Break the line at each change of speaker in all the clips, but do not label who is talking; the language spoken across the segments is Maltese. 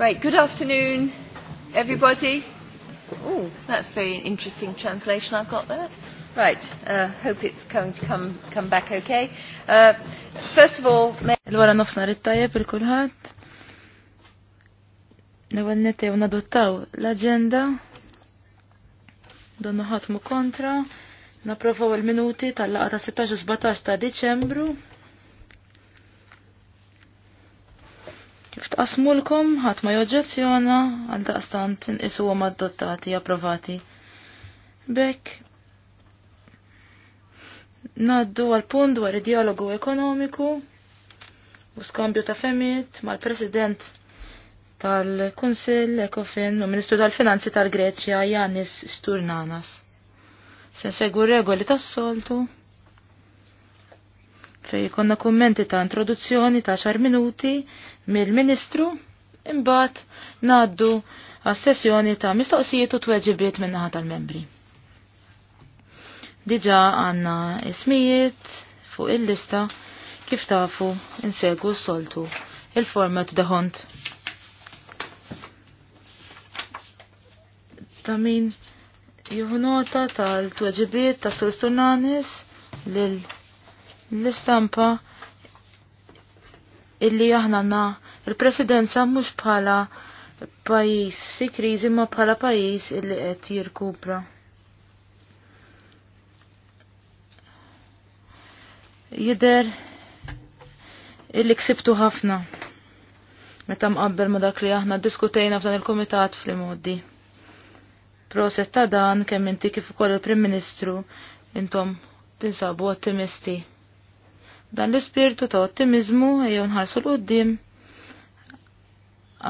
Right, good afternoon, everybody. Oh, that's very interesting translation I've got there. Right, uh,
hope it's going to come, come back okay. Uh, first of all... Il-wara nofsna rittajab il-kulħat. Nawal nette u l-agenda. Donnu ħatmu kontra. Naprofaw il-minuti tal-laqa ta' 16-17 ta' Deċembru. tqasmulkom ħadd ma joġġezzjona għal daqstant inqisu huma adottati approvati. Bekk naddu għal punt dwar id-dialogu ekonomiku u skambju ta' femmit mal-President tal-Kunsill Ekofin u Ministru tal-Finanzi tal-Greċja Janis Sturnanas. Se segwu regoli tas-soltu fej konna kummenti ta' introduzzjoni ta' xar minuti mill-Ministru imbagħad ngħaddu għas-sessjoni ta' mistoqsijiet u tweġibiet minnaħa tal-membri. Diġa għanna ismijiet fuq il-lista kif tafu insegu s-soltu il-format daħont. Ta' min juhnota nota tal-tweġibiet ta' Sur Surnanis lil l-istampa illi aħna na il-presidenza mhux bħala pajjiż fi kriżi ma bħala pajjiż illi qed jirkupra. Jider illi ksibtu ħafna meta mqabbel ma dak li aħna diskutejna f'dan il-kumitat fl-imoddi. Proset ta' dan kemm inti kif ukoll il-Prim Ministru intom tinsabu ottimisti. Dan l-ispirtu ta' ottimizmu jew nħarsu l-qoddim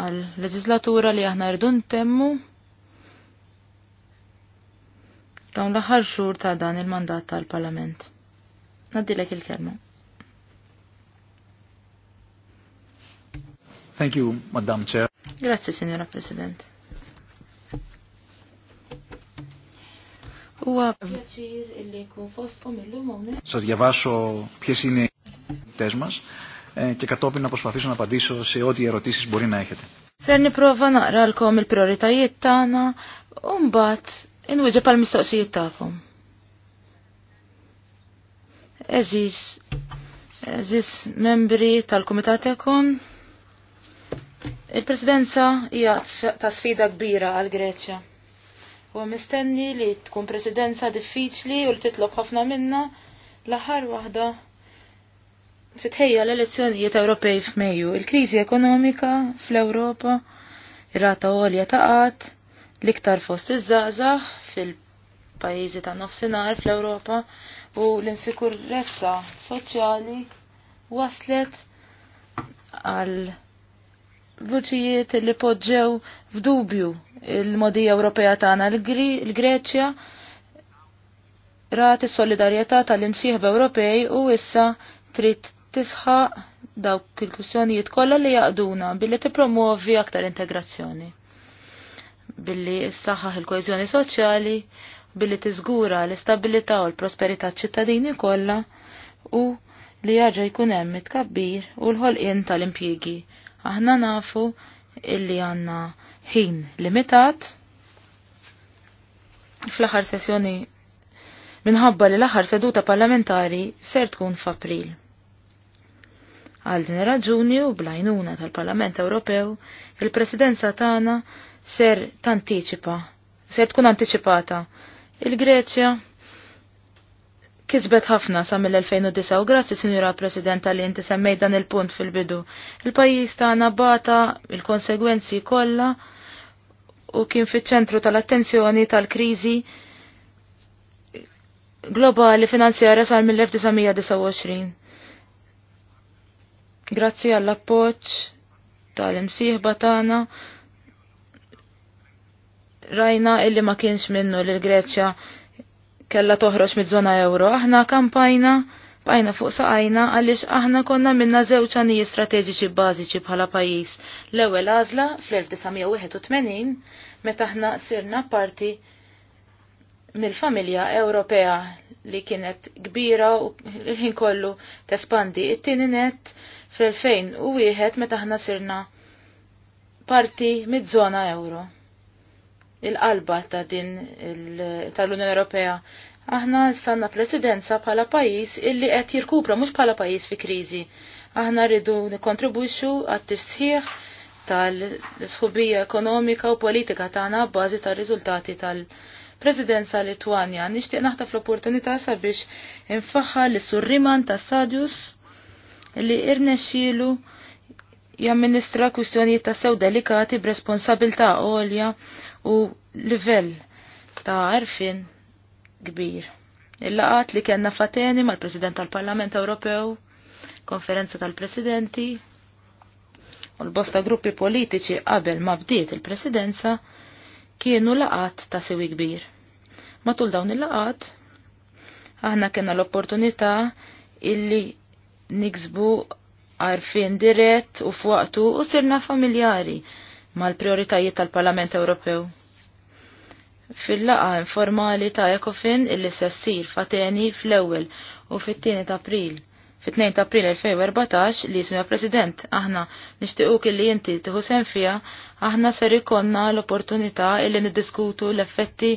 għal leġislatura li aħna rridu ntemmu dawn l-aħħar xhur ta' dan il-mandat tal-Parlament. Naddilek il-kelma.
Thank you, Madam Chair.
Grazie, Signora President. Huwa pjaċir illi jkun fost illum hawnhekk.
Sa djavaxo pjesini μας και κατόπιν να προσπαθήσω να απαντήσω σε ό,τι ερωτήσεις μπορεί να έχετε.
Ser πρόβα να l με il-prioritajiet ετάνα, ομπάτ, mbagħad inwieġeb πάλι mistoqsijiet tagħkom. Eżis, Εζείς, εζείς μέμπρι kumitat Ekon, il-Presidenza hija ta' sfida kbira għal Greċja. U mistenni li tkun presidenza diffiċli u li titlob ħafna minna l-aħħar waħda Fitħejja l-elezzjonijiet Ewropej f'Mejju, il-kriżi ekonomika fl-Ewropa, ir-rata għolja ta' qatt, l-iktar fost iż żazax fil-pajjiżi ta' nofsinhar fl-Ewropa u l-insikurezza soċjali waslet għal vuċijiet li poġġew f'dubju il-modi Ewropea tagħna l-Greċja rati solidarjetà tal-imsieħb Ewropej u issa trid tisħaq dawk il kussjonijiet kollha li jaqduna billi tippromuovi aktar integrazzjoni. Billi issaħħaħ il-kohezjoni soċjali, billi tiżgura l-istabilità u l-prosperità ċittadini kollha u li jaġa jkun hemm it-kabbir u l-ħolqien tal-impjiegi. Aħna nafu illi għandna ħin limitat fl-aħħar sessjoni minħabba li l-aħħar seduta parlamentari ser tkun f'April. Għal din raġuni u blajnuna tal-Parlament Ewropew, il-presidenza tagħna ser tantiċipa, ser tkun antiċipata. Il-Greċja kisbet ħafna sa mill-2009 u grazzi Sinjura Presidenta li inti semmej dan il-punt fil-bidu. Il-pajjiż tagħna bata il-konsegwenzi kollha u kien fiċ-ċentru tal-attenzjoni tal-kriżi globali finanzjara sal mill-1929. Grazzi għall-appoġġ tal-imsieħba tagħna rajna illi ma kienx minnu li l-Greċja kella toħroġ mid-żona euro. Aħna kampajna bajna fuq saqajna għaliex aħna konna minna żewġ strateġiċi bażiċi bħala pajjiż. L-ewwel għażla fl-1981 meta aħna sirna parti mill-familja Ewropea li kienet kbira u l-ħin kollu tespandi. It-tieni net fl-2001 meta aħna sirna parti mid-żona euro. Il-qalba ta' din tal-Unjoni Ewropea aħna sanna presidenza bħala pajis illi qed jirkupra mhux bħala pajis fi kriżi. Aħna rridu nikkontribwixxu għat-tisħiħ tal-sħubija ekonomika u politika tagħna bbażi tar-riżultati tal-, -tal presidenza Lituania. Nixtieq naħtaf l-opportunità sabiex infaħħar li surriman ta' Sadius li irnexxielu jamministra kwistjonijiet ta' sew delikati b'responsabilità għolja u livell ta' arfin kbir. Il-laqat li kena fateni mal-President tal-Parlament Ewropew, konferenza tal-Presidenti, u l-bosta gruppi politiċi qabel ma bdiet il-Presidenza, kienu laqat ta' sewi kbir. Matul dawn il-laqat, aħna kena l-opportunità illi niksbu għarfien dirett u fuqtu u sirna familjari mal-prioritajiet tal-Parlament Ewropew. Fil-laqa informali ta' Ekofin illi sessir fateni fl-ewwel u fit-tieni ta' April fit-2 ta' april 2014 li jismija president aħna nixtiequ li inti tieħu sen fiha, aħna ser ikonna l-opportunità illi niddiskutu l-effetti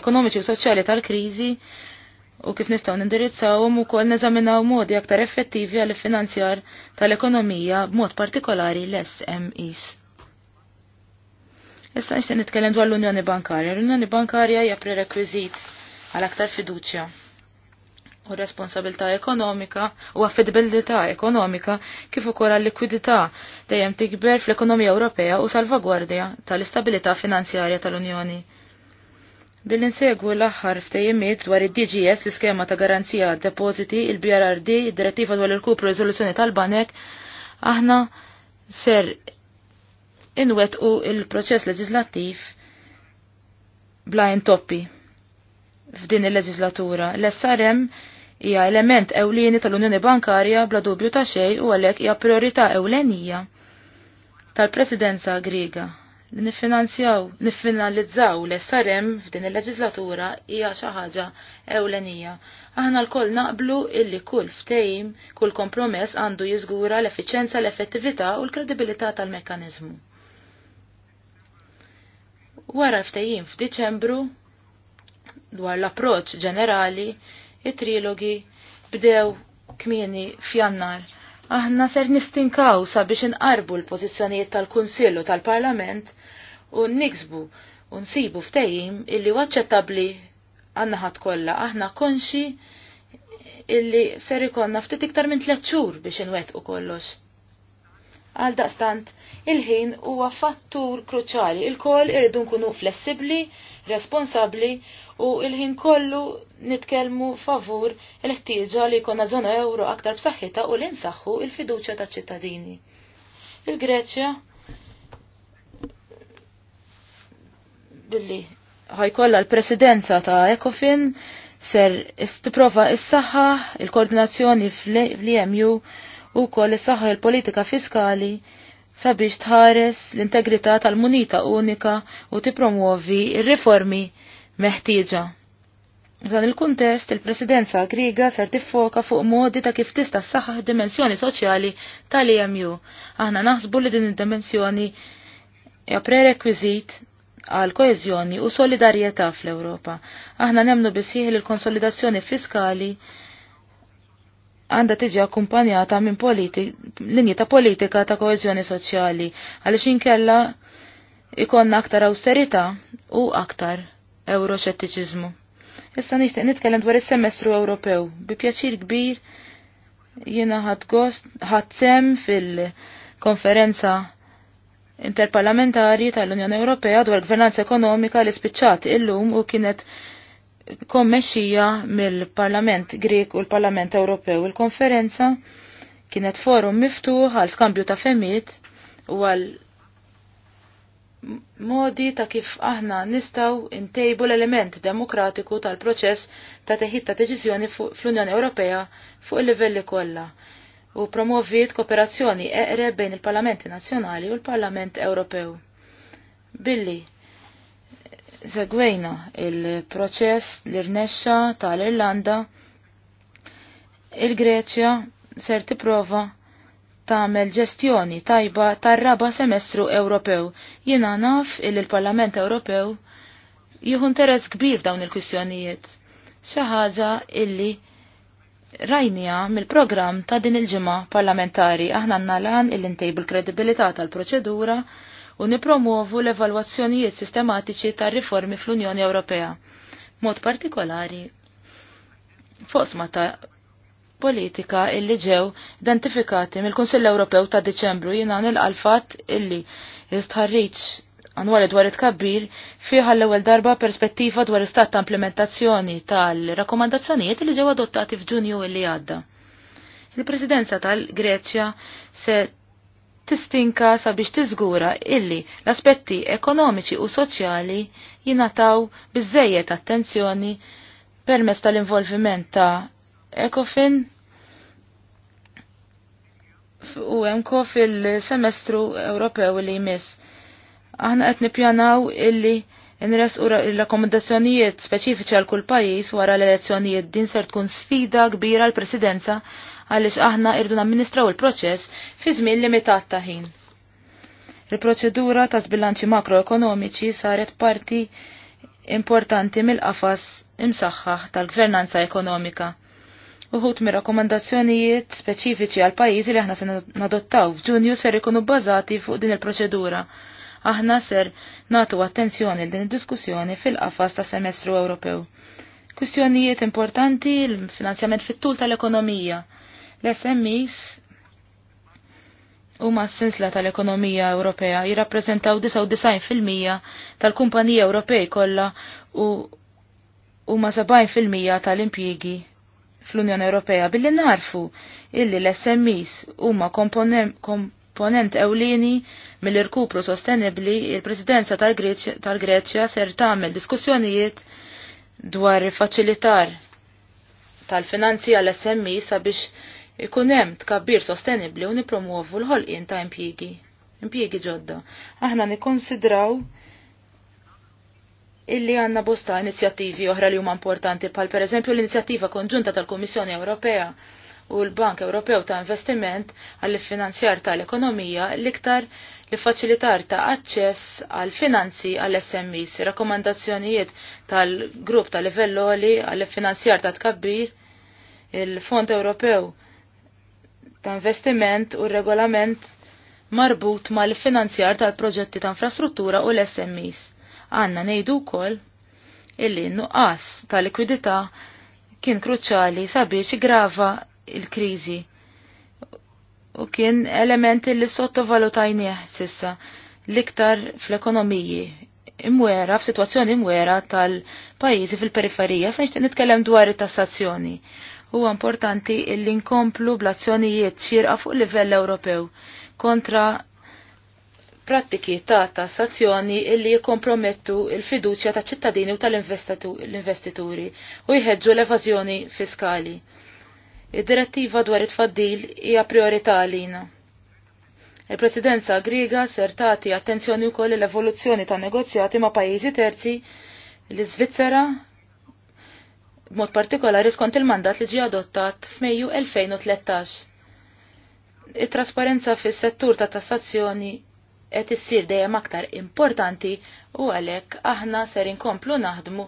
ekonomiċi u soċjali tal-kriżi u kif nistgħu nindirizzawhom ukoll neżaminaw modi aktar effettivi għall finanzjar tal-ekonomija b'mod partikolari l-SMEs. Issa nixtieq nitkellem dwar l-Unjoni Bankarja. L-Unjoni Bankarja hija prerekwiżit għal aktar fiduċja u responsabilità ekonomika u affedibilità ekonomika kif ukoll l likwidità dejjem tikber fl-ekonomija Ewropea u salvagwardja tal-istabilità finanzjarja tal-Unjoni. Bil-insegu l-aħħar ftejimiet dwar id-DGS l-iskema ta' garanzija depositi, il-BRRD, id-direttiva dwar il-kupru riżoluzzjoni tal-banek, aħna ser u il-proċess leġislattiv blajn toppi f'din il-leġislatura. L-SRM hija element ewlieni tal-Unjoni Bankarja bla dubju ta' xejn u għalhekk hija priorità ewlenija tal-Presidenza Griega. Li niffinanzjaw, niffinalizzaw l-SRM f'din il-leġislatura hija xi ħaġa ewlenija. Aħna lkoll naqblu illi kull ftehim, kull kompromess għandu jiżgura l-effiċenza, l-effettività u l-kredibilità tal-mekkaniżmu. Wara ftehim f'Diċembru dwar l approċċ ġenerali it-trilogi bdew kmieni f'jannar. Aħna ser nistinkaw sabiex inqarbu l-pożizzjonijiet tal-Kunsill u tal-Parlament u niksbu u nsibu ftejim illi waċċettabli għanna ħadd kollha aħna konxi illi ser ikonna ftit iktar minn tliet xhur biex inwettqu kollox. Għal daqstant, il-ħin huwa fattur kruċali, il-koll irridu nkunu flessibli responsabbli u il-ħin kollu nitkellmu favur il-ħtieġa li jkollna żona euro aktar b'saħħitha u li nsaħħu il-fiduċja taċ-ċittadini. Il-Greċja billi ħajkolla l-presidenza ta' Ecofin ser istiprofa is-saħħa, il-koordinazzjoni fl-EMU u koll is-saħħa il-politika fiskali sabiex tħares l-integrità tal-munita unika u tipromuovi il riformi meħtieġa. F'dan il-kuntest, il-Presidenza Griga ser tiffoka fuq modi ta' kif tista' saħħaħ dimensjoni soċjali tal-EMU. Aħna naħsbu li din id-dimensjoni hija prerekwiżit għal koeżjoni u solidarjetà fl-Ewropa. Aħna nemnu bisħieħ li l-konsolidazzjoni fiskali għandha tiġi akkumpanjata minn linji ta' politika ta' koeżjoni soċjali għaliex inkella ikonna aktar awsterità u aktar euroċettiċizmu. Issa nixtieq nitkellem dwar is-semestru Ewropew. Bi pjaċir kbir jiena ħadd gost ħadd sem fil-konferenza interparlamentari tal-Unjoni Ewropea dwar gvernanza ekonomika li spiċċat illum u kienet Kommexija mill-Parlament Grek u l-Parlament Ewropew. Il-konferenza kienet forum miftuħ għal skambju ta' femmit u għal modi ta' kif aħna nistaw intejbu l-element demokratiku tal-proċess ta' teħid ta' deċiżjoni fl-Unjoni Ewropea fuq il-livelli kollha u promovit kooperazzjoni eqre bejn il-Parlamenti Nazzjonali u l-Parlament Ewropew. Billi segwejna il-proċess l-irnexxa tal-Irlanda, il-Greċja ser tipprova tagħmel ġestjoni tajba tar-raba semestru Ewropew. Jiena naf il il-Parlament Ewropew jieħu interess kbir dawn il-kwistjonijiet. Xi ħaġa illi rajnija mill-programm ta' din il-ġimgħa parlamentari aħna għandna lan il-intejbu l-kredibilità tal-proċedura u nipromuovu l-evalwazzjonijiet sistematiċi tar riformi fl-Unjoni Ewropea. Mod partikolari fosma ta' politika illi ġew identifikati mill-Kunsill Ewropew ta' Deċembru jina nil-alfat illi jistħarriċ annwali dwar it-kabbir fiħal l-ewwel darba perspettiva dwar istat ta' implementazzjoni tal-rakkomandazzjonijiet li ġew adottati f'Ġunju illi għadda. Il-Presidenza tal-Greċja se tistinka sabiex tiżgura illi l-aspetti ekonomiċi u soċjali jinataw biżejjed attenzjoni permezz tal-involviment ta' ECOFIN u emko fil-semestru Ewropew li jmiss. Aħna qed nippjanaw illi Inres u rakkomandazzjonijiet speċifiċi għal kull pajjiż wara l-elezzjonijiet din ser tkun sfida kbira l presidenza għaliex aħna irdu namministraw il-proċess fi żmien limitat ta' ħin. Il-proċedura ta' sbilanċi makroekonomiċi saret parti importanti mill-qafas imsaħħaħ tal-gvernanza ekonomika. Uħut mir rakkomandazzjonijiet speċifiċi għal pajjiżi li aħna se nadottaw f'Ġunju ser ikunu bbażati fuq din il-proċedura. Aħna ser natu attenzjoni l din id-diskussjoni fil-qafas ta' semestru Ewropew. Kwistjonijiet importanti l-finanzjament fit-tul tal-ekonomija, L-SMEs huma s-sinsla tal-ekonomija Ewropea jirrappreżentaw 99% tal-kumpaniji Ewropej kollha u ma' 70% tal-impjiegi fl-Unjoni Ewropea billi narfu illi l-SMEs huma komponent ewlieni mill-irkupru sostenibli il-Presidenza tal-Greċja ser tagħmel diskussjonijiet dwar il-faċilitar tal-finanzi għal-SMEs sabiex ikun hemm tkabbir sostenibbli u nipromuovu l-ħolqien ta' impjiegi. Impjiegi ġodda. Aħna nikkonsidraw illi għanna bosta inizjattivi oħra li huma importanti bħal eżempju l-inizjattiva konġunta tal-Kummissjoni Ewropea u l-Bank Ewropew ta' Investiment għall finanzjar tal-ekonomija l-iktar li faċilitar ta' aċċess għal finanzi għall smis rakkomandazzjonijiet tal-grupp tal-livell għall finanzjar ta' tkabbir, il-Fond Ewropew ta' investiment u regolament marbut mal-finanzjar tal-proġetti ta' infrastruttura u l-SMEs. Għanna nejdu kol illi nuqqas ta' likwidità kien kruċali sabiex grava il-krizi u kien elementi li sottovalutajnieh sissa liktar fl-ekonomiji imwera, f'sitwazzjoni imwera tal-pajizi fil-periferija, se nixtieq nitkellem dwar it-tassazzjoni huwa importanti illi nkomplu blazzjonijiet xirqa fuq livell Ewropew kontra prattiki ta' tassazzjoni illi jikkompromettu il-fiduċja ta' ċittadini u tal-investituri u jħeġġu l-evażjoni fiskali. Id-direttiva dwar it-faddil hija priorità għalina. Il-Presidenza Griega ser tagħti attenzjoni wkoll l-evoluzzjoni ta' negozjati ma' pajjiżi terzi l-Iżvizzera, b'mod partikolari skont il-mandat li ġie adottat f'Mejju 2013. It-trasparenza fis-settur ta' tassazzjoni qed issir dejjem aktar importanti u għalhekk aħna ser inkomplu naħdmu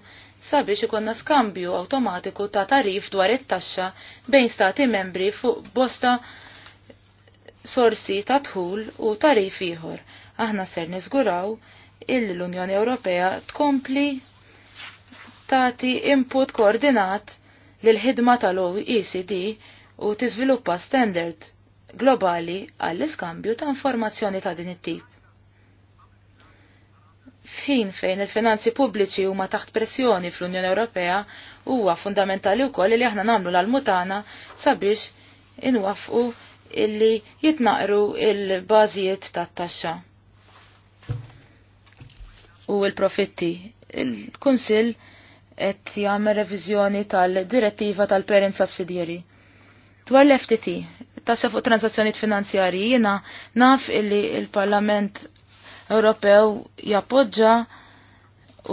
sabiex ikonna skambju awtomatiku ta' tarif dwar it-taxxa bejn stati membri fuq bosta sorsi ta' tħul u tarif ieħor. Aħna ser niżguraw il l-Unjoni Ewropea tkompli Tati input koordinat lil ħidma tal-OECD u tiżviluppa standard globali għall-iskambju ta' informazzjoni ta' din it-tip. F'ħin fejn il-finanzi pubbliċi huma taħt pressjoni fl-Unjoni Ewropea huwa fundamentali wkoll li aħna nagħmlu l-mutana sabiex inwaffqu illi jitnaqru il-bażijiet tat-taxxa. U l-profitti. Il-Kunsill il qed jagħmel reviżjoni tal-direttiva tal-parent subsidiary. Dwar l-FTT, tassa fuq transazzjonijiet finanzjarji jiena naf illi il-Parlament Ewropew jappoġġa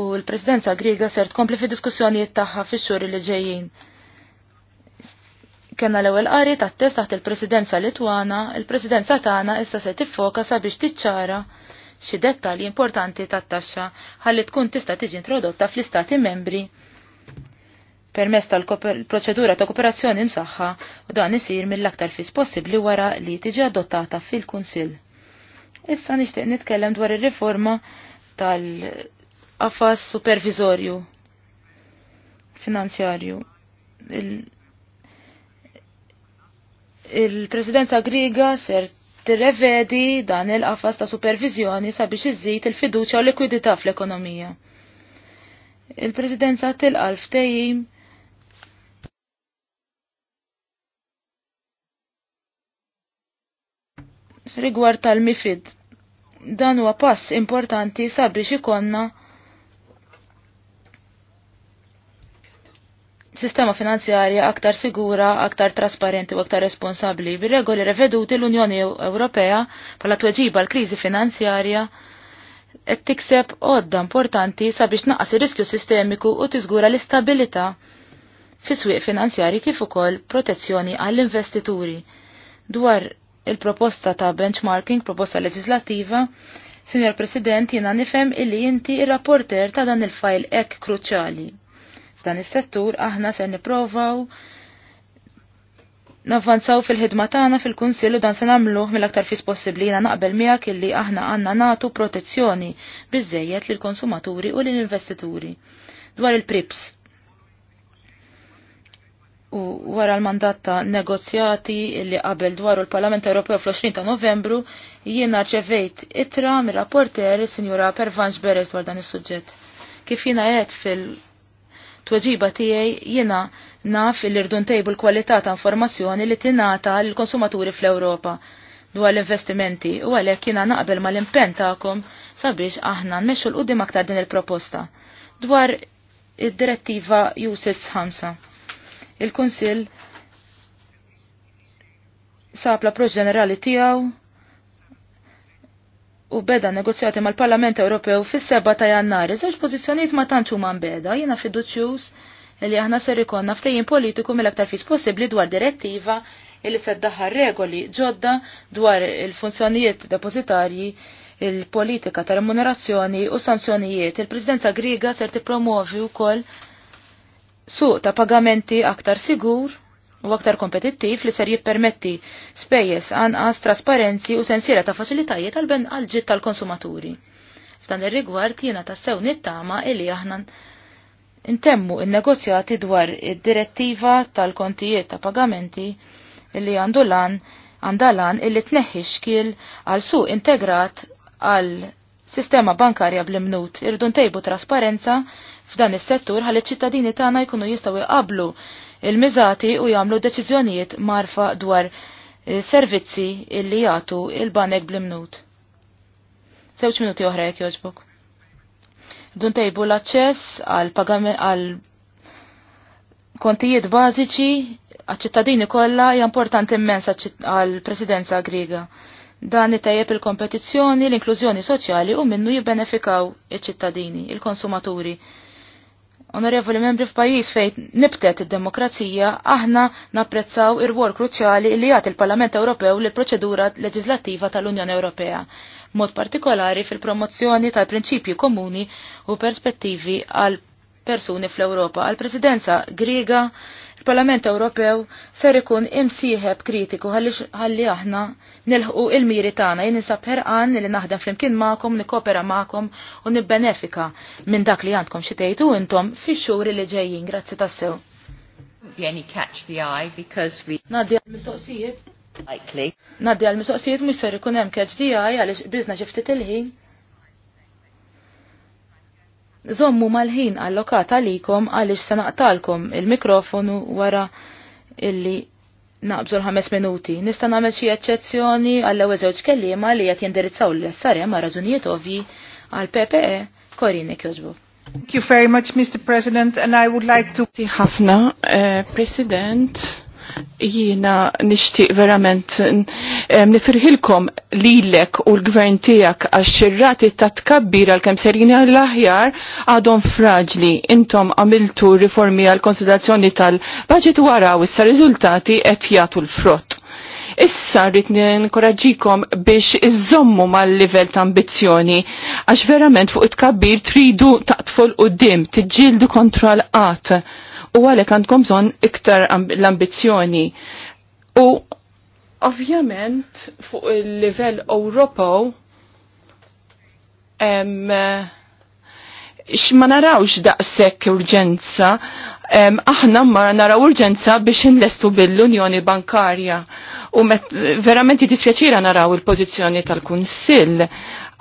u l-Presidenza Griega ser tkompli fi diskussjonijiet tagħha fix-xhur li ġejjin. Kenna l-ewwel qari tat-test taħt il-Presidenza Litwana, il-Presidenza tagħna issa se tiffoka sabiex tiċċara xi dettalji importanti tat-taxxa ħalli tkun tista' tiġi introdotta fl-istati membri permess tal-proċedura ta' kooperazzjoni msaħħa u dan isir mill-aktar fis possibbli wara li tiġi adottata fil-Kunsill. Issa nixtieq nitkellem dwar ir-riforma tal-qafas supervizorju finanzjarju. Il-Presidenza Griga ser tirrevedi dan il-qafas ta' supervizjoni sabiex iżżid il-fiduċja u l-likwidità fl-ekonomija. Il-Presidenza tilqalf ftehim rigward tal-mifid. Dan huwa pass importanti sabiex ikonna sistema finanzjarja aktar sigura, aktar trasparenti u aktar responsabli. Bir-regoli reveduti l-Unjoni Ewropea pala tweġiba l-krizi finanzjarja qed tikseb għodda importanti sabiex naqas ir-riskju sistemiku u tiżgura l istabilita fi swieq finanzjari kif ukoll protezzjoni għall-investituri. Dwar il-proposta ta' benchmarking, proposta leġislativa, Signor President, jina nifem illi inti il rapporter ta' dan il-fajl ek kruċali F'dan is-settur aħna se nipprovaw Navvanzaw fil-ħidma tagħna fil-Kunsill u dan se nagħmluh mill-aktar fis possibbli jiena naqbel miegħek illi aħna għandna nagħtu protezzjoni biżejjed lill konsumaturi u lil investituri dwar il-prips. U wara l-mandat ta' negozjati li qabel dwar l parlament Ewropew fl-20 ta' Novembru jiena rċevejt itra mir-rapporter sinjura Pervanx Beres dwar dan is-suġġett. Kif jiena qed fil- tweġiba tiegħi jiena naf il-irdun tejbu l-kwalità ta' informazzjoni li tingħata lill-konsumaturi fl-Ewropa dwar l-investimenti u għalhekk jiena naqbel mal-impenn tagħkom sabiex aħna nmexxu l qudiem aktar din il-proposta dwar id-direttiva USITS 5. Il-Kunsill sab l proġ ġenerali tiegħu u beda negozjati mal-Parlament Ewropew fis seba ta' Jannar. zewġ żewġ pożizzjonijiet ma tantx huma mbeda, jiena fiduċjuż li aħna ser ikonna ftehim politiku mill-aktar fis possibbli dwar direttiva illi se ddaħħal regoli ġodda dwar il-funzjonijiet depozitarji, il-politika ta' remunerazzjoni u sanzjonijiet, il-Presidenza Griga ser tippromovi wkoll suq ta' pagamenti aktar sigur u aktar kompetittiv li ser jippermetti spejjeż anqas trasparenzi u sensiera ta' faċilitajiet għal-ben għal-ġitt tal-konsumaturi. F'dan ir-rigward jiena tassew nittama illi aħna intemmu in-negozjati dwar id-direttiva tal-kontijiet ta' pagamenti illi għandu lan għandalan illi tneħħi xkil għal suq integrat għal sistema bankarja bl-imnut Irdu ntejbu trasparenza f'dan is-settur ħalli ċ-ċittadini tagħna jkunu jistgħu jqablu il-miżati u jagħmlu deċiżjonijiet marfa dwar eh, servizzi illi jagħtu il-banek bl-imnut. Sewċ minuti oħra jekk jogħġbok. Dun tejbu l-aċċess għal għal kontijiet bażiċi għal-ċittadini kollha hija importanti immens għal-Presidenza Griega. Dan itajjeb il-kompetizzjoni, l-inklużjoni soċjali u minnu jibbenefikaw iċ-ċittadini, il-konsumaturi. il ċittadini il konsumaturi Onorevoli membri f'pajjiż fejn nibtet id-demokrazija, aħna napprezzaw ir-wol kruċjali li jgħat il-Parlament Ewropew lill proċedura leġislattiva tal-Unjoni Ewropea, mod partikolari fil-promozzjoni tal-prinċipji komuni u perspettivi għal persuni fl-Ewropa. Għal-Presidenza Griega Il-Parlament Ewropew ser ikun imsieħeb kritiku ħalli aħna nilħu il-miri tagħna jien insab ħerqan li naħdem flimkien magħkom, nikkopera magħkom u nibbenefika minn dak li għandkom xi tgħidu intom fix-xhur li ġejjin. Grazzi tassew. Nadja l-mistoqsijiet. Nadja għall mistoqsijiet mhux ser ikun hemm catch the eye għaliex biżna xi ftit il-ħin. Zommu mal-ħin allokata għalikom għalix se naqtalkom il-mikrofonu wara illi naqbżu l-ħames minuti. Nista' nagħmel xi eċċezzjoni għall ewwel żewġ kelliema li qed jindirizzaw l sarja ma' raġunijiet ovvji għal PPE Korini Kjoġbu.
Thank you very much, Mr. President, and I would like to... Ħafna, eh, President, Jiena nixtieq verament nifirħilkom lilek u l-gvern tiegħek għax xirrati ta' tkabbir għal kem serjini l-aħjar għadhom fraġli. Intom għamiltu riformi għal konsidazzjoni tal-baġit waraw issa riżultati qed jagħtu l-frott. Issa rrit ninkoraġikom biex iżommu mal-livell ta' ambizzjoni, għax verament fuq it-kabbir tridu taqtfol u dim, tiġġieldu ġildu kontrol għat u għalek għandkom zon iktar l-ambizjoni. U ovvjament fuq il-livell Ewropew x'ma narawx daqshekk urġenza, aħna ma naraw urġenza biex inlestu bil-Unjoni Bankarja. U verament jitispjaċira naraw il-pożizzjoni tal-Kunsill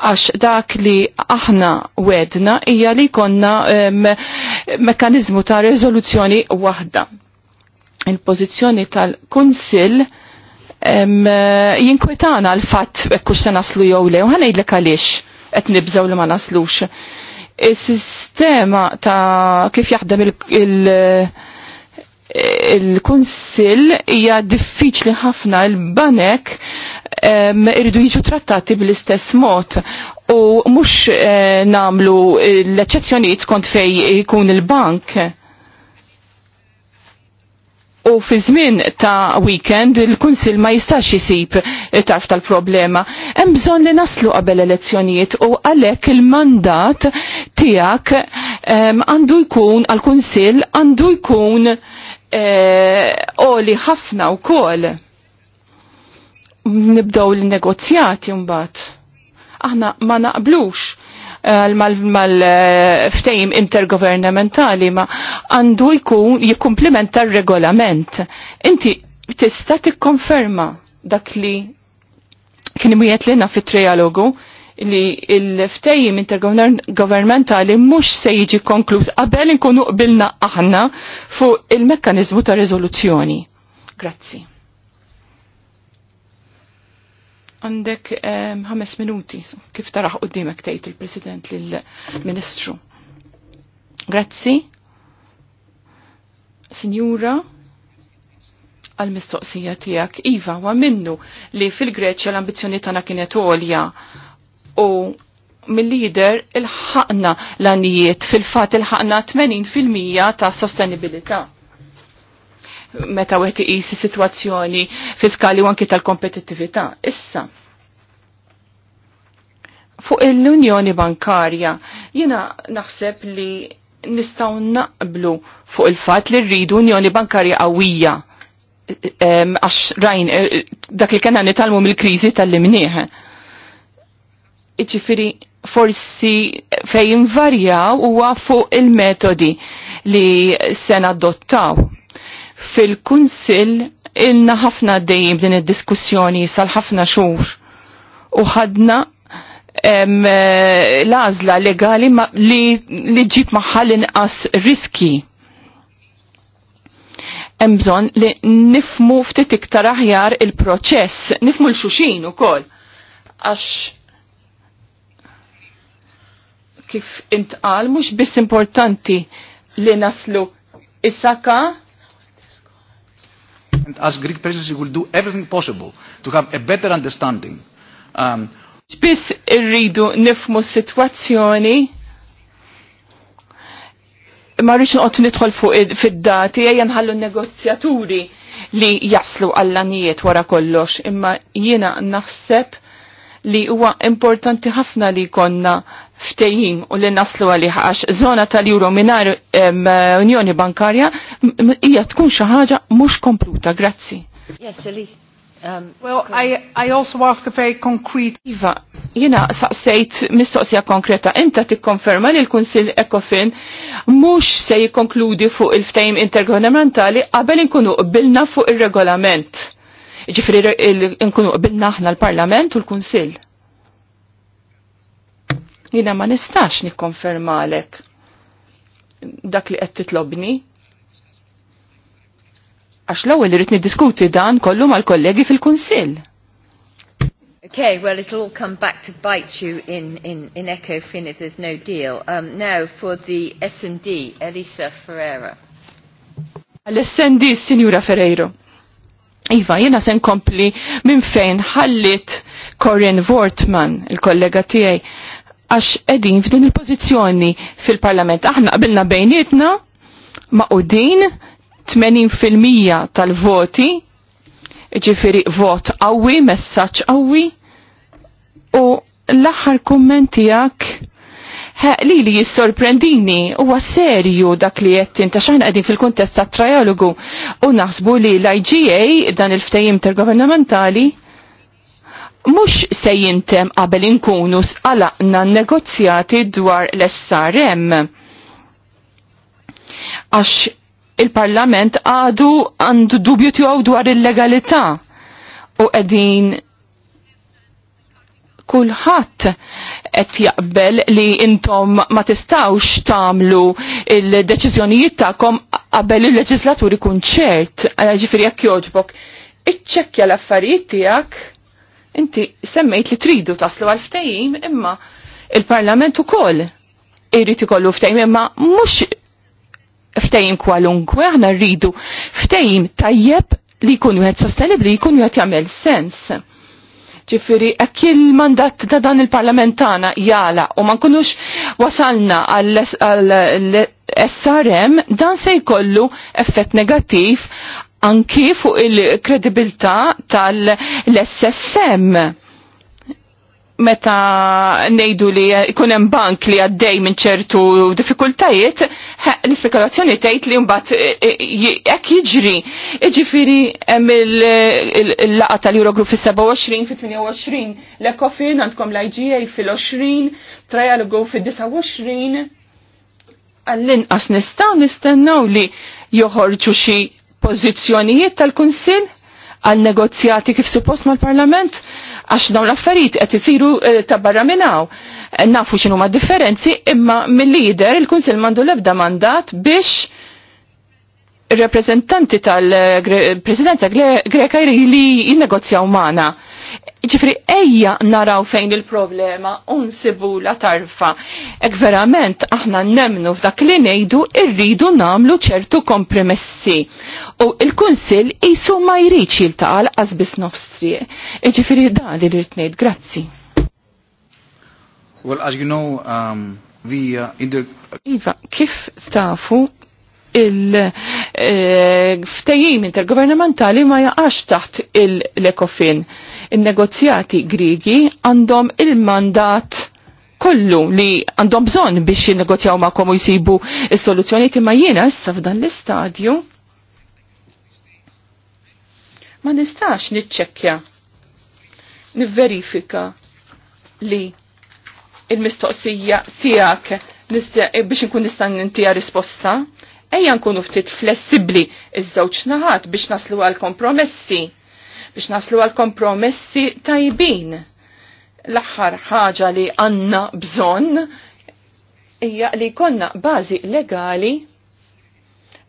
għax dak li aħna wedna hija li konna me ta' rezoluzzjoni waħda. Il-pożizzjoni tal-Kunsill jinkwetana l-fatt hux se naslu jew le, u ħanejdlek għaliex qed nibżgħu li ma naslux. Is-sistema ta' kif jaħdem il- il kunsill hija diffiċli ħafna il-banek l banek il irridu jiġu trattati bl-istess mod u mhux eh, namlu l-eċċezzjonijiet kont fej ikun il-bank. U fi żmien ta' weekend il-kunsil ma jistax jisib taf tal-problema. Hemm bżonn li naslu qabel elezzjonijiet u għalhekk il-mandat tiegħek għandu jkun għall-kunsil għandu jkun eh, oli ħafna wkoll nibdow l-negozjati mbagħad. Aħna ma naqblux eh, mal-ftejim eh, intergovernmentali ma għandu jkun jikkumplimenta r-regolament. Inti tista' tikkonferma dak li kien imwiet lina fit-trialogu li il-ftejim intergovernmentali mhux se jiġi konkluż qabel inkunu qbilna aħna fuq il-mekkaniżmu ta' riżoluzzjoni. Grazzi. Għandek ehm, ħames minuti kif taraħ qudiemek tgħid il-President lill-Ministru. Grazzi. Sinjura għal-mistoqsija tiegħek Iva, wa minnu li fil-Greċja l-ambizzjoni tagħna kienet għolja u mill-lider il-ħakna l-anijiet fil-fat il-ħakna 80% ta' sostenibilità meta u iqis is-sitwazzjoni fiskali u anki tal-kompetittività. Issa, fuq l-Unjoni Bankarja, jiena naħseb li nistaw naqblu fuq il-fat li rridu Unjoni Bankarja qawwija għax rajn eh, dak li kena nitalmu mill-kriżi tal limniħ Iċifiri, forsi fej invarjaw huwa fuq il-metodi li sena adottaw Fil-Kunsil ilna ħafna dejjem din id-diskussjoni sal-ħafna xhur u ħadna eh, l-għażla legali ma, li, li ġib maħħa inqas riski. Hemm bżonn li nifmu ftit iktar aħjar il-proċess, nifmu l-xuxin ukoll. Għax kif intqal mhux biss importanti li naslu is-saka And as Greek presidency will do everything possible to have a better understanding. Um, Spiss irridu nifmu situazzjoni ma rridx noqgħod nidħol fuq fid-dati ejja nħallu negozjaturi li jaslu għallanijiet wara kollox, imma jiena naħseb li huwa importanti ħafna li konna ftejim u li naslu għalli għax zona tal juro minar unjoni bankarja hija tkun xi ħaġa mhux kompluta. Grazzi.
Yes, Eli. Um, well, I, I also ask a very
concrete... Iva, jina saqsejt mistoqsija konkreta. Inta tikkonferma li l-Kunsil Ekofin mux se jikonkludi fuq il-ftejm intergovernamentali qabel inkunu qbilna fuq il-regolament. Ġifri inkunu nkunu qbilna aħna l-Parlament u l-Kunsil. Jina ma nistax nikkonfermalek dak li qed titlobni. Għax l-ewwel irid niddiskuti dan kollu mal-kollegi fil-Kunsill.
Okay, well, it'll all come back to bite you in, in, in ECOFIN if there's no deal. Um, now, for the S&D, Elisa Ferreira.
L-S&D, Signora Ferreiro. Iva, jena sen kompli minn fejn ħallit Corinne Vortman, il-kollega tijaj għax edin f'din il-pozizjoni fil-parlament. Aħna qabilna bejnietna ma' u din 80% tal-voti, ġifiri vot għawi, messaċ għawi, u l-axar kommentijak li li jissorprendini u serju dak li jettin ta' xaħna għedin fil-kontest ta' trialogu u naħsbu li l-IGA dan il-ftajim intergovernamentali governamentali mux se jintem qabel inkunu għalaqna negozjati dwar l-SRM. Għax il-parlament għadu għandu dubju tiegħu dwar il-legalità u qegħdin kulħadd qed jaqbel li intom ma tistawx tagħmlu il-deċiżjonijiet tagħkom qabel il leġislaturi kunċert, ċert, ġifieri jekk jogħġbok, iċċekkja l-affarijiet tiegħek Inti semmejt li tridu taslu għal ftehim imma il-Parlament ukoll irriti ikollu ftajim imma mhux ftajim kwalunkwe aħna rridu ftehim tajjeb li jkun wieħed sostenibbli jkun juħed jagħmel sens. Ġifieri hekk il-mandat ta' dan il-parlamentana jala u ma nkunux wasalna għall SRM dan se jkollu effett negattiv anki fuq il kredibilta tal-SSM meta nejdu li kunem bank li għaddej minn ċertu diffikultajiet, l-ispekulazzjoni tgħid li mbagħad e, e, hekk jiġri. Jiġifieri hemm il-laqa tal-Eurogroup fis-27 fit-28, l-Ecofin għandkom l-IGA fil-20, trialogu fid-29. Għall-inqas nistgħu nistennaw li joħorġu xi pożizzjonijiet tal-Kunsill għal negozjati kif suppost mal-Parlament għax dawn l-affarijiet qed isiru eh, ta' barra minnaw. Eh, nafu x'inhu ma' differenzi imma mill-lider il-Kunsill mandu l-ebda mandat biex ir-reprezentanti tal-Presidenza eh, Greka li jinnegozjaw magħna ġifri ejja naraw fejn il-problema unsibu la tarfa. Ek verament aħna nemnu f'dak li nejdu irridu namlu ċertu kompromessi. U il-kunsil jisu ma jriċ jiltaqal għazbis nofstri. Ġifri da li rritnejt, grazzi.
Well, as you know, um, we, uh, in the...
Iva, kif tafu il eh, ftajim intergovernamentali ma jaqax taħt il lekofin il Il-negozjati Grigi għandhom il-mandat kollu li għandhom bżon biex jinnegozjaw ma' komu jisibu il-soluzjoni imma jiena issa f'dan l-istadju ma nistax niċċekkja, nivverifika li il-mistoqsija tijak eh, biex nkun nistan nintija risposta ejja nkunu ftit flessibli iż-żewġ naħat biex naslu għal kompromessi biex naslu għal kompromessi tajbin. L-aħħar ħaġa li għanna bżonn hija li konna bażi legali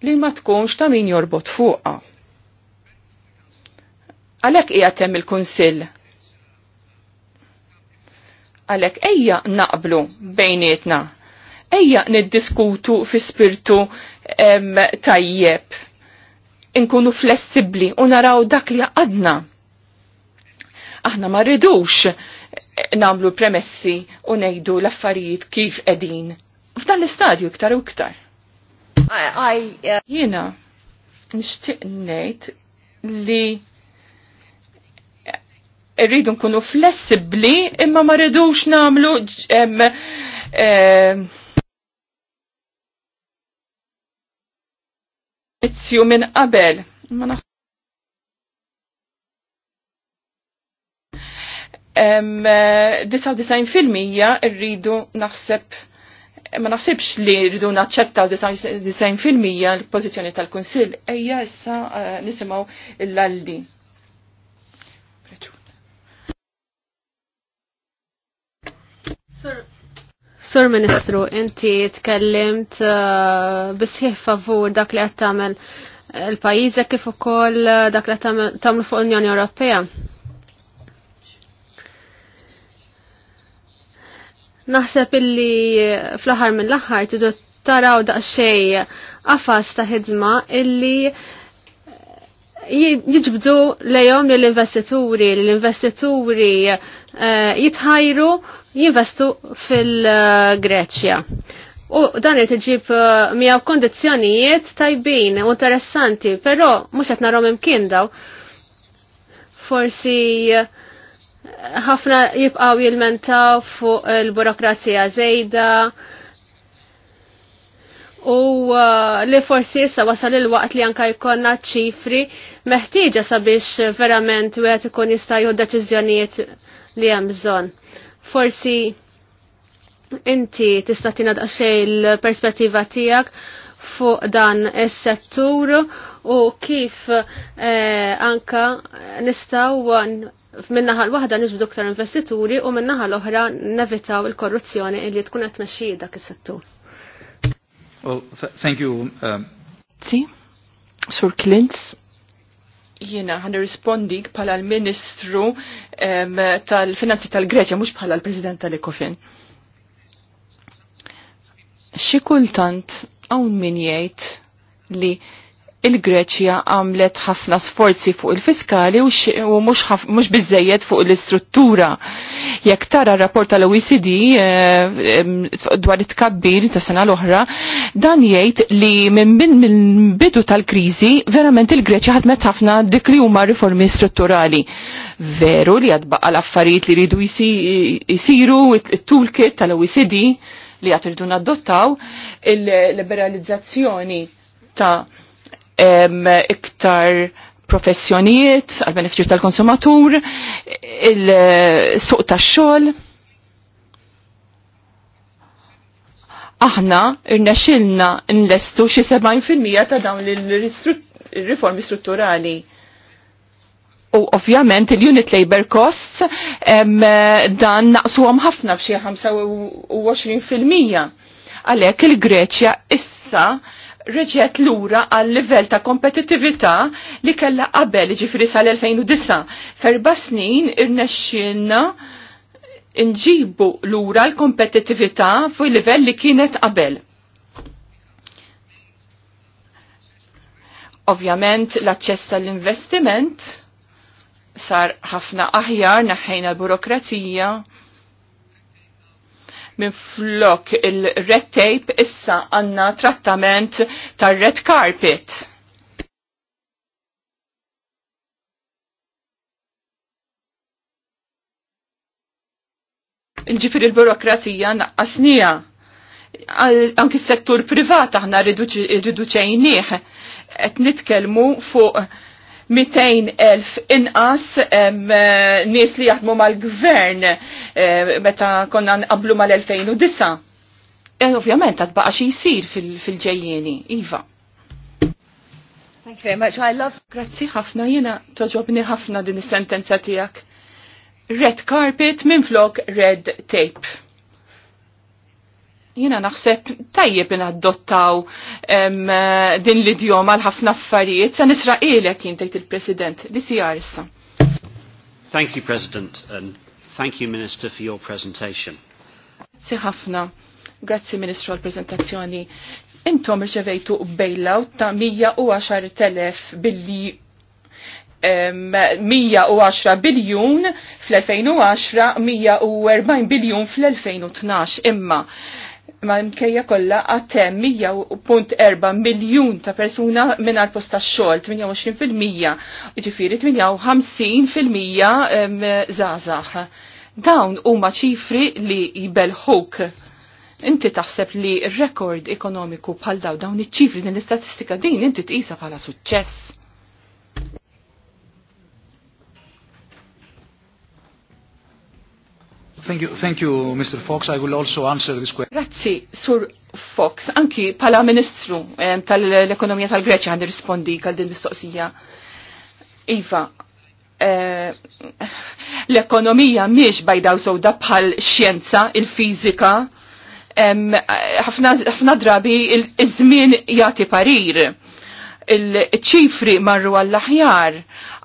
li ma tkunx ta' min jorbot fuqa. Għalek hija temm il-Kunsill għalek ejja naqblu bejnietna, ejja niddiskutu fi spirtu tajjeb. Inkunu flessibli u naraw dak li għadna. Aħna ma rridux namlu premessi u nejdu l-affarijiet kif edin. F'dan l-istadju iktar u iktar.
Uh, Jiena nixtieq ngħid
li rridu nkunu flessibli imma ma rridux namlu izzju minn qabel. Um, 99% eh, rridu naħseb ma naħsibx li rridu naċċetta 99% l-pożizzjoni tal-Kunsill. Ejja issa uh, nisimgħu l-Aldi.
Sir, Sur Ministru, inti tkellimt uh, bisħiħ favur dak li qed tagħmel il-pajjiżek kif ukoll uh, dak li qed tagħmlu fuq l-Unjoni Ewropea. Naħseb illi fl-aħħar mill-aħħar tidu taraw daqsxejn qafas ta' ħidma illi jiġbdu lejhom lill-investituri, l-investituri uh, jitħajru jinvestu fil-Greċja. U dan li tġib uh, miegħu kondizjonijiet tajbin u interessanti, però mhux qed romim kindaw. Forsi uh, ħafna jibqgħu jilmentaw fuq il-burokrazija żejda u uh, li forsi issa wasal il-waqt li anka jkollna ċifri meħtieġa sabiex verament wieħed ikun jista' jieħu deċiżjonijiet li hemm bżonn. Forsi inti tista' tina daqsxejn perspettiva tiegħek fuq dan is-settur u kif eh, anka nistgħu minnaħa l-waħda niġbdu ktar investituri u minnaħa l-oħra nevitaw il-korruzzjoni li tkun qed tmexxi dak is-settur.
Well, th thank you. Um...
Sur Klintz. Jiena għan rispondik pala l-Ministru tal-Finanzi tal-Greċja, mux bħala l-President tal-Ekofin. Xikultant, għawn min jgħid li il-Greċja għamlet ħafna sforzi fuq il-fiskali u mhux biżejjed fuq l-istruttura. Jekk tara rapport tal-OECD eh, dwar it-tkabbir ta' sena l-oħra, dan jgħid li minn bidu tal-kriżi verament il-Greċja ħadmet ħafna dik li huma riformi strutturali. Veru li għad baqa l-affarijiet li ridu jisiru it-toolkit tal-OECD li għatridu irridu nadottaw il-liberalizzazzjoni ta' iktar professjonijiet għal beneficju tal-konsumatur, il-suq eh, tax-xogħol. Aħna irnexxilna nlestu xi 70% ta' dawn il-riformi strutturali. U ovvjament il-unit labor costs dan naqsuhom ħafna b'xi 25%. Għalhekk il-Greċja issa l lura għal livell ta' kompetitività li kella qabel ġifri sal-2009. Ferba snin irnexxilna nġibu lura l-kompetitività fuq livell li kienet qabel. Ovvjament l-aċċess għall-investiment sar ħafna aħjar naħħejna l-burokrazija minn flok il-red tape issa għanna trattament tar-red carpet. ġifir il-burokrazija naqqasnija. Anki s-settur privat aħna riduċejniħ. ċejnieh. Et nitkelmu fuq elf inqas eh, nies li jaħdmu mal-gvern eh, meta konna nqablu mal-2009. E, ovvjament, għad baqa xie jisir fil-ġejjeni, Iva.
Thank you very much. I love...
Grazzi ħafna, jena toġobni ħafna din is-sentenza tijak. Red carpet minflok red tape jina naħseb tajjeb in adottaw din l-idjom għal ħafna affarijiet sa nisra ilek jintajt il-President. Li sijar issa.
Thank you, President, and thank you, Minister, for your presentation.
Grazie ħafna. Grazie, Ministru, għal-prezentazzjoni. Intom rċevejtu bailout ta' 110.000 billi 110 biljun fl-2010, 140 biljun fl-2012. Imma ma mkejja kollha għatem 100.4 miljun ta' persuna minn posta xogħol 28%, iġifiri 58% zazax. Dawn huma ċifri li jibelħuk. Inti taħseb li rekord ekonomiku bħal daw dawn iċ-ċifri din l-istatistika din inti tqisha bħala suċċess.
Thank you, thank you, Mr. Fox. I will also answer this question.
Grazzi, Sur Fox. Anki pala Ministru eh, tal-Ekonomija tal-Greċja għandi rispondi għal din mistoqsija. Iva, eh, l-ekonomija miex bajdaw sowda bħal xjenza, il-fizika, ħafna drabi il-żmien jati parir il-ċifri marru għall-aħjar.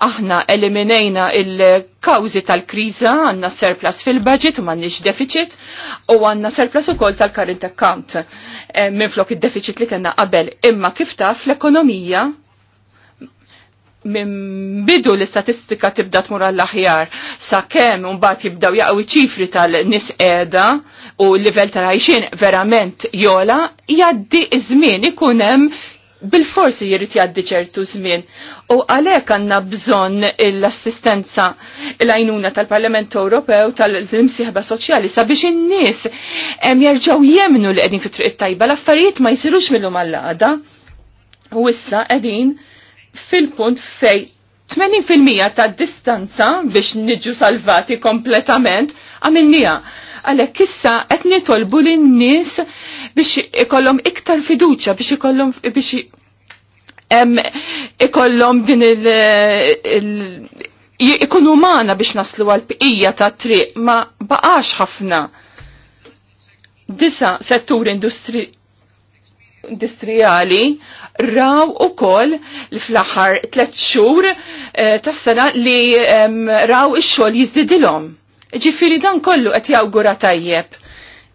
Aħna eliminejna il-kawzi tal-kriza, għanna surplus fil-budget u mannix deficit, u għanna surplus u kol tal-current account e, eh, minn flok il-deficit li kena qabel. Imma kif taf l-ekonomija minn bidu l-istatistika tibda tmur għall-aħjar sa' kem un bat jibdaw jaqwi ċifri tal-nis edha u l-level tal-għajxin verament jola jaddi iż-żmien ikunem bil-forsi jirrit jaddi ċertu żmien. U għalhekk għandna bżonn l-assistenza l-għajnuna tal-Parlament Ewropew tal-imsieħba soċjali sabiex in-nies jerġgħu jemnu li qegħdin fit-triq tajba l-affarijiet ma jsirux minnhom għall-għada. U issa qegħdin fil-punt fej 80% tad distanza biex niġu salvati kompletament għamilnija Għalhekk issa qed nitolbu lin nies biex ikollhom iktar fiduċja biex ikollhom biex ikollhom din il, il ikunu biex naslu għal bqija ta' triq ma baqax ħafna. Disa settur industri industrijali raw u koll fl flaħar tlet xhur eh, tas-sena li eh, raw ix-xogħol jizdidilom. Ġifiri dan kollu qed jawgura tajjeb.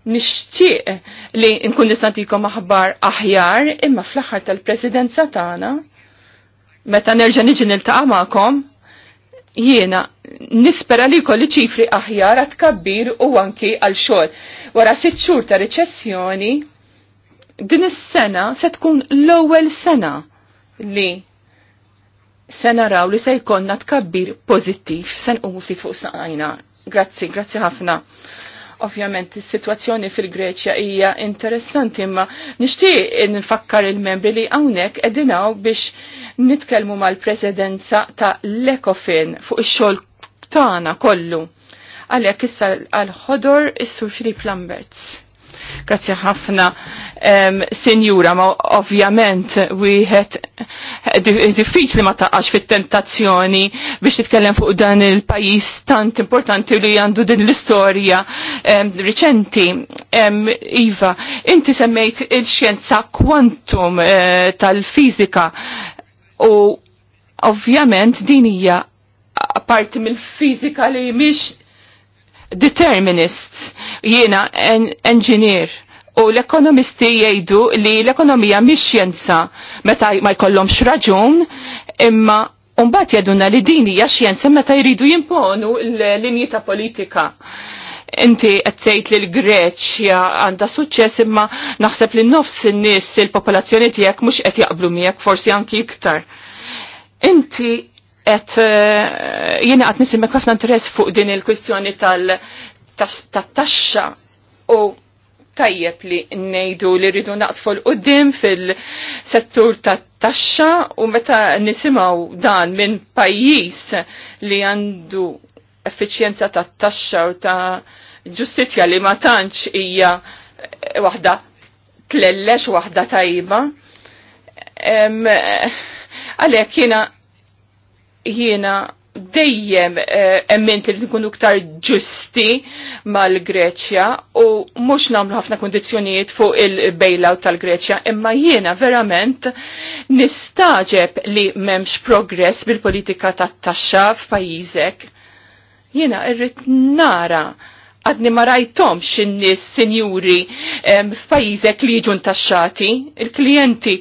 Nixtieq li nkun nistantikom aħbar aħjar imma fl-aħħar tal-presidenza tagħna meta nerġa' niġi niltaqa' magħkom jiena nispera li kolli ċifri aħjar għat kabbir u anki għal xogħol. Wara sitt xhur ta' riċessjoni, din is-sena se tkun l-ewwel sena li se naraw li se jkollna tkabbir pożittiv se nqumu ftit fuq saqajna. Grazzi, grazzi ħafna. Ovvjament, is-sitwazzjoni fil-Greċja hija interessanti, imma nixtieq nfakkar il-membri li hawnhekk qegħdinaw biex nitkellmu mal-presidenza ta' l-Ekofin fuq ix-xogħol tagħna kollu. Għalhekk issa għal ħodor is-Sur Filip Lamberts. Grazzi ħafna, ehm, senjura, ma ovvjament wieħed eh, diffiċli ma taqax fit-tentazzjoni biex titkellem fuq dan il-pajjiż tant importanti li għandu din l-istorja ehm, riċenti. Ehm, iva, inti semmejt il-xjenza kwantum eh, tal-fiżika u ovvjament din hija parti mill-fizika li miex determinist, jiena engineer. U l-ekonomisti jgħidu li l-ekonomija mhix xjenza meta ma jkollhomx raġun, imma mbagħad jgħidulna li din hija xjenza meta jridu jimponu l-linji ta' politika. Inti qed tgħid li l-Greċja għandha suċċess imma naħseb li nofs in-nies il-popolazzjoni tiegħek mhux qed jaqblu miegħek forsi anki iktar. Inti et eh, jiena għat nisim ħafna interess fuq din il-kwistjoni tal-taxxa u tajjeb li nejdu li rridu naqtfu l-qoddim fil-settur tat-taxxa u meta nisimaw dan minn pajjiż li għandu effiċjenza tat-taxxa u ta' ġustizja li ma tantx hija eh, waħda tlellex waħda tajba. Eh, għalhekk jiena jiena dejjem eh, emment li nkunu ktar ġusti mal-Greċja u mhux nagħmlu ħafna kundizzjonijiet fuq il-bailout tal-Greċja, imma jiena verament nistaġeb li m'hemmx progress bil-politika tat-taxxa f'pajjiżek. Jiena irrid nara għadni ma rajtomx in-nies sinjuri f'pajjiżek li jiġu ntaxxati, il-klijenti il klijenti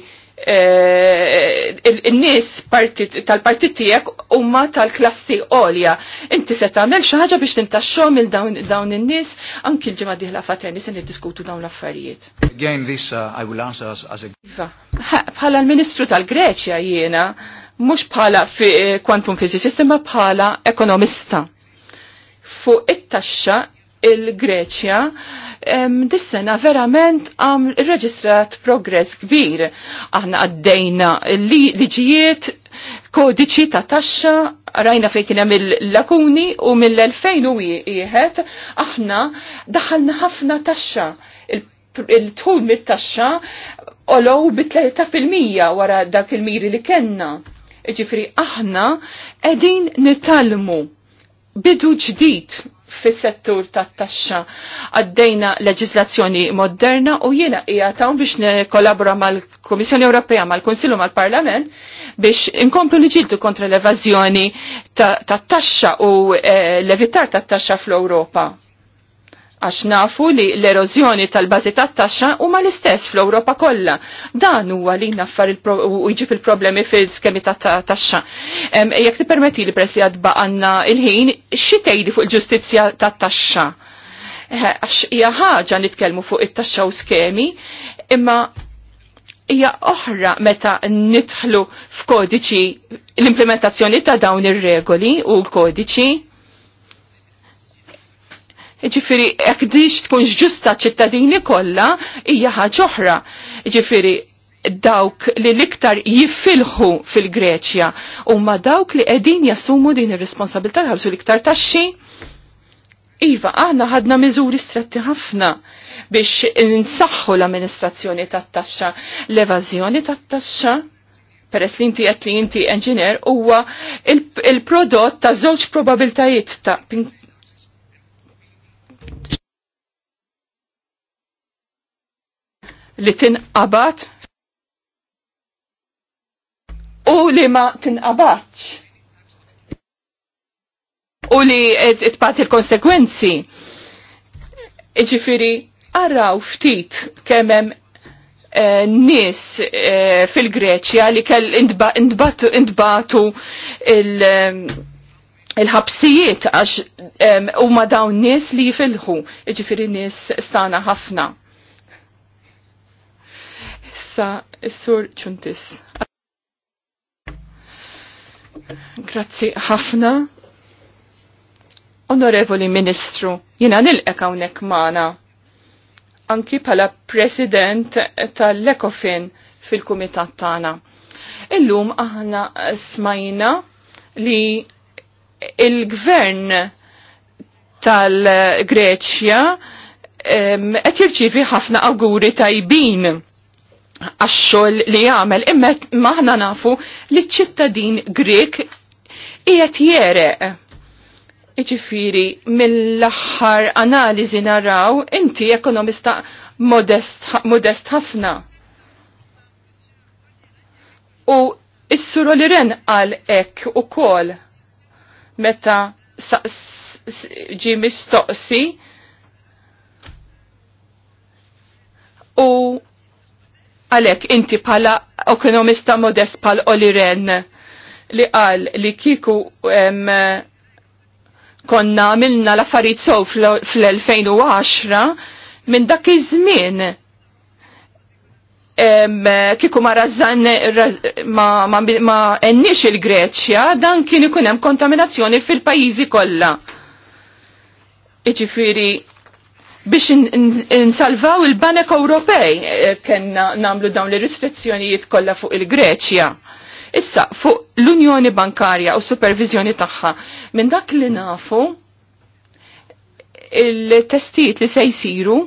Eh, il-nis tal-partit tijek umma tal-klassi olja. Inti se tagħmel xi ħaġa biex tintaxxhom il dawn in-nies anki l-ġimgħa diħla fateni se niddiskutu dawn l-affarijiet.
Again this uh, I will answer as, as a
iva, Bħala l-Ministru tal-Greċja jiena mhux bħala kwantum eh, fizicist, imma bħala ekonomista. Fuq it-taxxa il-Greċja dis-sena verament għam reġistrat progress kbir. Aħna għaddejna liġijiet, kodiċi ta' taxxa, rajna fejn kien hemm il-lakuni u mill-2001 aħna daħalna ħafna taxxa il-tħul mit-taxxa olow bit-3% wara dak il-miri li kenna. Ġifri aħna qegħdin nitalmu bidu ġdid fis-settur tat-taxxa. Għaddejna leġislazzjoni moderna u jiena hija tawn biex kollabora mal-Kummissjoni Ewropea, mal-Kunsillu, mal-Parlament biex inkomplu niġiltu kontra l-evażjoni tat-taxxa u eh, levitar tat-taxxa fl-Ewropa għax nafu li l-erozjoni tal-bazi tat-taxxa huma l-istess fl-Ewropa kollha. Dan huwa li naffar u jġib il-problemi fil-skemi tat-taxxa. Jekk permetti li presi għadba għandna il-ħin, xi tgħidi fuq il-ġustizzja tat-taxxa? Eh, għax hija ħaġa nitkellmu fuq it-taxxa u skemi, imma hija oħra meta nidħlu f'kodiċi l-implementazzjoni ta' dawn ir-regoli u l-kodiċi Ġifiri, jekk diġ tkunx ġusta ċittadini kollha hija ħaġa oħra. Ġifiri, dawk li liktar jiffilħu fil-Greċja u ma dawk li edin jassumu din ir-responsabilità għabżu liktar taxxi. Iva, aħna ħadna miżuri stretti ħafna biex nsaħħu l-amministrazzjoni tat-taxxa, l-evażjoni tat-taxxa, peress li inti għet li inti enġinier huwa il-prodott ta' żewġ probabiltajiet ta' li tinqabat u li ma tinqabat u li tpat il-konsekwenzi. Iġifiri, araw ftit kemem eh, nis eh, fil-Greċja li kell indbatu, eh, il-ħabsijiet għax u ma dawn nis li jifilħu, iġifiri nis stana ħafna. Issa, is-sur ċuntis. Grazzi ħafna. Onorevoli Ministru, jina nilqek hawnhekk magħna. Anki bħala President tal-Ekofin fil-Kumitat tagħna. Illum aħna smajna li il-gvern tal-Greċja qed jirċievi ħafna awguri tajbin għaxxol xogħol li jagħmel, imma maħna nafu li ċ-ċittadin Grek qiegħed jereq. Iġifiri, mill-axħar analizi naraw, inti ekonomista modest ħafna. U issuru li ren għal ek u kol, meta ġi mistoqsi, u Għalek inti pala ekonomista modest pal Oliren li qal li kiku em, konna għamilna l-affarijiet sow fl-2010 minn dak iż-żmien kiku ma razzan ma, ma, ma ennix il-Greċja, dan kien ikun hemm kontaminazzjoni fil-pajjiżi kollha. Iġifieri biex insalvaw il-Banek Ewropej eh, kena namlu dawn li restrizzjonijiet kollha fuq il-Greċja. Issa fuq l-Unjoni Bankarja u supervizjoni tagħha minn dak li nafu il-testijiet li se jsiru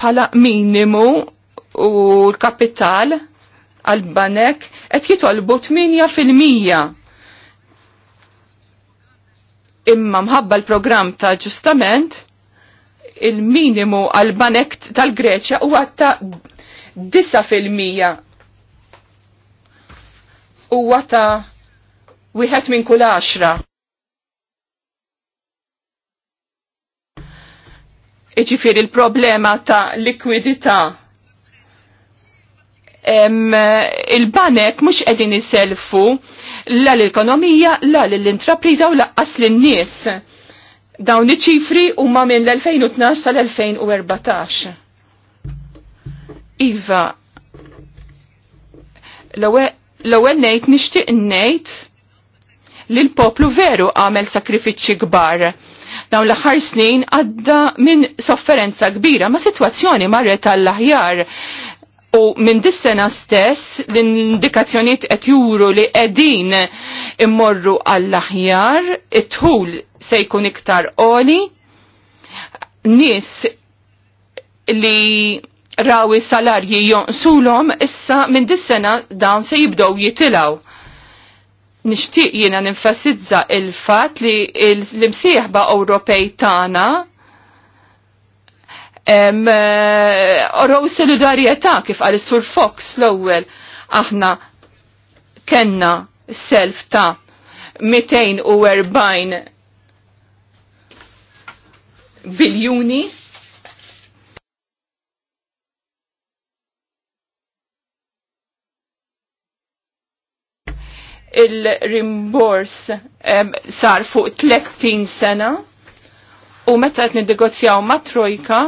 bħala minimu u l-kapital għal-banek qed jitolbu 8 fil-mija imma mħabba l-programm ta' ġustament il-minimu għal banek tal-Greċja u għatta 9% u għatta wieħed minn kull 10. Iġifieri il-problema ta' likwidità il-banek mux edin iselfu la l-ekonomija, la l-intrapriża u laqqas l-nies. Dawn iċ-ċifri huma minn l-2012 sal-2014. Iva, l-ewwel ngħid nixtieq ngħid li l-poplu veru għamel sakrifiċċi kbar. Dawn l-aħħar snin għadda minn sofferenza kbira ma' sitwazzjoni marret tal-aħjar U minn dis-sena stess l-indikazzjoniet qed juru li qegħdin immorru għall-aħjar, it tul se jkun iktar qoli, nies li rawi salarji jonqsulhom issa minn dis-sena dawn se jibdew jitilgħu. Nixtieq jiena ninfasizza il-fatt li l-imsieħba Ewropej tagħna Eh, Orow solidarieta kif għal sur Fox l-ewwel aħna kenna self ta' 240 biljuni il-rimbors sar fuq 30 sena u meta qed niddegozjaw ma' trojka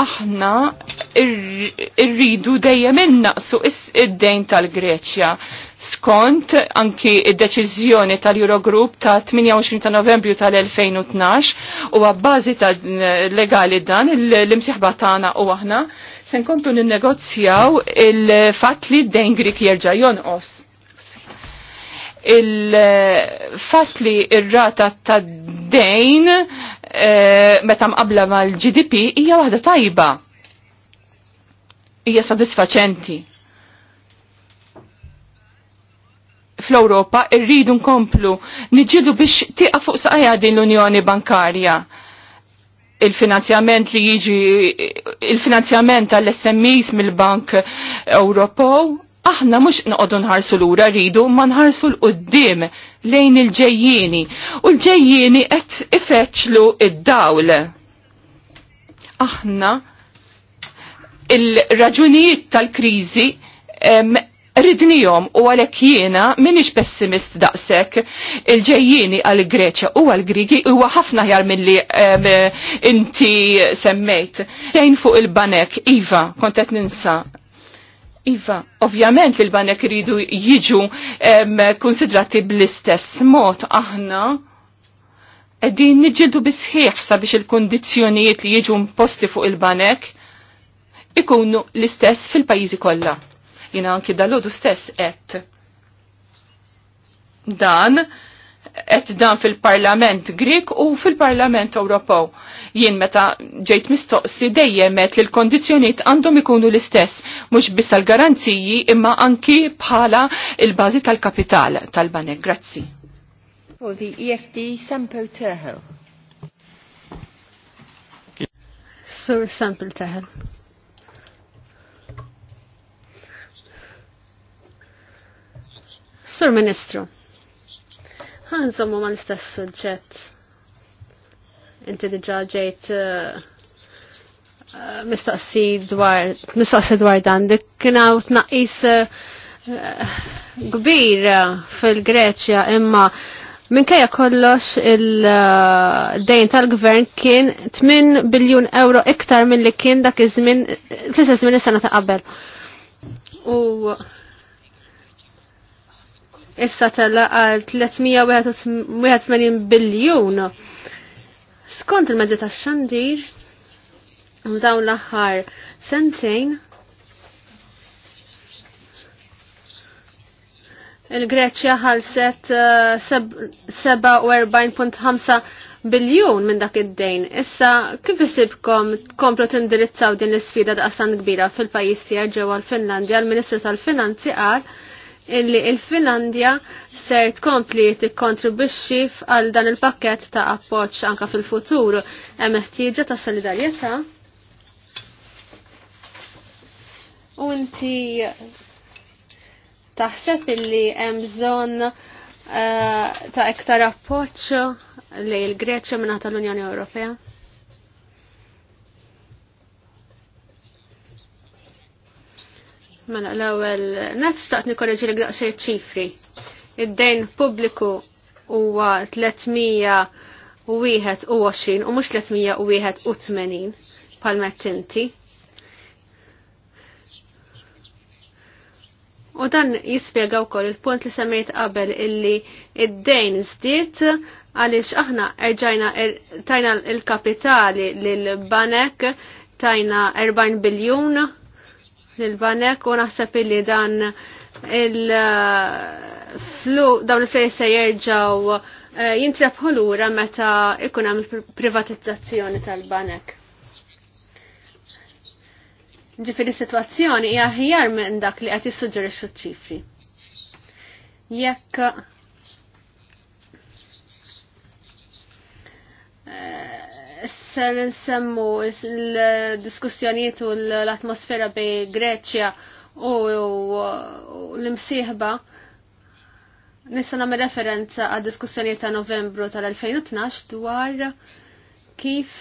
aħna irridu dejjem innaqsu id-dejn tal-Greċja. Skont anki id-deċiżjoni tal-Eurogroup ta' 28 ta' Novembru tal-2012 u għabbażi ta' legali dan l-imsieħba tagħna u aħna se nkomplu ninnegozjaw il-fatt li d-dejn Grik jerġa' jonqos il-fasli ir-rata tad dejn eh, meta mqabla mal-GDP hija waħda tajba. Hija sodisfaċenti. Fl-Ewropa rridu nkomplu niġġieldu biex tieqa' fuq saqajja din l-Unjoni Bankarja il-finanzjament li jiġi il-finanzjament tal-SMEs mill-Bank Ewropew aħna mux nqodu nħarsu l-ura rridu ma nħarsu l-qoddim lejn il-ġejjini u l-ġejjini qed ifeċlu id-dawl. Aħna il-raġunijiet tal-kriżi ridnijom u għalek jiena minix pessimist daqsek il-ġejjini għal Greċa u għal Grigi u ħafna jar mill-li inti semmejt. Tejn fuq il-banek, Iva, kontet ninsa Iva, ovvjament li l-banek iridu jiġu konsidrati bl-istess mod aħna din nġildu bisħiħ sabiex il-kondizjonijiet li jiġu imposti fuq il-banek ikunu l-istess fil-pajizi kollha. Jina anki dal-għodu stess et. dan qed dan fil-Parlament Grek u fil-Parlament Ewropew Jien meta ġejt mistoqsi dejjem met li l-kondizzjonijiet għandhom ikunu l-istess, mhux biss tal-garanziji imma anki bħala il-bażi
tal-kapital tal-banek. Grazzi.
For the EFD
Sur Sample Terhel. Sur Ministru, ħanżommu ma l-istess suġġett inti diġa ġejt uh, uh, mistaqsi dwar dwar dan dik kienaw tnaqqis uh, kbir fil-Greċja imma minkejja kollox il-dejn tal-gvern kien 8 biljun euro iktar minn li kien dak iż-żmien fl-istess żmien is-sena ta' qabel. U issa tal għal 381 biljun Skont il-medja ta' xandir, um, dawn l-aħħar sentejn, il-Greċja ħalset 47.5 uh, biljun minn dak id-dejn. Issa, kif isibkom komplu tindirizzaw din l-sfida daqsan kbira fil-pajis tiegħek ġewwa l-Finlandja, l-Ministru tal-Finanzi qal illi il-Finlandja ser tkompli tikkontribwixxi għal dan il-pakket ta' appoġġ anka fil-futur hemm ta' solidarjetà. U inti taħseb illi hemm bżonn eh, ta' iktar appoġġ lejn il-Greċja minn tal-Unjoni Ewropea? Mela, l-ewel, nazztaqt nikorreġi li għdaqxej ċifri. Id-dejn publiku huwa 300 u mux 381 u inti. U dan jispjega wkoll il-punt li semmejt qabel illi id-dejn żdied għaliex aħna erġajna tajna il-kapitali lil banek tajna 40 biljun l-banek u naħseb illi dan il-flu, dawn il-flej se jirġaw eh, jintrebħu lura meta ikun hemm privatizzazzjoni tal-banek. Ġifieri situazzjoni hija ħjar minn dak li qed jissuġġerixxu ċifri. Jekk eh, se nsemmu l-diskussjonijiet u l-atmosfera bej Greċja u l-imsieħba nista' nagħmel referenza għad diskussjonijiet ta' Novembru tal-2012 dwar kif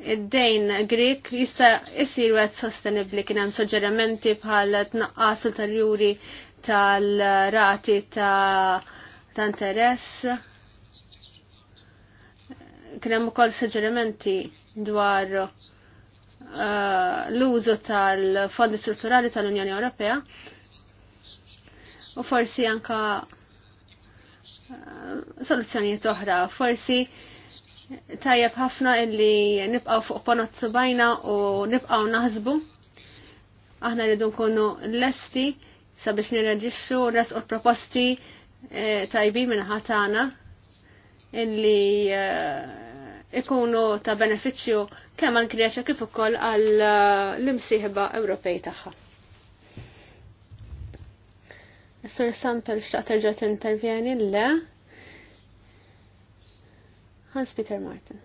id-dejn Grek jista' jsir wieħed sostenibbli kien hemm suġġerimenti bħal tnaqqas ulterjuri tal-rati ta' ta' interess kien hemm ukoll suġġerimenti dwar uh, l-użu tal-fondi strutturali tal-Unjoni Ewropea u forsi anka uh, soluzzjonijiet oħra. Forsi tajjeb ħafna illi nibqaw fuq panozzu bajna u nibqaw naħsbu. Aħna rridu nkunu lesti sabiex nirreġixxu l proposti eh, tajbi minn ħatana illi eh, ikunu ta' beneficju kemm għal Greċja kif ukoll għal uh, l-imsieħba Ewropej tagħha. Sur Sampel xtaqt terġa' tintervjeni le. Hans Peter Martin.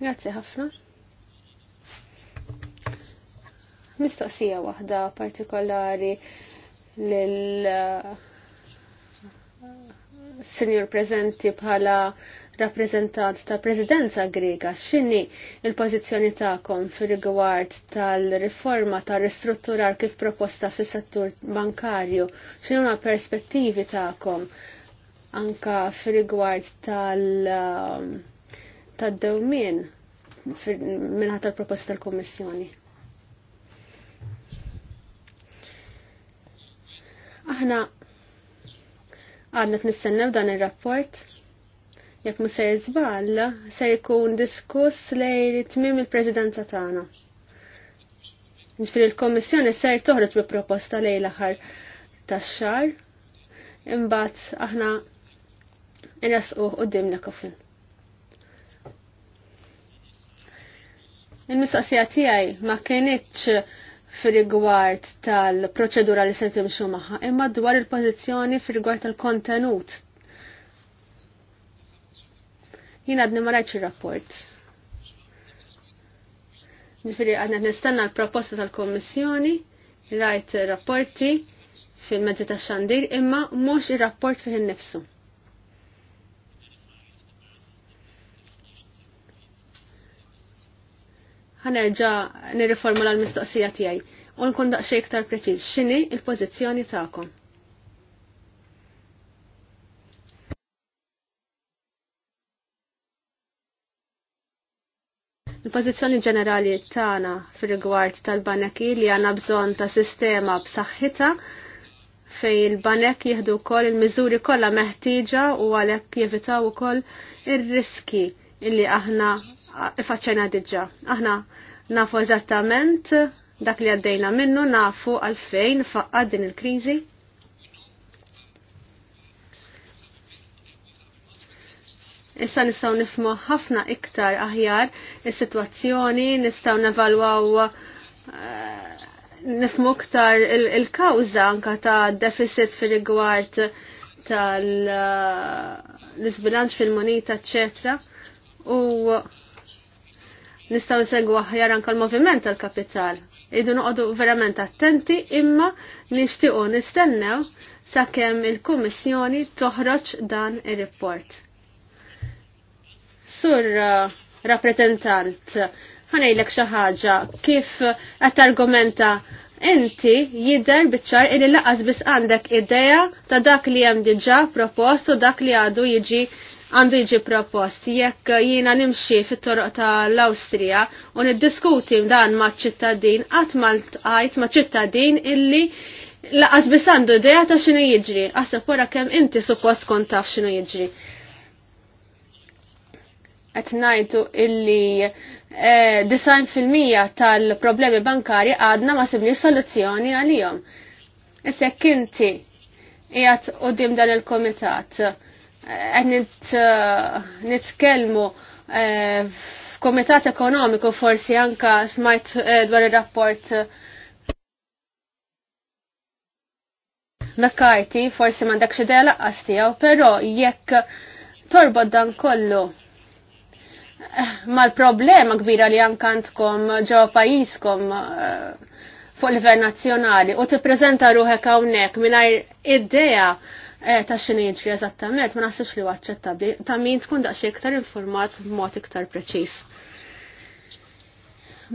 Grazzi ħafna. Mistoqsija waħda partikolari lil uh, senior prezenti bħala rappresentant ta' Presidenza Grega, x'inhi il-pożizzjoni tagħkom fir-rigward tal-riforma tar-ristrutturar kif proposta fis-settur bankarju, x'inhu una perspettivi tagħkom anka fir-rigward tal- um, dewmin dewmien tal-proposta tal-Kummissjoni. Aħna Għadna t-nistennew dan il-rapport. Jek mu ser zbal, ser jkun diskuss lejn tmim il-prezidenza tagħna. Ġifir il-Komissjoni ser toħroġ bi proposta lejn l-aħħar tax-xar. Imbagħad aħna nrasquh quddiem l-kofin. il mistoqsija tiegħi ma kienitx fil-rigward tal-proċedura li se timxu maħħa, imma dwar il-pozizjoni fil-rigward tal-kontenut. Jina għadni ma il-rapport. Ġifiri għadni nistanna l-proposta tal kommissjoni rajt rapporti fil-mezzi ta' xandir, imma mux il-rapport fih nifsu. ħanerġa nirriformula l-mistoqsija tiegħi u nkun daqsxej iktar preċiż x'inhi l-pożizzjoni tagħkom. Il-pożizzjoni ġenerali tagħna fir-rigward tal-baneki li għandna bżonn ta' sistema b'saħħitha fej il-banek jihdu kol il-mizuri kolla meħtieġa u għalek jevitaw kol il-riski illi aħna faċċena diġa. Aħna nafu eżattament dak li għaddejna minnu, nafu għalfejn faqqa din il-krizi. Issa nistaw nifmu ħafna iktar aħjar is-sitwazzjoni, nistaw nevalwaw eh, nifmu iktar il-kawza anka ta' deficit fil-rigward tal-izbilanċ eh, fil-monita, eccetera. U nistaw nsegwu aħjar anka l-moviment tal-kapital. Idu noqogħdu verament attenti imma nixtiequ nistennew sakemm il-Kummissjoni toħroġ dan ir report Sur uh, rappresentant, ħanejlek xi ħaġa kif qed argumenta inti jidher biċċar illi laqas biss għandek idea ta' dak li hemm diġà propost u dak li għadu jiġi għandu jġi propost jekk jiena nimxi fit-toroq tal-Awstrija u niddiskuti dan ma' ċittadin qatt ma tqajt ma' ċittadin illi laqas bis għandu idea ta' x'inhu jiġri, għasab wara kemm inti suppost kont taf x'inhu jiġri. Qed ngħidu illi disajn eh, design fil-mija tal-problemi bankari għadna ma sibni soluzzjoni għalihom. Issa jekk inti u dim dan il-komitat għed eh, nitkelmu eh, f'komitat ekonomiku forsi anka smajt eh, dwar il-rapport McCarthy, forsi xi idea laqqas tiegħu, però jekk torbod dan kollu mal-problema kbira li għandkom ġo pajjiżkom fuq livell nazzjonali u tippreżenta ruħek hawnhekk mingħajr idea Eh, ta' xinejġri eżattament, ma naħsibx li waċċettabli, ta' min tkun daqxie iktar informat b'mod iktar preċis.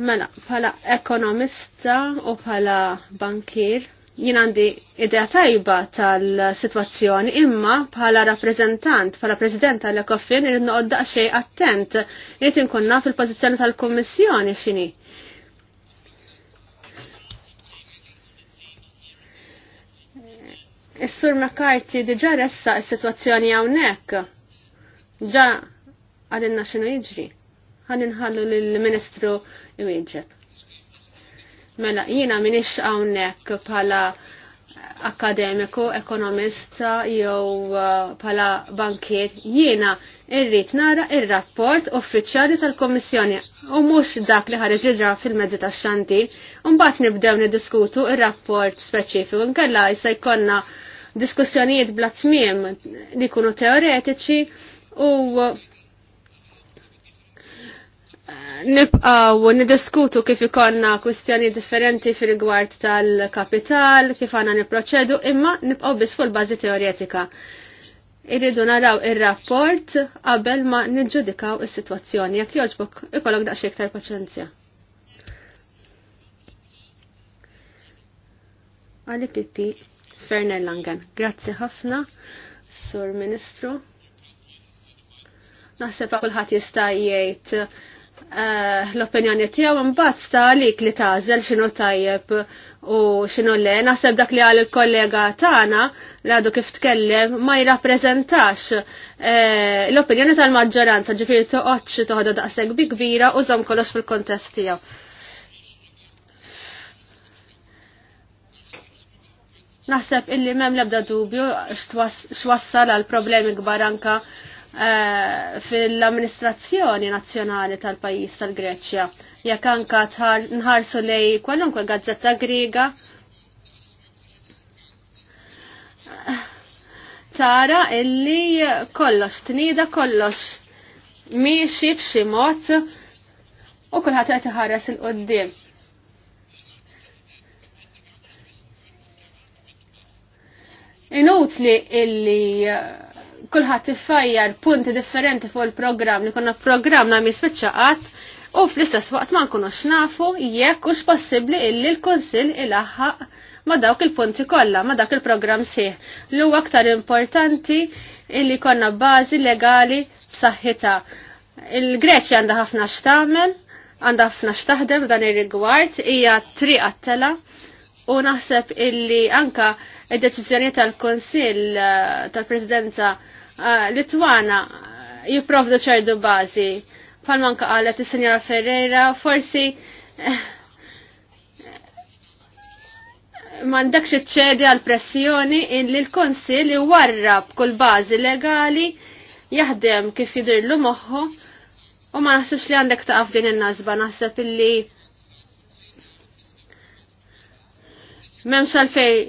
Mela, bħala ekonomista u bħala bankier, jien għandi idea tajba tal-situazzjoni, imma bħala rappresentant, bħala president tal-ekofin, irrid noqgħod daqsxejn attent, irrid inkun naf il-pożizzjoni tal-Kummissjoni x'inhi Is-Sur McCarthy diġa ressa s-situazzjoni hawnhekk. Ġa għalinna xinu jiġri. Għan inħallu lill-Ministru iwieġeb. Mela, jina minix hawnhekk bħala akademiku, ekonomista jew uh, bħala bankier, jiena irrit nara il rapport uffiċjali tal komissjoni u mhux dak li ħareġ diġà fil-mezzi tax-xantin, u mbagħad nibdew niddiskutu il rapport speċifiku nkella jisa jkollna diskussjonijiet bla tmiem li kunu teoretiċi u eh, nibqaw nidiskutu kif ikonna kwistjoni differenti fil rigward tal-kapital, kif għana niproċedu, imma nibqaw bis fuq bazi teoretika. Irridu naraw ir-rapport qabel ma niġġudikaw is-sitwazzjoni. Jekk jogħġbok, ikollok daqsxejn iktar paċenzja. Għalli pipi. Ferner Langan. Grazzi ħafna, Sur Ministru. Naħseb kulħadd jista' jgħid eh, l-opinjoni tiegħu imbagħad sta għalik li tażel x'inhu tajjeb u x'inhu le. Naħseb dak li għal il-kollega tagħna li għadu kif tkellem ma jirrappreżentax eh, l-opinjoni tal-maġġoranza ġifieri toqgħodx toħodha daqshekk bi kbira u żomm kollox fil-kontest tiegħu. Naħseb illi mem lebda dubju xwassal għal problemi kbar anka eh, fil-amministrazzjoni nazzjonali tal-pajis tal-Greċja. Jekk anka nħarsu lej kwalunkwe gazzetta griega tara illi kollox tnida kollox miexi b'xi mod u kulħadd qed iħares il-qoddim. Inutli illi eh, kulħadd iffajjar punti differenti fuq il-programm li konna programm nam jispiċċa qatt u fl-istess waqt ma nkunux nafu jekk hux possibbli illi l-Kunsill ilaħħaq ma dawk il-punti kollha, ma dak il-programm siħ. Li huwa aktar importanti illi konna bażi legali b'saħħitha. il greċi għandha ħafna x'tagħmel, għandha ħafna x'taħdem dan ir-rigward, hija tri attela u naħseb illi anka id-deċizjoni tal-Konsil eh, tal-Presidenza eh, Litwana eh, jipprovdu ċerdu bażi. Palmanka qalet is-Sinjora Ferreira, forsi mandakx iċċedi għal pressjoni li l-konsil warrab kull bażi legali jaħdem kif jidirlu moħħu u ma naħsibx li għandek taqaf din il-nazba naħseb illi memx għalfej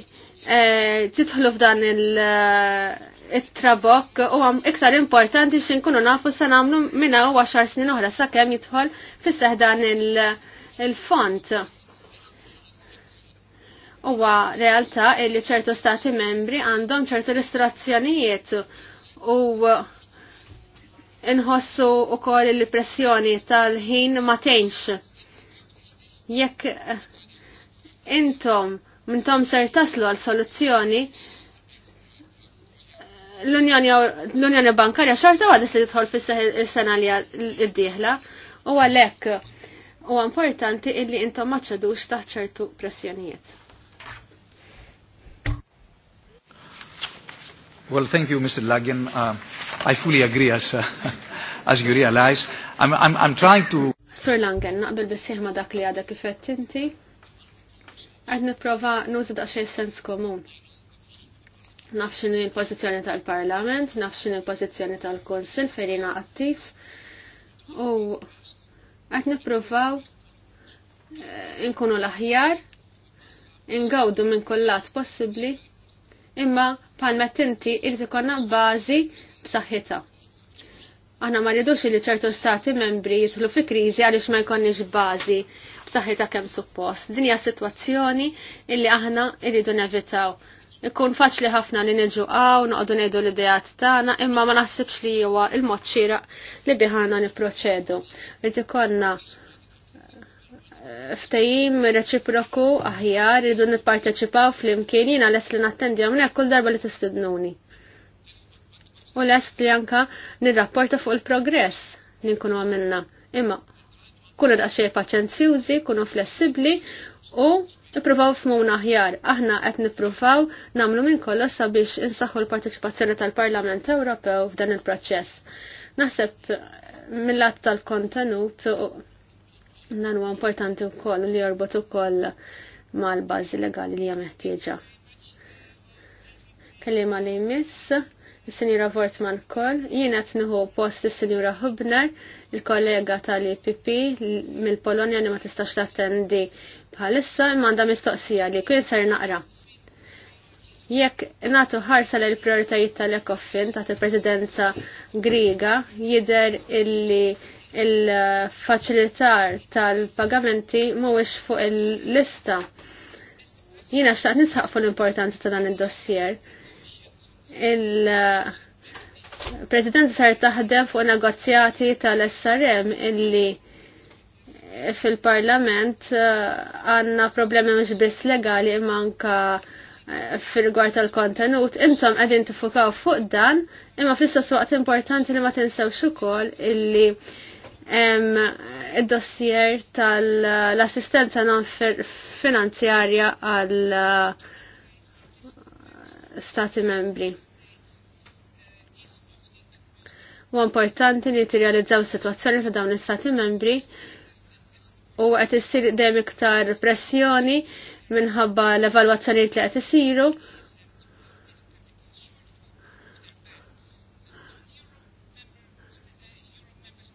E, titħlu f'dan il-trabok e, u għam iktar importanti xin kunu nafu se namlu minna u għaxar snin oħra sa' kem jitħol fisseħ dan il-font. Uwa realtà li ċertu stati membri għandhom ċertu restrazzjonijiet u inħossu u koll il-pressjoni tal-ħin ma tenx. Jekk intom mintom ser taslu għal soluzzjoni l-Unjoni Bankarja xorta għadis li tħol fis-sena li d-dieħla u għalek u importanti illi intom maċċadux taħt ċertu pressjonijiet.
Well, thank you, Mr. Lagin. Uh, I fully agree as, uh, as you realize. I'm, I'm, I'm trying to...
Sir Langen, naqbel bisieħ ma dak li għada kifett inti. Għed niprofa nuża daqsxejn sens komun. Nafxin il-pozizjoni tal-Parlament, nafxin il-pozizjoni tal-Konsil ferina attiv u għed niprofaw eh, inkunu l-aħjar, ingawdu minn kollat possibli, imma pan inti irrid ikonna bażi b'saħħitha. Aħna ma rridux li ċertu stati membri jidħlu fi kriżi għaliex ma jkollniex bażi b'saħħitha kemm suppost. Din hija sitwazzjoni illi aħna irridu nevitaw. Ikun faċli ħafna li niġu għaw, noqogħdu ngħidu l-idejat tagħna, imma ma naħsibx li huwa il-mod li biħana nipproċedu. Irid ikollna eh, ftajim reċiproku aħjar rridu nipparteċipaw fl-imkien jina lest li nattendi hekk kull darba li tistidnuni. U lest li anka nirrapporta fuq il-progress li nkunu għamilna. Imma kuna daqxej paċenzjużi, kuna flessibli u Nipruvaw f'muna ħjar, aħna qed nippruvaw namlu minn kollox sabiex insaħħu l-partiċipazzjoni tal-Parlament Ewropew f'dan il-proċess. Naħseb mill-att tal-kontenut dan huwa importanti wkoll li jorbot ukoll mal-bażi legali li hija meħtieġa. Kelliema li jmiss sinjura Vortman kol, jiena tniħu post il-Sinjura Hubner, il-kollega tal-IPP mill-Polonja li ma tistax tattendi bħalissa, imma għandha mistoqsija li kien ser naqra. Jekk natu ħarsa l prioritajiet tal-Ekofin ta' il-Presidenza Griega jider illi il-faċilitar tal-pagamenti mhuwiex fuq il-lista. Jiena xtaqt nisħaq fuq l-importanza ta' dan id-dossier il-President sar taħdem fuq negozjati tal-SRM illi fil-parlament eh, għanna problemi mhux biss legali manka eh, fil-gwar tal-kontenut, intom għedin tifukaw fuq dan, imma fl-istess waqt importanti li ma tinsewx ukoll illi id-dossier tal-assistenza non finanzjarja għal eh, stati membri. U importanti li t-realizzaw situazzjoni ta' dawn l-istati membri u qed issir dejjem iktar pressjoni minħabba l-evalwazzjonijiet li qed isiru.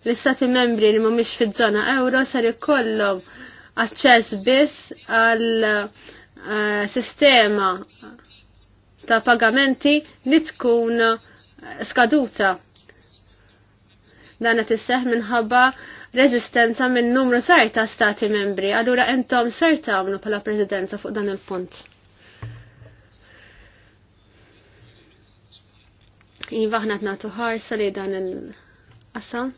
L-istati membri li mhumiex fiż-żona euro sar ikollhom aċċess biss għal eh, sistema ta' pagamenti li tkun skaduta dan qed isseħħ minħabba reżistenza minn numru sar ta' stati membri. Allura intom ser tagħmlu bħala presidenza fuq dan il-punt. Iva ħna nagħtu ħarsa li dan il-qasam.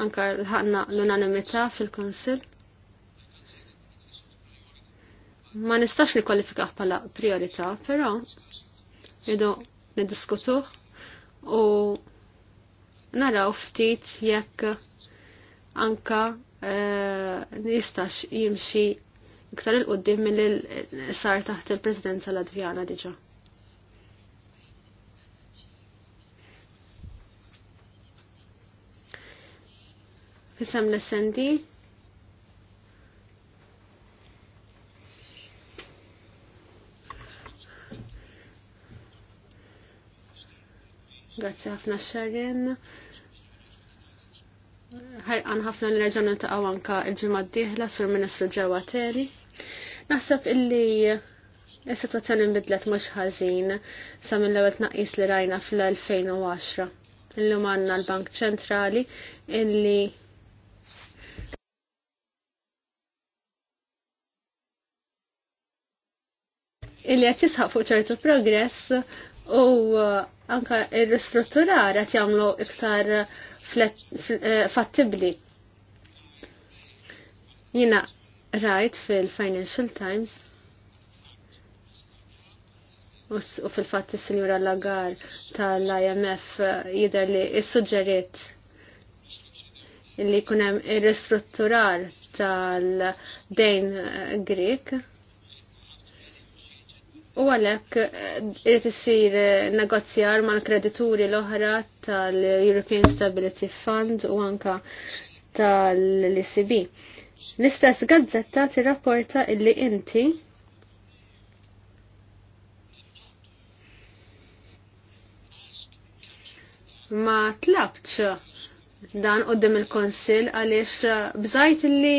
Ankar l-ħanna l-unanimità fil-Konsil. Ma nistax li kwalifikaħ bħala priorità, però jidu niddiskutuh u naraw ftit jekk anka eh, nistax jimxi iktar il-qoddim mill sar taħt il-Presidenza Latvjana diġa. Fisem l-essendi. Grazie ħafna Sharon ħarqan ħafna li reġan niltaqgħu anka l ġimad d-dieħla sur Ministru ġewwa teli. Naħseb illi il sitwazzjoni nbidlet mhux ħażin sa mill ewwel tnaqqis li rajna fl-2010. Illum għandna l-Bank Ċentrali illi illi qed jisħaq fuq ċertu progress u eh, anka il-ristrutturar għarat jamlu iktar eh, fattibli. Jina rajt fil-Financial Times u fil-fat il-Sinjura Lagar tal-IMF eh, jider li suġġeriet li kunem il-ristrutturar tal-dejn Grek U għalek, eh, irrit issir eh, negozjar mal kredituri l-oħra tal-European Stability Fund u anka tal-ECB. L-istess gazzetta tirrapporta illi inti ma tlabċ dan qoddim il-konsil għaliex eh, bżajt illi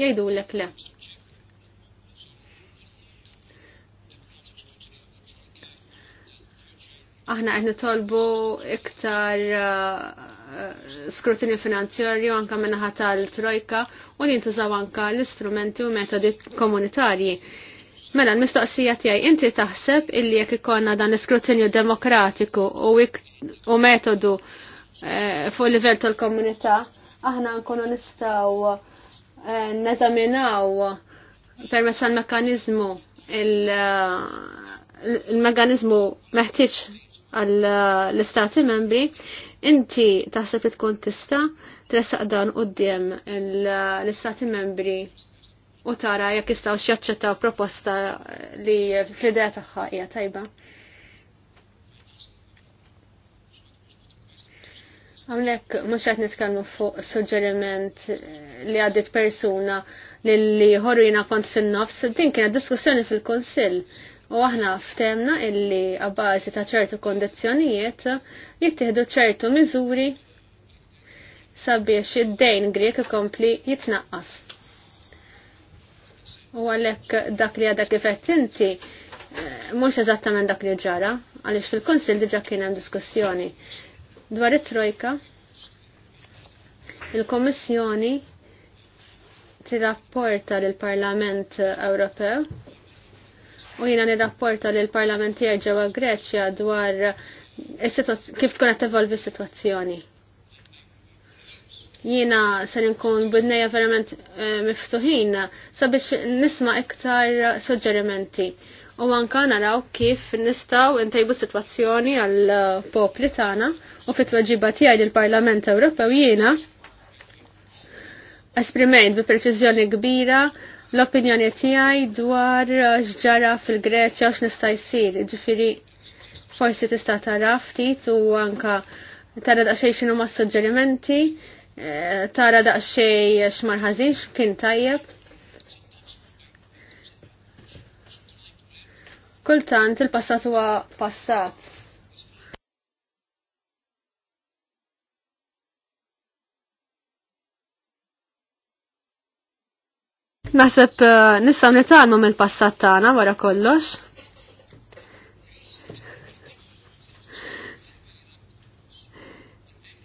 jajdu l ekle -le. Aħna qed nitolbu iktar uh, uh, skrutinju finanzjarju anka minnaħa tal-trojka u li jintużaw anka l-istrumenti u metodi komunitarji. Mela l-mistoqsija tiegħi inti taħseb illi jekk ikonna dan l-iskrutinju demokratiku u, metodu eh, fuq livell tal-komunità, aħna nkunu nistgħu eh, neżaminaw permezz għal mekanizmu eh, il-mekanizmu meħtieġ għall-istati membri, inti taħseb li tkun tista tressaq dan qudiem l-istati membri u tara jekk jistgħu xjaċċettaw proposta li fl-idea tagħha hija tajba. Għamlek, mux għat nitkellmu fuq suġġeriment li għaddit persuna li ħorrina kont fin-nofs, din kienet diskussjoni fil kunsill U aħna ftemna illi għabbażi ta' ċertu kondizjonijiet jittieħdu ċertu miżuri sabiex id-dejn Grek ikompli jitnaqqas. U għalhekk dak li għadak kifett inti eh, mhux eżattament dak li ġara, għaliex fil konsil diġa' kien hemm diskussjoni dwar it-trojka il-Kommissjoni tirrapporta lill parlament Ewropew u jina nirrapporta lil parlamentier ġewwa Greċja dwar kif tkun qed evolvi s-sitwazzjoni. Jiena se nkun bidnejja verament eh, miftuħin sabiex nisma' iktar suġġerimenti u anka naraw kif nistgħu ntejbu s-sitwazzjoni għall eh, popli tagħna u fit-tweġiba tiegħi lill-Parlament Ewropew jiena esprimejt bi preċiżjoni kbira l-opinjoni tiegħi dwar x'ġara fil-Greċja u x'nista' jsir. Ġifieri forsi tista' tara ftit u anka tara daqsxejn x'inhu ma' suġġerimenti, eh, tara daqsxejn x'mar ħażin x'kien tajjeb. Kultant il-passat huwa passat.
Naħseb eh, nistgħu
nitalmu mill-passat tagħna wara kollox.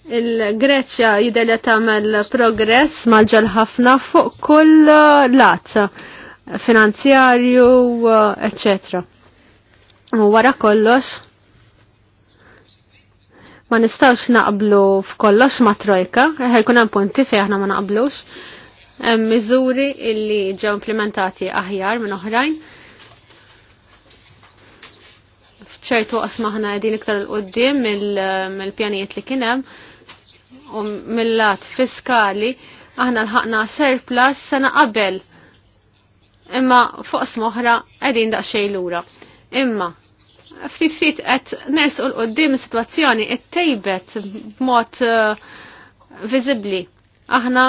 Il-Greċja jidher li tagħmel progress maġġel ħafna fuq kull eh, lat finanzjarju, eccetera. Eh, U wara kollox ma nistawx naqblu f'kollox ma trojka, ħajkun hemm punti fejn aħna ma naqblux. Hemm miżuri illi ġew implementati aħjar minn oħrajn. F'ċertu qasma ħna qegħdin iktar il qudiem mill-pjanijiet li kien hemm u mill-lat fiskali aħna lħaqna surplus sena qabel imma fuq smoħra qegħdin daqsxejn lura. Imma ftit ftit qed nersu l qoddim is-sitwazzjoni ttejbet b'mod eh, viżibbli. Aħna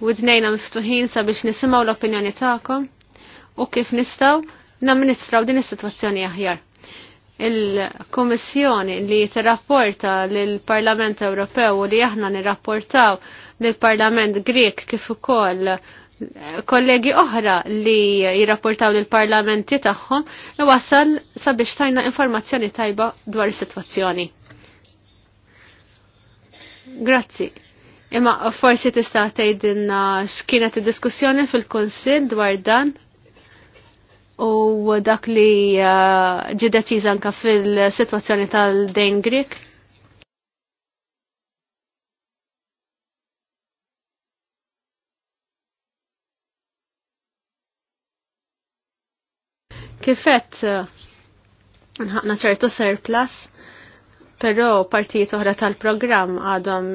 u dnejna miftuħin sabiex nisimaw l-opinjoni ta'kom u kif nistaw namministraw din is-sitwazzjoni aħjar. il komissjoni li tirrapporta lill-Parlament Ewropew u li aħna nirrapportaw lill-Parlament Grek kif ukoll kollegi oħra li jirrapportaw l parlamenti tagħhom iwassal sabiex tajna informazzjoni tajba dwar is-sitwazzjoni. Grazzi. Imma forsi tista' tgħidilna x'kienet id-diskussjoni fil-Kunsill dwar dan u dak li uh, ġi deċiż anke fil-sitwazzjoni tal-Dejn Grek. Kifet uh, nħaqna ċertu surplus Pero partijiet oħra tal-programm għadhom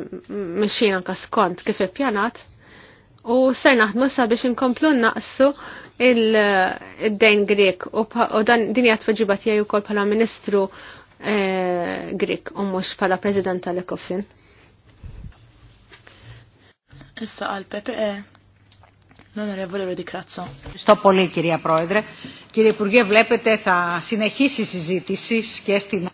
mixin anka skont kif ippjanat u ser naħdmu sa biex inkomplu naqsu il-dejn Grek u dan din hija tweġiba tiegħi wkoll bħala Ministru eh, Grek u mhux bħala President tal-Ekofin.
Issa għal PPE eh, l-Onorevole Rodi Krazzo. Sto poli, κυρία Proedre. Κύριε Υπουργέ, vlepete, θα συνεχίσει η συζήτηση και στην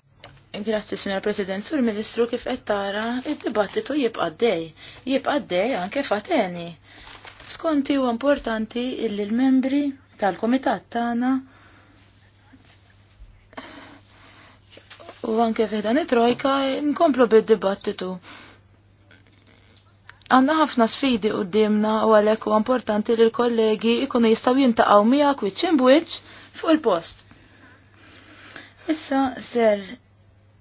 Grazzi, Signor President, Sur Ministru, kif qed tara, dibattitu jibqa' dej, jibqa' dej anke fateni. Skonti u importanti illi l-membri tal-Komitat tagħna u anke fiħdan it-trojka nkomplu bid-dibattitu. Għanna ħafna sfidi d-dimna u għalhekk u importanti li l-kollegi ikunu jistgħu jintaqgħu mija kwiċin bwiċ fuq il-post. Issa ser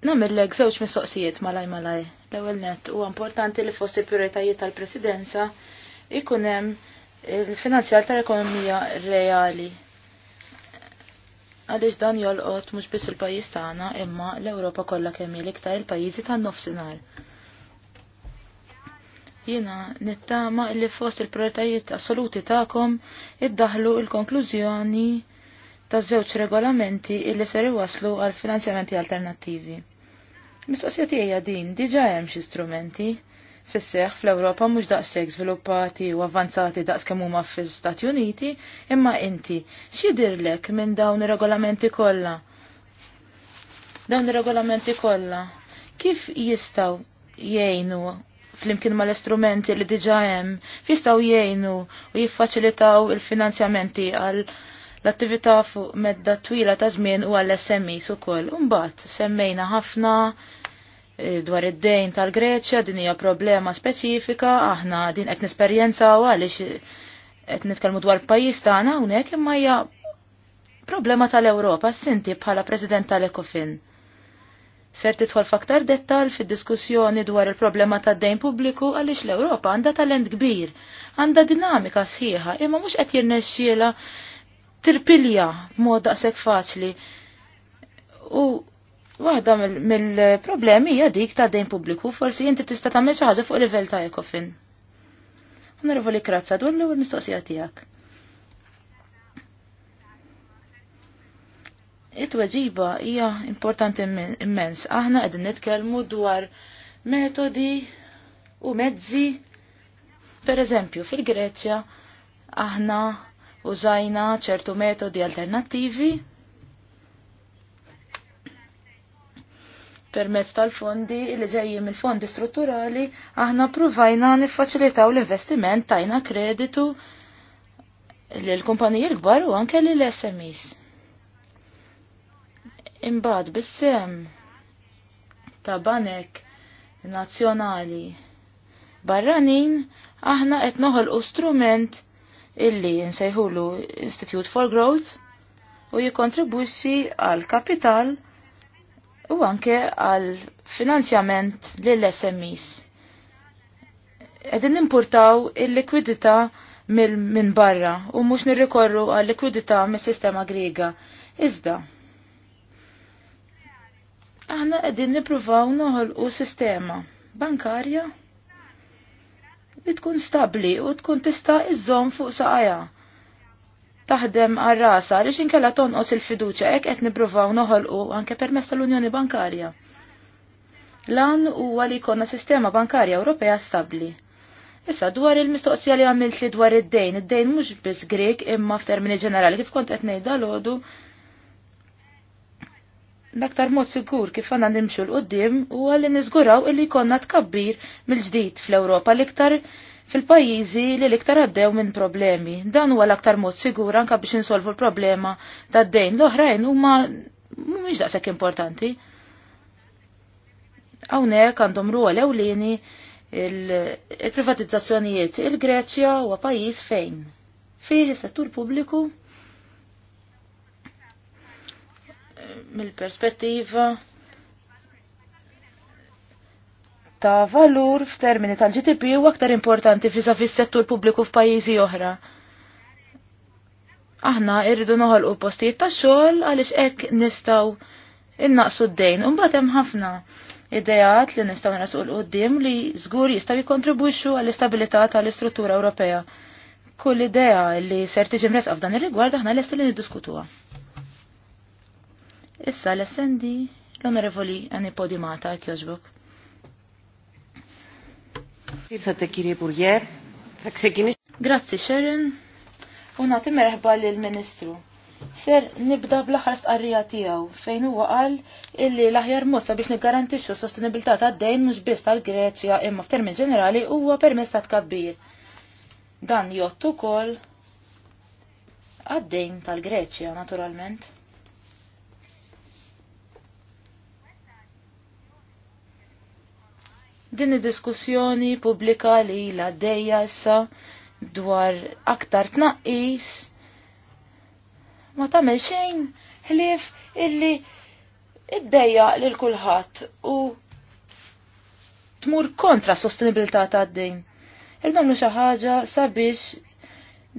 zewċ żewġ mistoqsijiet malaj malaj. L-ewwel net huwa importanti li fost il-prijoritajiet tal-Presidenza ikun hemm il-finanzjar tal-ekonomija reali. Għaliex dan jolqot mhux biss il-pajjiż tagħna imma l-Ewropa kollha kemm iktar il-pajjiżi tan-nofsinhar. Jiena nittama li fost il-prijoritajiet assoluti tagħkom iddaħlu il-konklużjoni il konklużjoni ta' żewġ regolamenti illi ser iwaslu għal finanzjamenti alternattivi. Mistoqsija tiegħi din diġà hemm xi strumenti fis-seħħ fl-Ewropa mhux daqshekk żviluppati u avvanzati daqs kemm huma fl-Istati Uniti, imma inti x'jidirlek minn dawn ir-regolamenti kollha? Dawn ir-regolamenti kollha kif jistgħu jgħinu flimkien ma l-istrumenti li diġa hemm jistgħu jgħinu u jiffaċilitaw il-finanzjamenti għal l-attività fuq medda twila ta' żmien u għall SMEs ukoll. Imbagħad semmejna ħafna eh, dwar id-dejn tal-Greċja din hija problema speċifika, aħna din qed nesperjenzaw għaliex eh, qed nitkellmu dwar pajjiż tagħna hawnhekk imma hija problema tal-Ewropa sinti bħala President tal-Ekofin. Ser tidħol f'aktar dettal fid-diskussjoni dwar il-problema tad-dejn pubbliku għaliex l-Ewropa għandha talent kbir, għandha dinamika sħiħa, imma mhux qed jirnexxiela tirpilja b'mod daqshekk faċli. U waħda mill-problemi hija dik ta' dejn pubbliku, forsi inti tista' tagħmel xi ħaġa fuq livell ta' ekofin. Onorevoli Krazza, dwar l-ewwel mistoqsija tiegħek. It-tweġiba hija importanti immens. Aħna qegħdin nitkellmu dwar metodi u mezzi. Per eżempju, fil-Greċja aħna użajna ċertu metodi alternattivi permezz tal-fondi li ġejjin mill-fondi strutturali aħna pruvajna niffaċilitaw l-investiment tajna kreditu lil kumpaniji l-kbar u anke l SMEs. Imbagħad bis-sem ta' banek nazzjonali barranin aħna qed noħolqu strument illi jinsejħulu Institute for Growth u jikontribwixxi għal kapital u anke għal finanzjament lill smes Edin importaw il-likwidità minn barra u mhux nirrikorru għal likwidità mis-sistema Griega. Iżda, aħna qegħdin nippruvaw noħolqu sistema bankarja li tkun stabli u tkun tista iżżomm fuq saqajja. Taħdem għar-rasa għaliex inkella tonqos il-fiduċa hekk qed nippruvaw noħolqu anke permess tal-Unjoni Bankarja. Lan huwa li jkollna sistema bankarja Ewropea stabbli. Issa dwar il-mistoqsija li għamilt li dwar id-dejn, id-dejn mhux biss Grek imma f'termini ġenerali kif kont qed ngħid dalodu l-aktar mod sigur kif għanna nimxu l-qoddim u għalli nizguraw illi konna tkabbir mill-ġdid fl-Ewropa l-iktar fil-pajjiżi li l-iktar għaddew minn problemi. Dan huwa l-aktar mod sigur anka biex insolvu l-problema tad dejn l-oħrajn huma mhumiex daqshekk importanti. Hawnhekk għandhom l ewlieni il-privatizzazzjonijiet il-Greċja huwa pajjiż fejn fih is-settur pubbliku mill-perspettiva ta' valur f'termini tal-GDP u aktar importanti fisa fis-settur pubbliku f'pajjiżi oħra. Aħna irridu noħolqu postijiet ta' xogħol għaliex hekk nistgħu innaqsu d-dejn. Imbagħad hemm ħafna ideat li nistgħu nrasqu l qudiem li żgur jistgħu jikkontribwixxu għall-istabilità tal-istruttura Ewropea. Kull idea li ser tiġi mresqa f'dan ir-rigward aħna lesti li niddiskutuha. Issa l-SND l-Onorevoli għani Podimata Kjoġbuk. Grazzi Sharon, u nagħti merħba lill-Ministru. Ser nibda bl-aħħar stqarrija tiegħu fejn huwa qal illi l-aħjar mod biex niggarantixxu sostenibilità tad-dejn mhux biss tal-Greċja imma f'termin ġenerali huwa permess ta' tkabbir. Dan jott ukoll għad-dejn tal-Greċja naturalment. din id-diskussjoni pubblika li la dejja issa dwar aktar tnaqqis ma tagħmel xejn ħlief illi iddejja lil kulħadd u tmur kontra s-sostenibilità tad-dejn. Il-nomlu xi ħaġa sabiex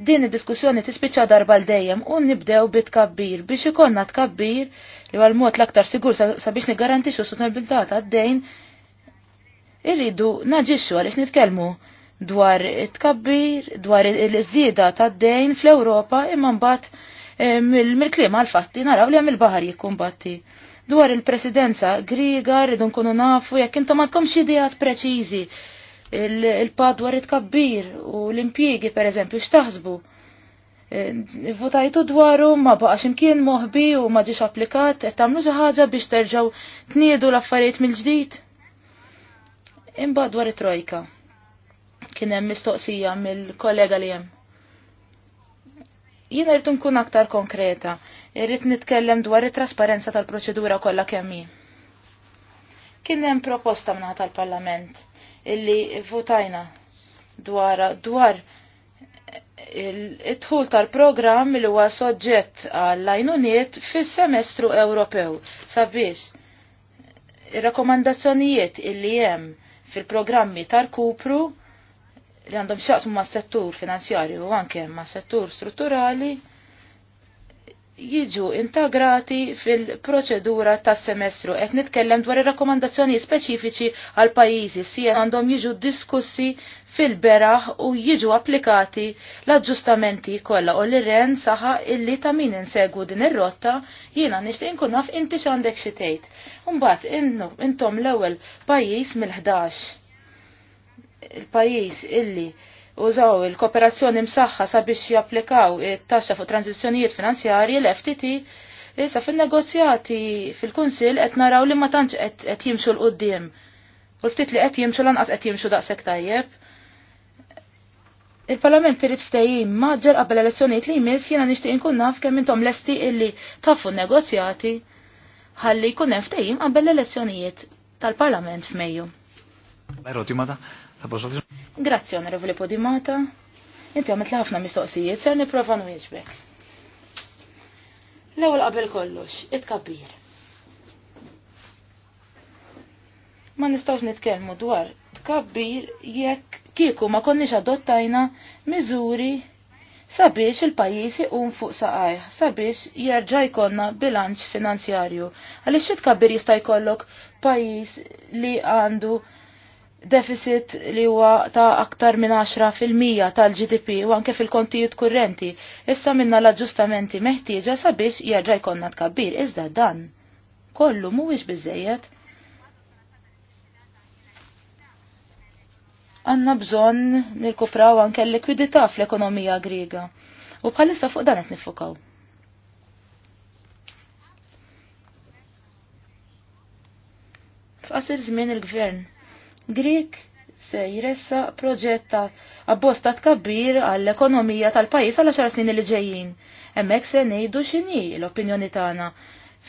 din id-diskussjoni tispiċċa darba l dejjem u nibdew bitkabbir biex ikonna tkabbir li għal mod l-aktar sigur sabiex nigarantixxu sostenibilità tad-dejn irridu naġiċu għalix nitkellmu dwar it-tkabbir, dwar il-żieda tad-dejn fl-Ewropa imma mbagħad eh, mill-kliem għal-fatti naraw li hemm il-baħar batti. Dwar il-presidenza Griga rridu nkunu nafu jekk intom għadkom xidijat preċiżi il-pad dwar it-kabbir u l-impjiegi pereżempju x'taħsbu eh, votajtu dwaru ma baqax imkien moħbi u ma ġiex applikat, qed tagħmlu xi ħaġa biex terġgħu tniedu l-affarijiet mill-ġdid? Imbagħad dwar it-trojka. Kien hemm mistoqsija mill-kollega li hemm. Jiena rrid nkun aktar konkreta, irrid nitkellem dwar it-trasparenza tal-proċedura kollha kemm hi. Kien hemm proposta mingħata tal-Parlament illi votajna dwar dwar it-tħul tal-programm li huwa soġġett għall-għajnuniet fis-semestru Ewropew sabiex ir-rakkomandazzjonijiet illi hemm fil-programmi tal-kupru li għandhom xaqsmu ma' settur finanzjarju u anke ma' settur strutturali jiġu integrati fil-proċedura tas semestru qed nitkellem dwar ir-rakkomandazzjoni speċifiċi għal pajjiżi si għandhom jiġu diskussi fil-beraħ u jiġu applikati l-aġġustamenti kollha u l-ren saħa illi ta' min insegwu din ir-rotta jiena nixtieq inkun naf inti x'għandek xi tgħid. Imbagħad intom l-ewwel pajjiż mill-11. Il-pajjiż illi użaw il-kooperazzjoni msaħħa sabiex japplikaw it-taxxa fuq tranzizzjonijiet finanzjarji l-FTT, issa fin-negozjati fil-Kunsill qed naraw li ma tantx qed jimxu l qoddim U ftit li qed jimxu lanqas qed jimxu daqshekk tajjeb. Il-Parlament irid ftehim maġġer qabel elezzjonijiet li jmiss jiena nixtieq inkun naf kemm intom lesti illi tafu negozjati ħalli jkun hemm ftehim qabel l-elezzjonijiet tal-Parlament f'Mejju. Ero timada, Grazzi, onorevole Podimata. Inti għamet ħafna mistoqsijiet, ser niprofa nwieġbek. L-ewwel qabel kollox, it-kabir. Ma nistgħux nitkellmu dwar tkabbir jekk kieku ma konniex adottajna miżuri sabiex il-pajis iqum fuq saqajh, sabiex jerġa' jkollna bilanċ finanzjarju. Għaliex xi tkabbir jista' jkollok pajis li għandu deficit li huwa ta' aktar minn 10% tal-GDP u anke fil-kontijiet kurrenti. Issa minna l-aġġustamenti meħtieġa sabiex jerġa' jkollna tkabbir, iżda dan kollu mhuwiex biżejjed. Għanna bżonn nirkupraw anke l-likwidità fl-ekonomija griega. U bħalissa fuq dan qed nifukaw. F'qasir żmien il-gvern Grik se jressa proġetta abbosta tkabbir għall-ekonomija tal-pajis għal xar snin li ġejjin. Hemmhekk se ngħidu x'inhi l-opinjoni tagħna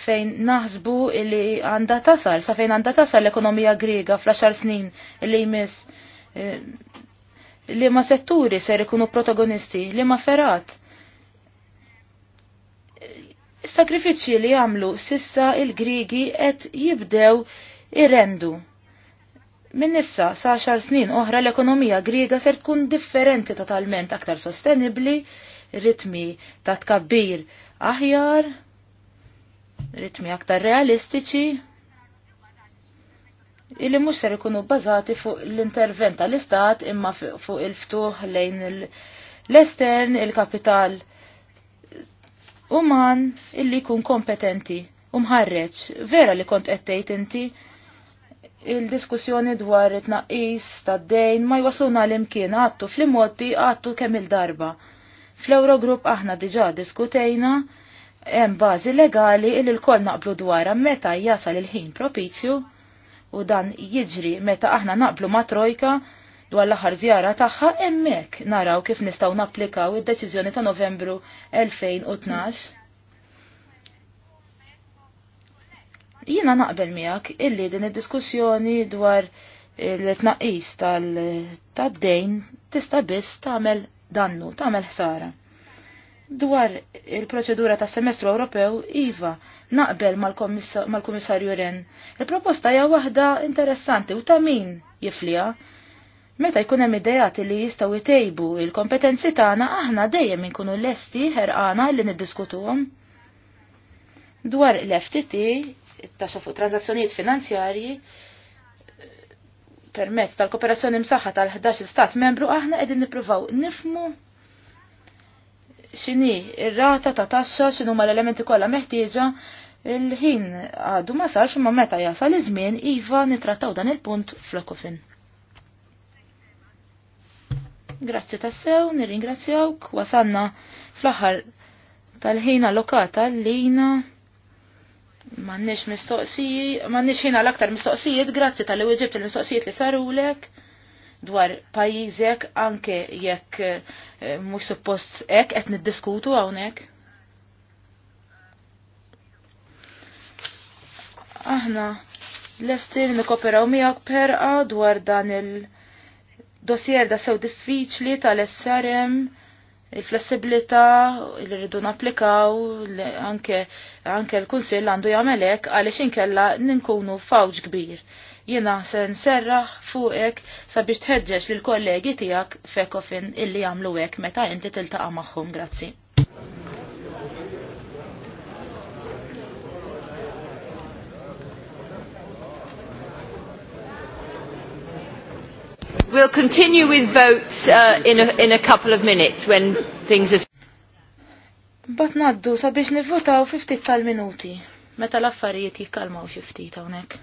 fejn naħsbu li għandha tasal, sa fejn għandha tasal l-ekonomija Griega fl-10 snin li jmiss eh, li ma setturi ser ikunu protagonisti, li ma ferat. Eh, is li jagħmlu sissa il-Grigi qed jibdew irrendu. Min issa sa' xar snin oħra l-ekonomija griega ser tkun differenti totalment aktar sostenibli, ritmi ta' tkabbir aħjar, ritmi aktar realistiċi, illi mux ser ikunu bbażati fuq l-intervent tal-istat imma fuq il-ftuħ lejn l-estern il-kapital uman illi kun kompetenti umħarreċ vera li kont qed tgħid inti il-diskussjoni dwar it-naqis ta' dejn ma jwasluna l-imkien għattu fl immoti għattu kemm il-darba. Fl-Eurogrupp aħna diġa diskutejna hemm bażi legali li l-koll naqblu dwarha meta jasal il-ħin propizju u dan jiġri meta aħna naqblu ma' trojka dwar l-aħħar żjara tagħha hemmhekk naraw kif nistgħu napplikaw id-deċiżjoni ta' Novembru 2012 Jiena naqbel miegħek illi din id-diskussjoni dwar l-tnaqqis tal dejn tista' biss tagħmel dannu, tagħmel ħsara. Dwar il-proċedura tas semestru Ewropew, Iva, naqbel mal-Komissarju Ren. Il-proposta hija waħda interessanti u ta' min jifliha. Meta jkun hemm ideat li jistgħu jtejbu il-kompetenzi tagħna aħna dejjem inkunu lesti ħerqana li niddiskutuhom. Dwar l-FTT it-taxxa fuq transazzjonijiet finanzjarji permezz tal-kooperazzjoni msaħħa tal-11 stat membru aħna qegħdin nippruvaw nifmu x'inhi r rata ta' taxxa x'inhu l-elementi kollha meħtieġa il-ħin għadu ma sarx ma meta jasal iż-żmien iva nitrattaw dan il-punt fl-ekofin. Grazzi tassew, nirringrazzjawk, wasanna fl-aħħar tal-ħin allokata lina Mannix mistoqsijiet, mannix jina l-aktar mistoqsijiet, grazzi tal-li uġibt il-mistoqsijiet li sarulek dwar pajizek anke jekk eh, mux suppost ek qed niddiskutu hawnhekk. Aħna l-estil nikoperaw miegħek perqa dwar dan il- dossier da sew diffiċli tal essarem il-flessibilità li rridu napplikaw anke, anke l-Kunsill għandu jagħmel hekk għaliex inkella ninkunu fawġ kbir. Jiena se nserraħ fuqek sabiex tħeġġeġ lill kollegi tiegħek fekofin illi jagħmlu hekk meta inti tiltaqa' magħhom. Grazzi.
We'll continue with votes uh, in, a, in a couple of minutes when things are...
Bat naddu sabiex nivvotaw 50 tal-minuti, meta l-affarijiet jikkalmaw xi ftit hawnhekk.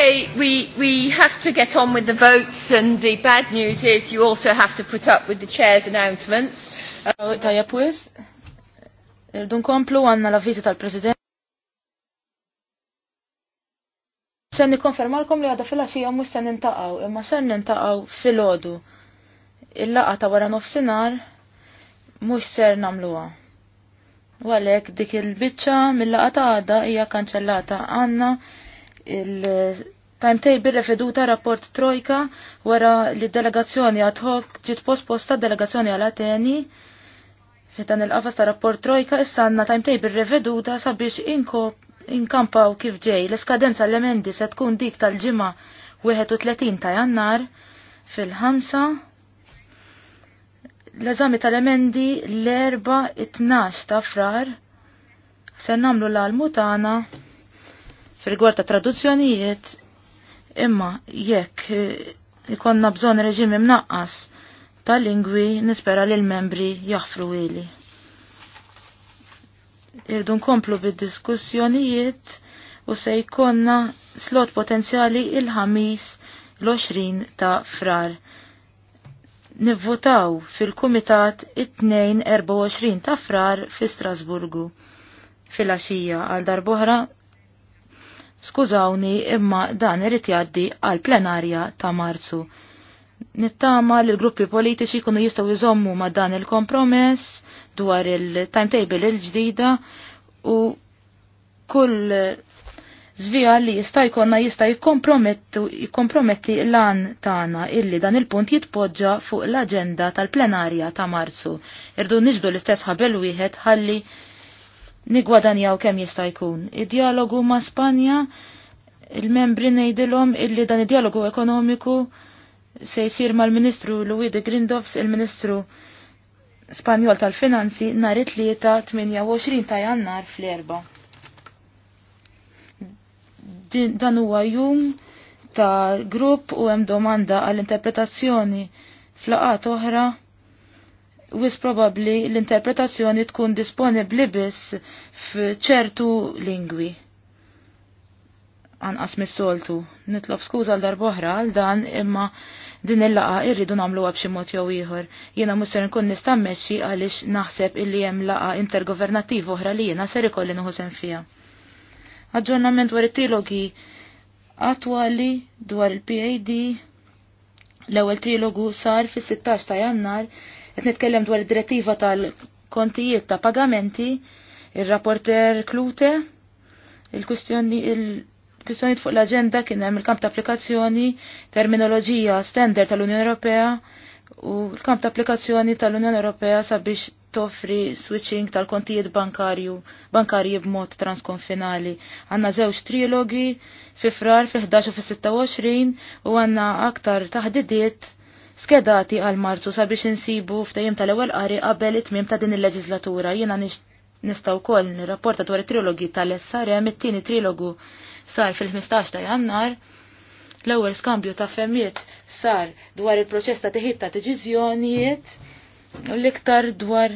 Okay, we, we have to get on with the votes and the bad news
is you also have to put up with the chair's announcements. Oh, Tajja pwis, dun komplu għanna la tal-president. Sen nikonfermalkom li għada fil-axija mux sen nintaqaw, imma sen nintaqaw fil-ħodu. Il-laqa ta' wara nofsinar mux ser namluwa. Walek dik il-bicċa mill-laqa ta' għada hija kanċellata għanna Il-timetable reveduta rapport trojka wara li delegazzjoni ad hoc ġiet posposta delegazzjoni għal Ateni fitan il-qafas ta' rapport trojka issa għandna timetable reveduta sabiex inkampaw kif ġej. l skadenza l-emendi se tkun dik tal-ġimgħa 31 ta' jannar fil-ħamsa l-eżami tal-emendi l erba 12 ta' frar se namlu l-almutana fil-gwar ta' traduzzjonijiet imma jekk eh, ikonna bżon reġim imnaqqas ta' lingwi nispera li l-membri jaffru ili. Irdu nkomplu bid-diskussjonijiet u se jkonna slot potenzjali il-ħamis l-20 ta' frar. Nivvotaw fil-Kumitat it-2 24 ta' frar fi Strasburgu fil-axija għal darbohra Skużawni imma dan irid jgħaddi għal plenarja ta' Marzu. Nittama li l-gruppi politiċi kunu jistgħu jżommu ma' dan il-kompromess dwar il-timetable il-ġdida u kull zvija li jista' jkollna jista' jikkomprometti l-an tagħna illi dan il-punt jitpoġġa fuq l-aġenda tal-plenarja ta' Marzu. Irdu niġdu l-istess ħabel wieħed ħalli nigwadanjaw kemm jista' jkun. Id-dialogu ma' Spanja, il-membri ngħidilhom illi dan id-dialogu ekonomiku se jsir mal-Ministru Luigi Grindovs, il-Ministru Spanjol tal-Finanzi, nhar it-tlieta 28 ta' Jannar fl-erba. Dan huwa jum ta' grupp u hemm domanda għall-interpretazzjoni flaqat oħra wis probabli l-interpretazzjoni tkun disponibli biss f'ċertu lingwi. Anqas mis-soltu, nitlob skuża l darboħra għal dan imma din il-laqa irridu namlu għab ximot jew ieħor. Jiena musser nkun nista' mmexxi għaliex naħseb illi hemm laqa intergovernativ oħra li jiena ser ikolli sen fiha. Aġġornament dwar it-trilogi attwali dwar il-PAD l-ewwel trilogu sar fis-16 ta' Jannar Qed nitkellem dwar id-direttiva tal-kontijiet ta' pagamenti, ir-rapporter Klute, il-kwistjoni il-kwistjoni fuq l-aġenda kien hemm il-kamp ta' applikazzjoni, terminoloġija standard tal-Unjoni Ewropea u l-kamp ta' applikazzjoni tal-Unjoni Ewropea sabiex toffri switching tal-kontijiet bankarju bankarji b'mod transkonfinali. Għanna żewġ trilogi fi frar fi 11 u fi 26 u għanna aktar taħdidiet skedati għal Marzu sabiex insibu ftajim tal-ewwel qari qabel it-tmiem ta' din il-leġislatura. Jiena nistgħu wkoll nirrapporta dwar it-trilogi tal essarja it-tieni trilogu sar fil-15 ta' Jannar. L-ewwel skambju ta' femmiet sar dwar il-proċess ta' teħid ta' deċiżjonijiet u l-iktar dwar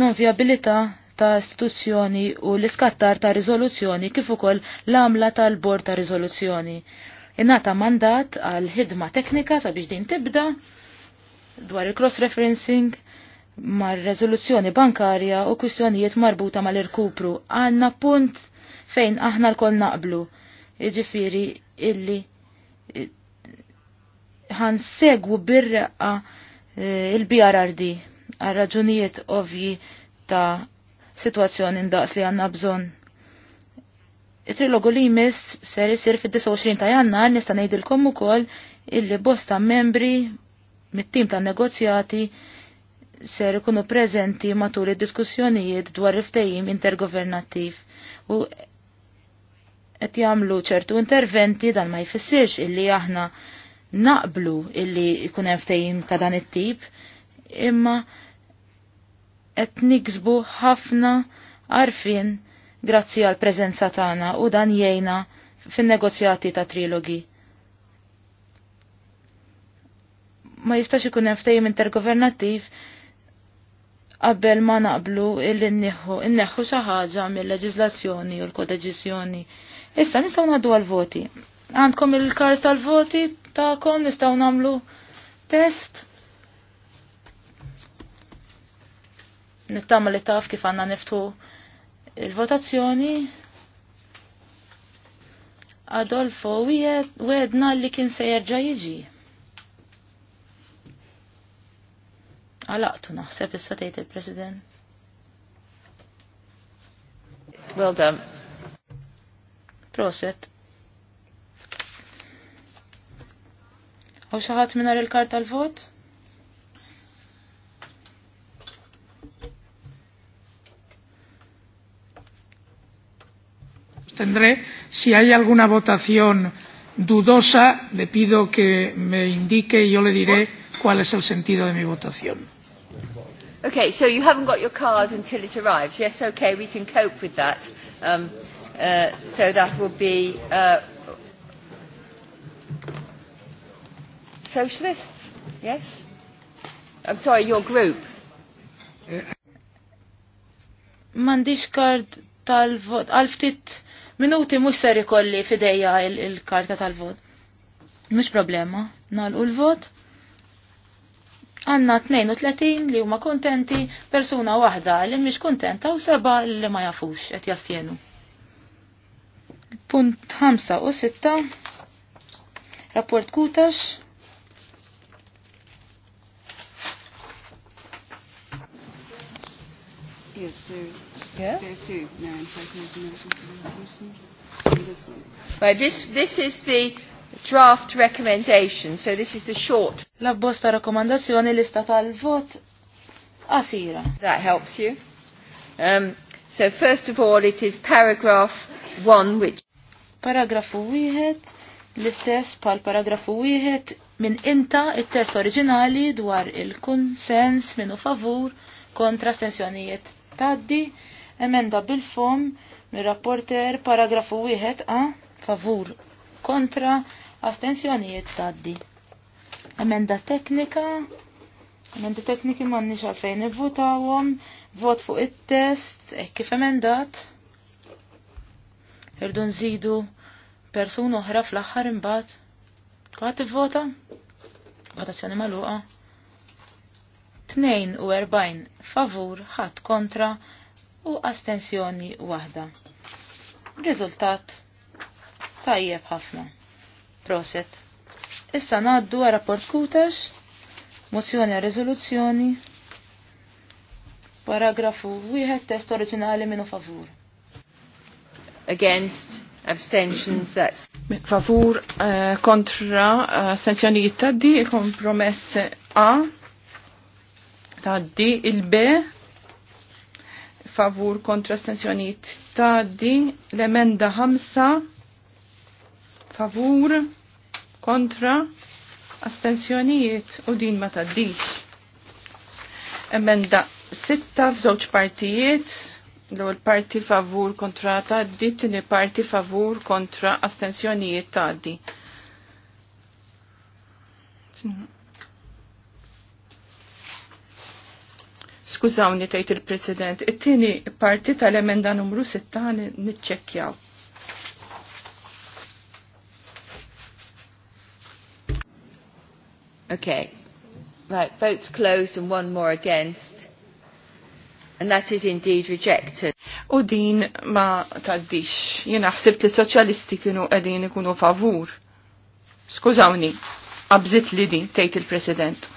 non-vjabilità ta' istituzzjoni u l-iskattar ta' riżoluzzjoni kif ukoll l-għamla tal-bord ta' riżoluzzjoni. Innata mandat għal ħidma teknika sabiex din tibda dwar il-cross-referencing mar rezoluzzjoni bankarja u kwistjonijiet marbuta mal-irkupru. Għanna punt fejn aħna l-kol naqblu. Iġifiri illi ħan segwu birreqqa e, il-BRRD għal raġunijiet ovji ta' situazzjoni ndaqs li għanna bżon it-trilogu li jmiss ser jisir fid-29 ta' jannar nista' ngħidilkom ukoll illi bosta membri mit-tim tan negozjati ser ikunu preżenti matul id-diskussjonijiet dwar il-ftehim intergovernattiv u qed jagħmlu ċertu interventi dan ma jfissirx illi aħna naqblu illi jkun hemm ftehim ta' dan it-tip imma qed niksbu ħafna għarfien grazzi għal preżenza tagħna u dan jgħinna fin-negozjati ta' trilogi. Ma jistax ikun hemm ftehim intergovernattiv qabel ma naqblu illi inneħħu inneħħu xi ħaġa mill-leġiżlazzjoni u l-kodeġiżjoni. Issa nistgħu ngħaddu għall voti Għandkom il-kars tal-voti tagħkom nistgħu nagħmlu test. Nittama li taf kif għandna niftu il-votazzjoni Adolfo wedna li kien se jerġa' jiġi. Għalaqtu naħseb issa tgħid il-President. Well done. Proset. U xaħat minar il-kart tal-vot? abstendré. Si hay alguna votación dudosa, le pido que me indique y yo le diré
cuál es el sentido de mi votación.
Okay, so you haven't got your card until it arrives. Yes, okay, we can cope with that. Um, uh, so that will be uh, socialists, yes?
I'm sorry, your group. Mandish card tal-vot, alftit... Minuti mhux ser ikolli fidejja il-karta tal-vot. Mux problema, nagħlqu l-vot. Għanna 32 li huma kontenti, persuna waħda li mhix kontenta u seba li ma jafux qed jassjenu. Punt 5 u 6 Rapport kutax
Yes, sir draft recommendation, so this is the short. L-abbosta tal-vot għasira. That helps you. Um,
so first of all, it is paragraph one, which... Paragrafu wieħed, l-istess pal paragrafu wieħed minn inta it-test oriġinali dwar il-kunsens minnu favur kontra stensjonijiet taddi Emenda bil-fom mir-rapporter paragrafu wieħed a favur kontra astensjonijiet taddi. Emenda teknika Emenda tekniki m'għandniex għalfejn nivvutawhom, vot fuq it-test, e, kif emendat. Irdu nżidu persun oħra fl-aħħar imbagħad. Kwaħt vota Votazzjoni magħluqa. 42 favur ħadd kontra u astensjoni waħda. Riżultat tajjeb ħafna. Proset. Issa naddu għara porkutax, mozzjoni għal rezoluzzjoni, paragrafu wieħed test oriġinali minu favur. Against abstentions that.
favur uh, kontra astensjoni uh, taddi kompromess A taddi il-B favur kontra stenzjoniet taddi, l-emenda 5 favur kontra astensjonijiet u din ma taddix. Emenda 6 f'żewġ partijiet, l-ewwel parti favur kontra taddi, tini parti favur kontra astenzjonijiet taddi. Skużawni tgħid il-President, it-tieni parti tal-emenda numru 6 niċċekkjaw.
Okay. Right, votes closed and one more against. And that is indeed rejected. U din ma taddix. Jena ħsibt li soċjalisti kienu qegħdin
ikunu favur. Skużawni, qabżit li din tgħid il-President.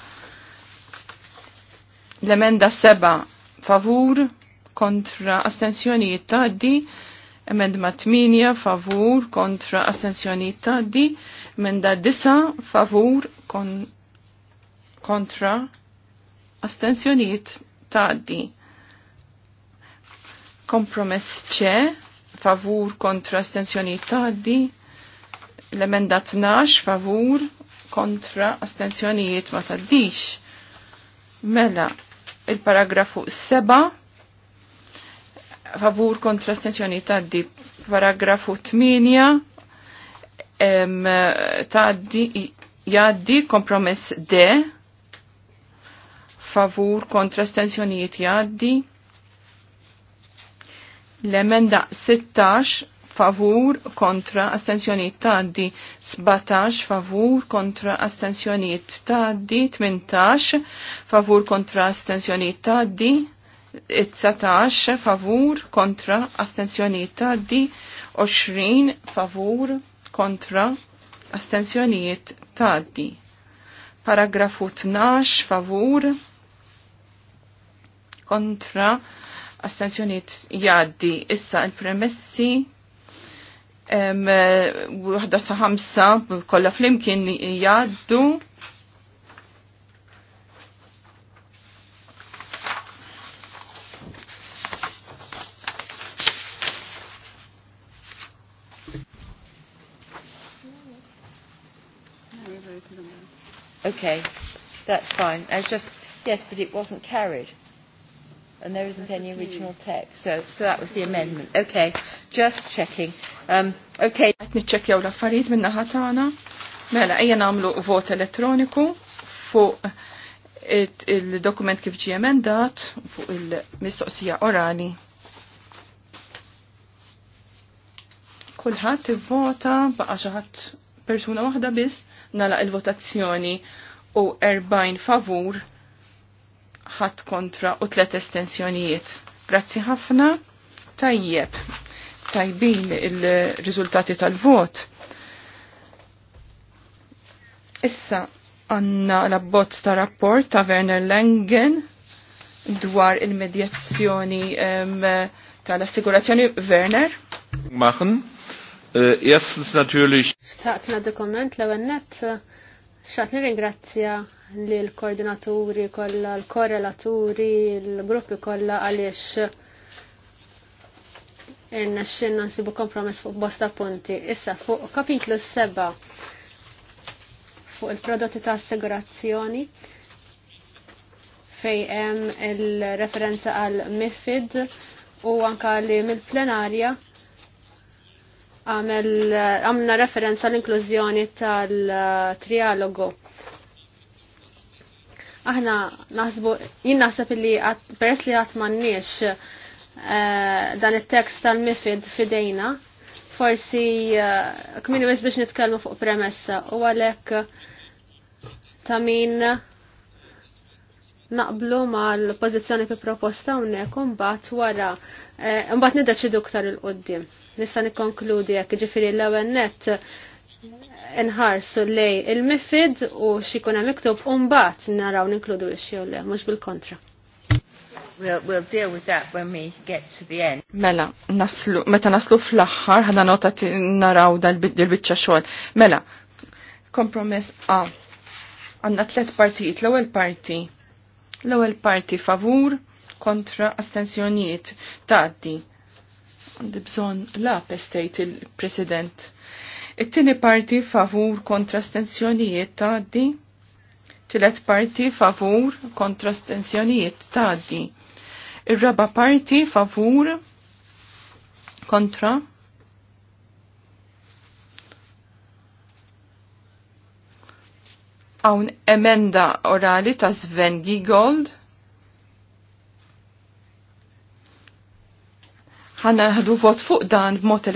L-emenda seba favur kontra astensjonijiet taddi. Emendma 8 favur kontra astensjonijiet taddi. Emenda 9 favur kon kontra astensjonijiet taddi. Kompromess ċe favur kontra astensjonijiet taddi. L-emenda 12 favur kontra astensjonijiet ma taddix. Mela, il-paragrafu 7 favur kontra stensjoni taddi paragrafu 8 em, taddi jaddi kompromess D favur kontra stensjonijiet jaddi l-emenda 16 favur kontra astensjoniet taddi 17 favur kontra astensjoniet taddi 18 favur kontra astensjoniet taddi 19 favur kontra astensjoniet taddi 20 favur kontra astensjoniet taddi paragrafu 12 favur kontra astensjoniet jaddi issa il-premessi Eh, waħda sa' ħamsa kolla flimkien jgħaddu.
Okay, that's fine. I was just, yes, but it wasn't carried. And there isn't any original text, so, so that was the amendment. Okay, just checking. Um, okay. Għet nitċekjaw
l-affarijiet minna ħatana. Mela, ejja namlu vot elettroniku fuq il-dokument kif ġi emendat fuq il-mistoqsija orali. Kulħadd ivvota baqa' xi ħadd persuna waħda biss nala il-votazzjoni u 40 favur ħadd kontra u tlet estensjonijiet. Grazzi ħafna, tajjeb, tajbin il-riżultati tal-vot. Issa għanna l-abbozz ta' rapport ta' Werner Langen dwar il-medjazzjoni
tal-assigurazzjoni Werner.
Machen. Äh, erstens natürlich.
Ftaqt dokument l-għennet nir-ingrazzja li l-koordinaturi kolla, l-korrelaturi, l-gruppi kolla għaliex irna xinna nsibu kompromess fuq bosta punti. Issa fuq kapitlu seba fuq il-prodotti ta' assigurazzjoni fejn hemm il-referenza għal MIFID u anka li mill-plenarja għamna referenza l-inklużjoni tal-trialogu. Aħna naħsbu, jien naħseb li peress li għatmanniex eh, dan il-tekst tal-mifid fidejna, forsi eh, kmini wis biex nitkellmu fuq premessa u għalek ta' min naqblu mal-pozizjoni pi proposta unnek un bat wara, un eh, bat nidaċidu ktar il-qoddim. Nista' nikkonkludi jekk iġifieri l-ewwel nett inħarsu lej il-mifid u xikuna miktub mbagħad naraw ninkludu l xew le, mhux bil-kontra.
We'll, we'll deal with that when we get
to the end.
Mela, naslu, meta naslu fl-axħar, ħana nota naraw dal biċċa xogħol. Mela, kompromess A. Għanna tlet partijiet, l-ewwel parti. L-ewwel parti favur kontra astensjonijiet tgħaddi. Dibżon la pestejt il-President. It-tini parti favur kontra stenzjonijiet di. Tilet parti favur kontra stenzjonijiet di. Ir-raba parti favur kontra Hawn emenda orali ta' Sven Gigold? ħanna ħadu vot fuq dan b'mod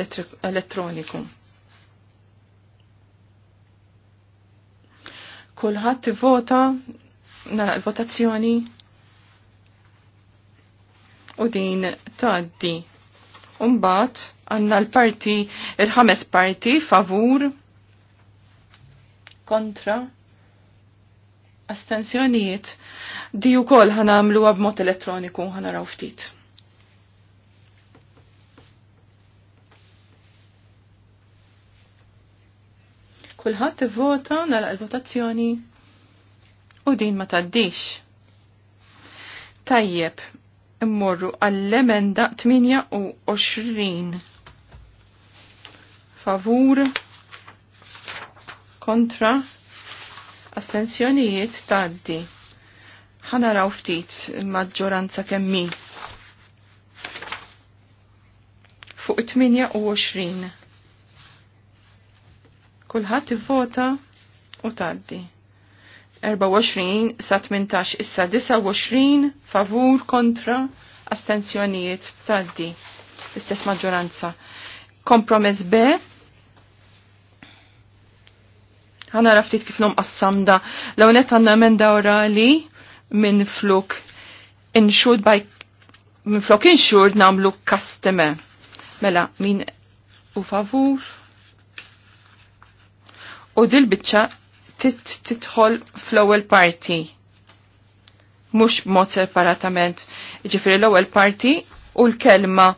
elettroniku. Kulħadd vota nara l-votazzjoni u din tgħaddi. Umbat għandna l-parti, il-ħames parti, favur, kontra, astensjonijiet, di u kol ħanamlu għab mod elettroniku ħanaraw ftit. Kulħadd ivvota nara l-votazzjoni u din ma taddix. Tajjeb, immorru għall-emenda 28. Favur kontra astensjonijiet taddi. raw ftit il-maġġoranza kemmi. Fuq 28. Kulħadd ivvota u taddi. 24 sa 18 issa 29 favur kontra astenzjonijiet taddi. Istess maġġoranza. Kompromess B. Għana raftit kif nom assamda. Lawnet għanna emenda orali minn fluk insured by minn flok insured namlu kasteme. Mela, min u favur u dil-bicċa titħol fl-ewwel parti. Mhux mod separatament. Ġifieri l-ewwel parti u l-kelma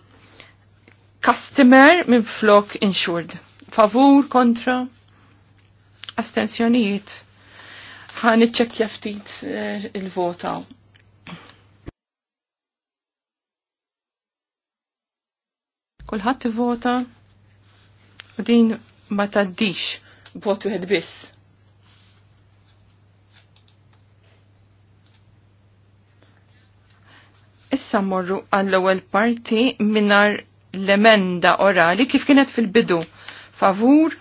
customer minn flok insured. Favur kontra astensjonijiet. Ħan iċċekkja ftit eh, il vota Kulħadd ivota u din ma taddix. Vot wieħed biss. Issa morru għall-ewwel parti minar l-emenda orali kif kienet fil-bidu. Favur,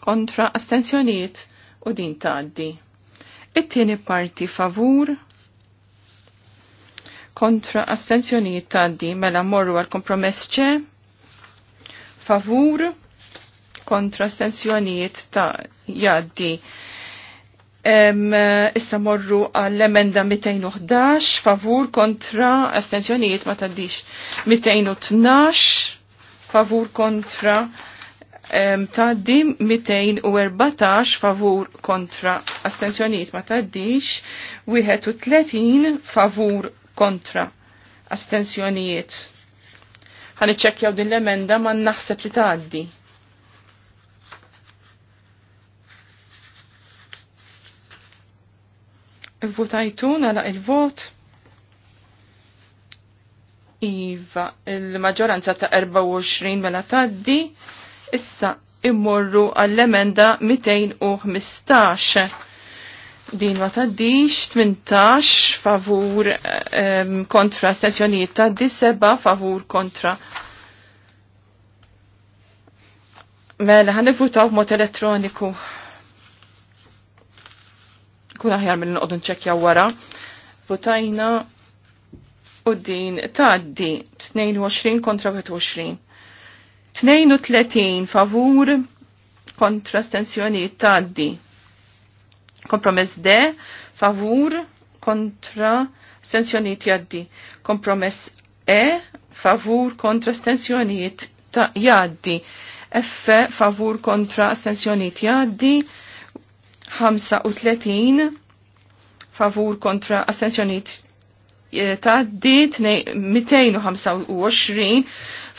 kontra astensjonijiet u din tgħaddi. It-tieni parti favur, kontra astenzjonijiet tgħaddi mela morru għal kompromess ċe, favur, kontra stenzjonijiet ta' jaddi. Issa morru għall-emenda 211, favur kontra astenzjonijiet ma taddix. 212, favur kontra taddi 214 favur kontra astenzjonijiet ma taddix, 31 favur kontra astenzjonijiet. Għan iċċekjaw din l-emenda ma naħseb li taddi. Ta Votajtu nara il-vot. Iva, il-maġġoranza ta' 24 mela taddi. Issa immorru għall-emenda 215. Din ma taddix 18 favur um, kontra stazzjonijiet taddi 7 favur kontra. Mela ħanivvutaw mod elettroniku tkun aħjar mill nqodu nċekkja wara. Votajna u din taddi 22 kontra 21. 32 favur kontra stensjoni taddi. Kompromess D favur kontra stensjoniet jaddi. Kompromess E favur kontra stensjoniet jaddi. F favur kontra stensjoniet jaddi. 35 favur kontra eh, ta' taddi 225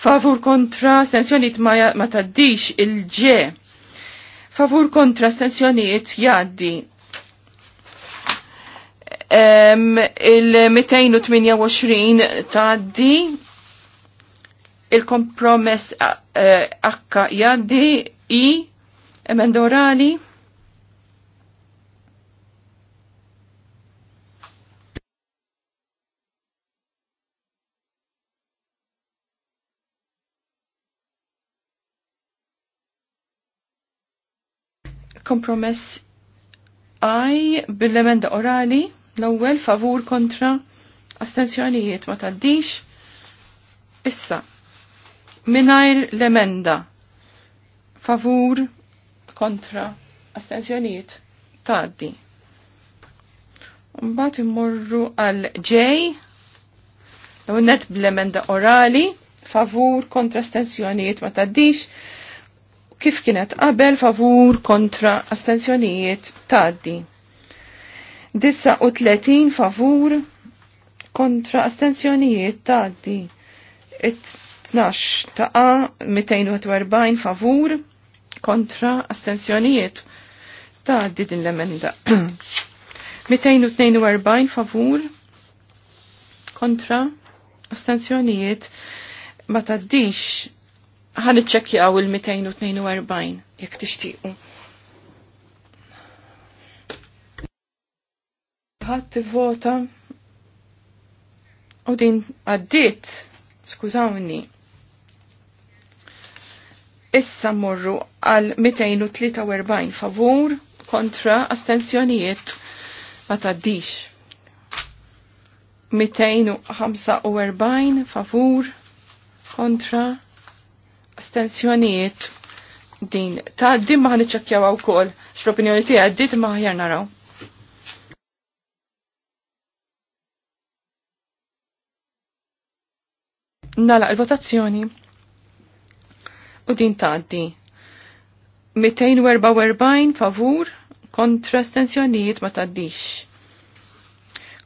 favur kontra astenzjoniet ma taddix il-ġe favur kontra astenzjoniet jaddi Um, il-228 di il-kompromess uh, eh, akka jaddi i emendorali
Kompromess għaj
bil-emenda orali l-ewwel favur kontra astenzjonijiet ma taddix. Issa minajr l-emenda favur kontra astenzjonijiet taddi. Mbagħad immorru għal J l-net bl-emenda orali favur kontra astenzjonijiet ma taddix kif kienet qabel favur kontra astensjonijiet taddi. 30 favur kontra astensjonijiet taddi. 12 taqa 240 favur kontra astensjonijiet taddi din l-emenda. 242 favur kontra astensjonijiet ma taddix ħan iċċekkjaw il-242 jekk tixtiequ. Ħadd vota u din għaddiet, skużawni. Issa morru għal 243 favur kontra astensjonijiet ma taddix. 245 favur kontra astensjonijiet din ta' din ma' niċċekkjaw għaw kol x'opinjoni tiegħi għaddit ma' ħjar naraw. Nala il-votazzjoni u din tgħaddi. 244 favur kontra stensjonijiet ma taddix.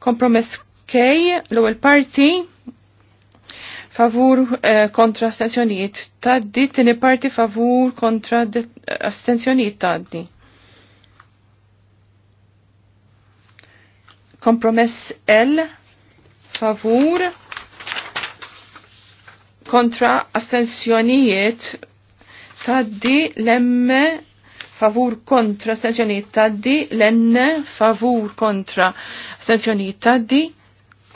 Kompromess K l-ewwel parti favur eh, kontra astenzjoniet. taddi, tini parti favur kontra astenzjoniet taddi. Kompromess L favur kontra astensjonijiet taddi lemme favur kontra astensjonijiet taddi lenne favur kontra astenzjoniet taddi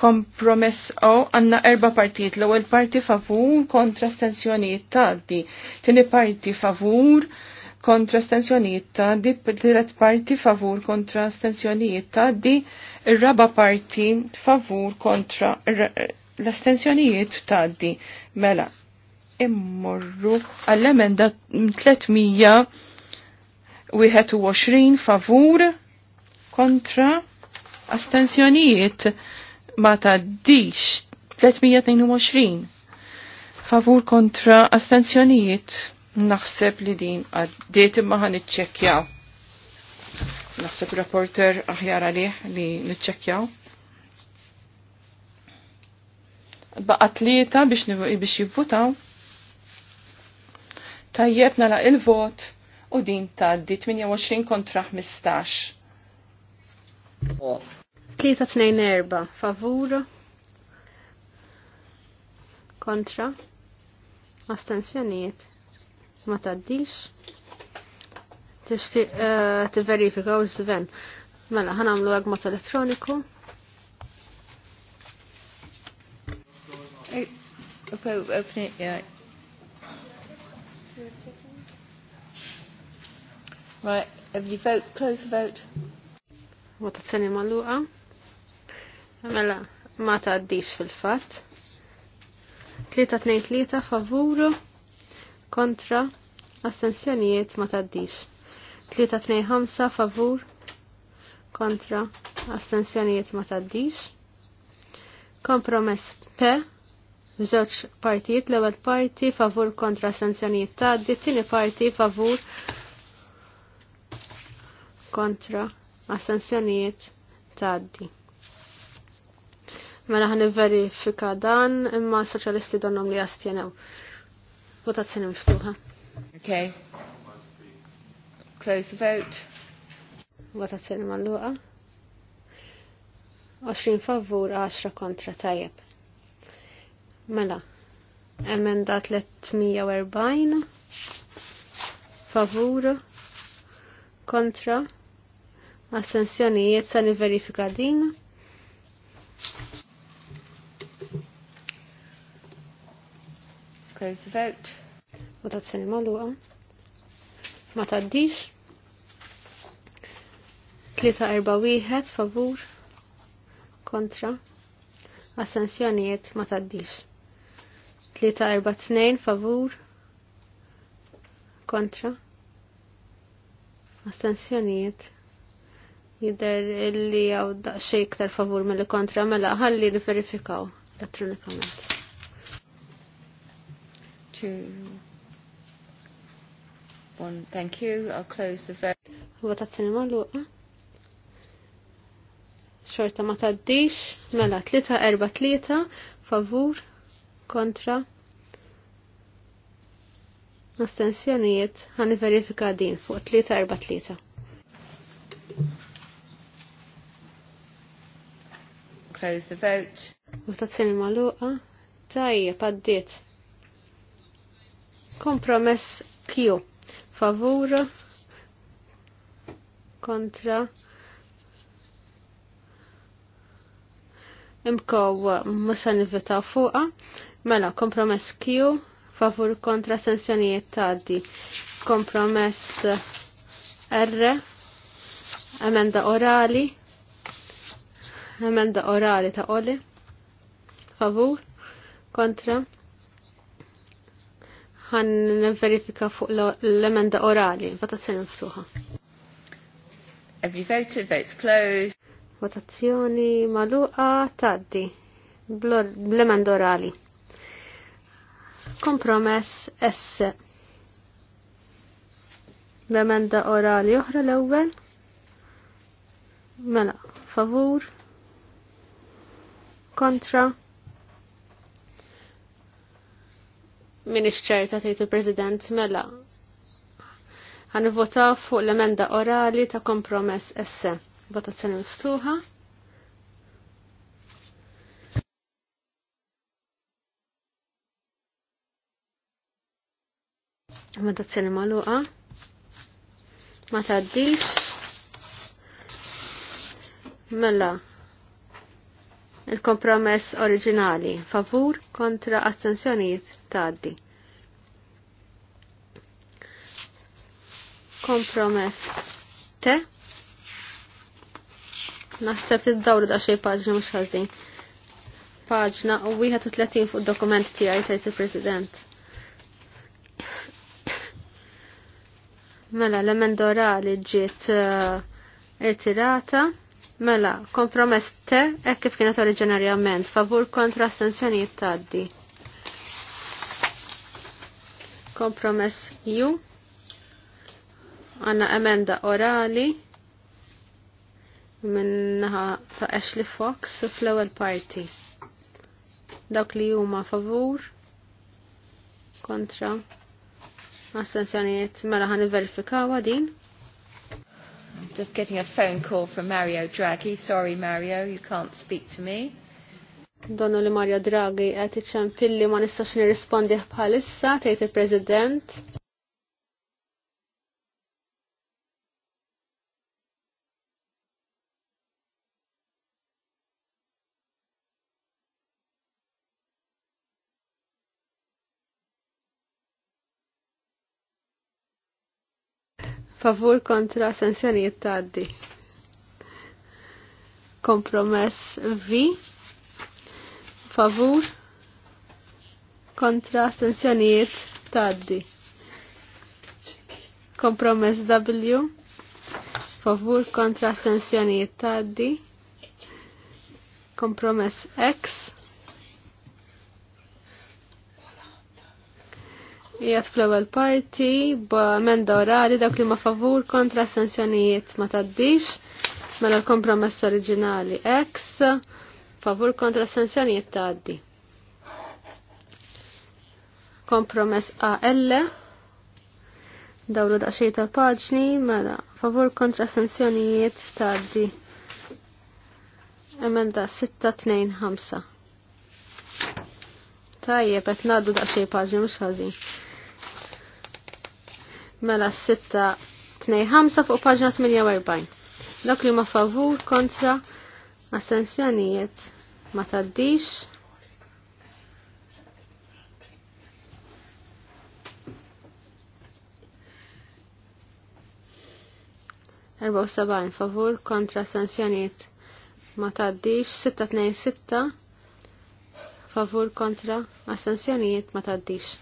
Kompromess O għanna erba partijiet. L-ewwel parti favur kontra stenzjonijiet tgħaddi. Tieni parti favur kontra stenzjonijiet tgħaddi. Tielet parti favur kontra stenzjonijiet tgħaddi. il raba parti favur kontra l-astenzjonijiet tgħaddi. Mela, immorru għall-emenda 321 favur kontra astenzjonijiet ma taddix 322 favur kontra astenzjonijiet naħseb li din għaddiet imma ħan iċċekkjaw. Naħseb rapporter aħjar għalih li niċċekkjaw. Baqa tlieta biex biex jivvutaw. Tajjeb nala il-vot u din taddi 28 kontra 15.
3-2-4 favur kontra astensjoniet ma taddix eh, t-verifika u żven. Mela ħanamlu għag
mod elettroniku. Eh, right, have you vote, close vote? Votazzjoni
maluqa. Mela, ma taddix fil-fat. 3-2-3 favuru kontra astensjonijiet ma ta' taddix. 3-2-5 favur kontra astensjonijiet ma ta' taddix. Kompromess P żewġ partijiet, l-ewwel parti favur kontra sanzjonijiet tgħaddi, tieni parti favur kontra assenzjonijiet tgħaddi. Mela ħan verifika dan imma soċjalisti donnom li jastjenew. Votazzjoni miftuħa. Okay. Close the vote. Votazzjoni malluqa. 20 favur, 10 kontra tajjeb. Mela, emenda 340 favur kontra assenzjonijiet sa' verifika din Close the vote. Votazzjoni magħluqa. Ma d-dix. Tlita' erba wieħed favur kontra. Assenzjonijiet ma Tlita' erba t-nejn favur kontra. Assenzjonijiet jider illi għaw daqxie iktar favur mill-kontra mela ħalli li verifikaw elettronikament two, one. Thank you. I'll close the vote. Xorta ma taddix, mela tlieta erba' tlieta, favur, kontra, astensjonijiet, ħani verifika din fuq tlieta erba' tlieta.
Close the vote.
Votazzjoni magħluqa. Tajja, paddiet. Kompromess Q. Favur kontra imkow musa nivita fuqa. Mela, kompromess Q. Favur kontra sensjonijiet taddi. Kompromess R. Emenda orali. Emenda orali ta' oli. Favur kontra n verifika fuq l-emenda orali, votazzjoni mftuħa.
Every voted, votes closed.
Votazzjoni maluqa taddi, l emenda orali. Kompromess S. L-emenda orali oħra l-ewwel. Mela, favur. Kontra. Min ċerta tgħid il-President mela. Ħanivvotaw fuq l-emenda orali ta' kompromess esse. Votazzjoni miftuħa. Votazzjoni magħluqa. Ma tgħaddix. Mela, Il-kompromess oriġinali, favur kontra astensjonijiet taddi. Kompromess te. Naħseb dawru da xej paġna mhux ħażin. Paġna u u 31 fuq dokument tiegħi tgħid il-President. Mela l-emenda orali ġiet eh, irtirata. Mela, kompromess te, ek kif kienet oriġinarjament, favur kontra astensjonijiet taddi. Kompromess ju, għanna emenda orali, minnaħa ta' Ashley Fox fl-ewwel parti. Dak li huma favur kontra astensjonijiet mela ħan verifikawa din just getting a phone call from Mario Draghi. Sorry, Mario, you can't speak to me. Donna li Mario Draghi għet iċċempilli ma nistax nirrispondi bħalissa, tgħid il-President. favur kontra sensjonijiet taddi. Kompromess V favur kontra sensjonijiet taddi. Kompromess W favur kontra sensjonijiet taddi. Kompromess X Jgħat fl-ewwel parti b'emenda orali dawk li ma favur kontra sanzjonijiet ma taddix mela l-kompromess oriġinali X favur kontra sanzjonijiet taddi. Kompromess AL dawru daqsxejn tal-paġni mela favur kontra sanzjonijiet taddi. Emenda 625. Tajjeb, qed ngħaddu daqsxejn paġni mhux ħażin mela 6-2-5 fuq paġna 48. Dak li ma favur kontra assenzjonijiet ma taddix. Erba' sabajn favur kontra sanzjoniet ma taddix 626 favur kontra assenzjonijiet ma taddix.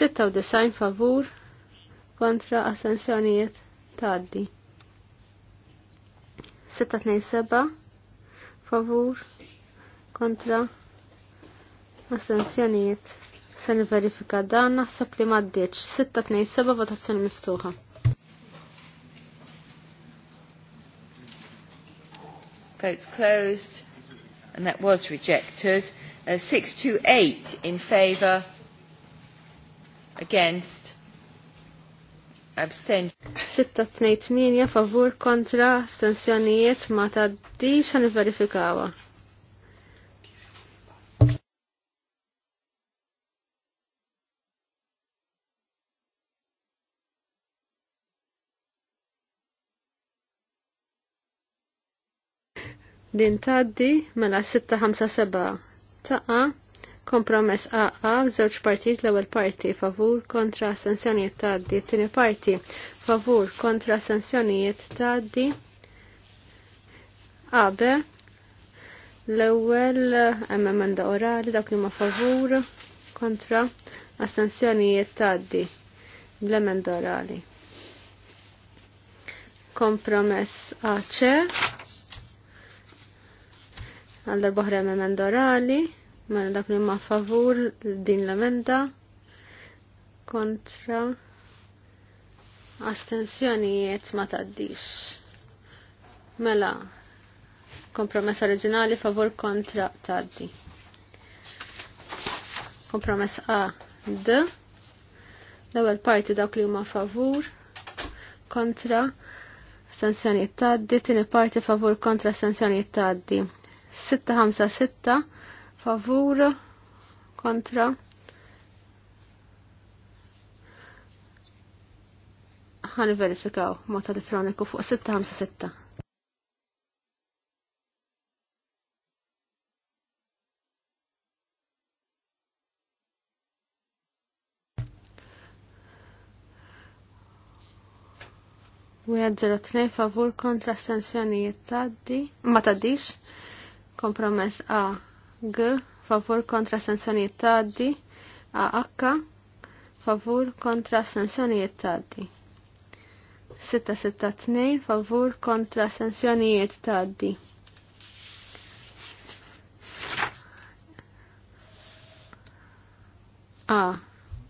96 favur kontra assenzjonijiet taddi. 627 favur kontra assenzjonijiet se verifika dan naħseb li maddieċ. 627 votazzjoni miftuħa.
Votes closed and that was rejected. Uh, 628 in favour against
Abstain. 6 2 minja favur kontra stensjonijiet ma taddix għan verifikawa. Din taddi mela 6-5-7 taqa Kompromess AA, żewġ partijiet l-ewwel parti favur kontra sanzjonijiet tgħaddi, tieni parti favur kontra sanzjonijiet tgħaddi. AB l-ewwel emmenda orali dawk li ma favur kontra assenzjonijiet tgħaddi bl-emenda orali. Kompromess AC għal darba emenda orali. Mela dak li ma favur din l-emenda kontra astensjonijiet ma taddix. Mela kompromess oriġinali favur kontra taddi. Kompromess A D l-ewwel parti dak li huma favur kontra sanzjonijiet taddi, tieni parti favur kontra sanzjonijiet taddi. 656 favur kontra ħan verifikaw mod elettroniku fuq 656. U għadżero tnejn favur kontra sanzjonijiet taddi, ma taddix, kompromess A G favur kontra sanzjonijiet A AH favur kontra sanzjonijiet tgħaddi. 662 favur kontra sanzjonijiet tgħaddi. A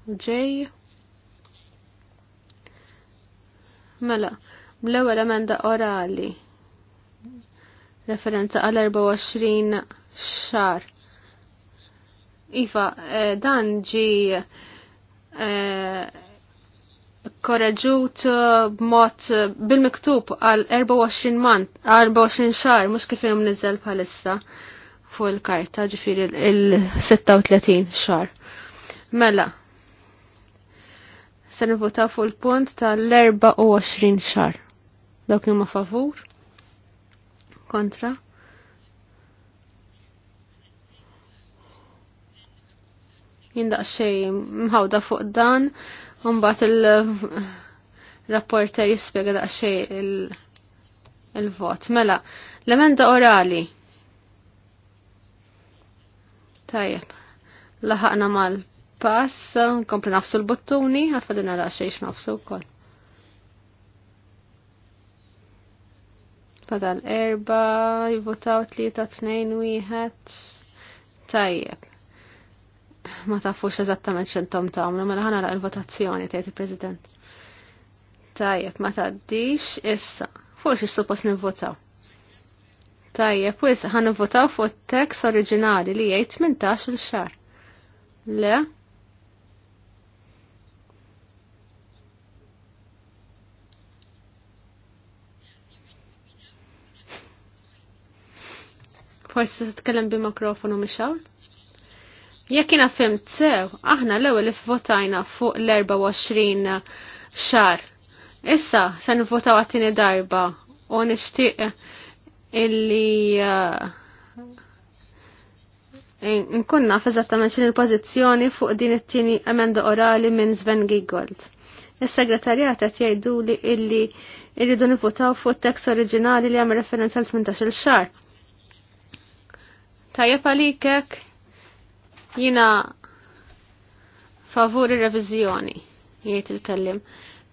J Mela, bl-ewwel emenda orali referenza għal 24 xar. Iva, eh, dan ġi eh, korraġut eh, b'mod bil-miktub għal 24 man, 24 xar, mux kif jom nizzel bħalissa fuq il-karta ġifiri il-36 xar. Mela, se nivota fuq il-punt tal-24 xar. Dawk li ma favur? Kontra? jindaq xej mħawda fuq dan, unbat il-rapporter jispiega daq xej il-vot. Mela, l-emenda orali. Tajjeb, laħaqna mal-pass, nkompli nafsu l-bottuni, għafadina daq xej xnafsu u koll. Fadal erba, jivvotaw tlieta tnejn wieħed. Tajjeb ma tafux eżattament xentom tamlu, mela ħana la' il-votazzjoni tgħid il-President. Tajjeb, ma taddix issa. Fuq xi suppost nivvotaw. Tajjeb, issa, ħan nivvotaw fuq it-tekst oriġinali li jgħid 18 il xar. Le? Forsi tkellem bi mikrofonu mix-xawl? Jekk jiena fimt sew, aħna l-ewwel votajna fuq l-24 xar. Issa se nivvotaw għat-tieni darba u nixtieq illi uh, nkun f'eżattament xin il-pożizzjoni fuq din it-tieni emenda orali minn Sven Giggold. Is-segretarjat qed jgħiduli illi irridu nivvotaw fuq it-tekst oriġinali li għam referenza l-18 xar. Tajjeb għalikek Jina favur ir-reviżjoni jgħid il-kellim.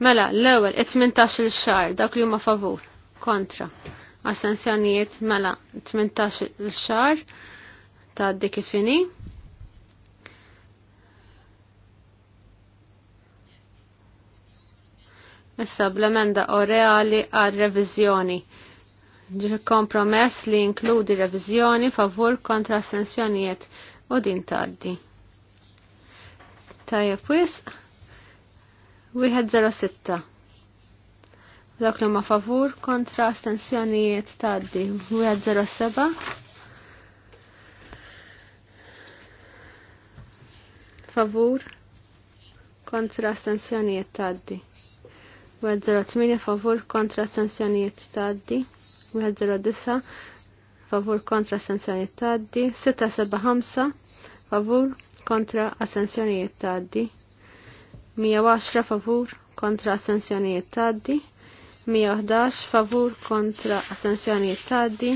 Mela, l-ewwel 18-il xahar dak li huma favur kontra. Astensjonijiet mela 18-il xar ta' dik ifini. Issa bl-emenda reali għal reviżjoni. Ġi kompromess li inkludi reviżjoni favur kontra astensjonijiet u din tgħaddi. Tajja pwis, wieħed 06. Dak li ma favur kontra astensjonijiet taddi. Wieħed 07. Favur kontra astensjonijiet tgħaddi. 108 favur kontra astensjonijiet tgħaddi. 109 favur kontra assenzjonijiet taddi, 675 favur kontra assenzjonijiet taddi, 110 favur kontra assenzjonijiet taddi, 111 favur kontra assenzjonijiet taddi,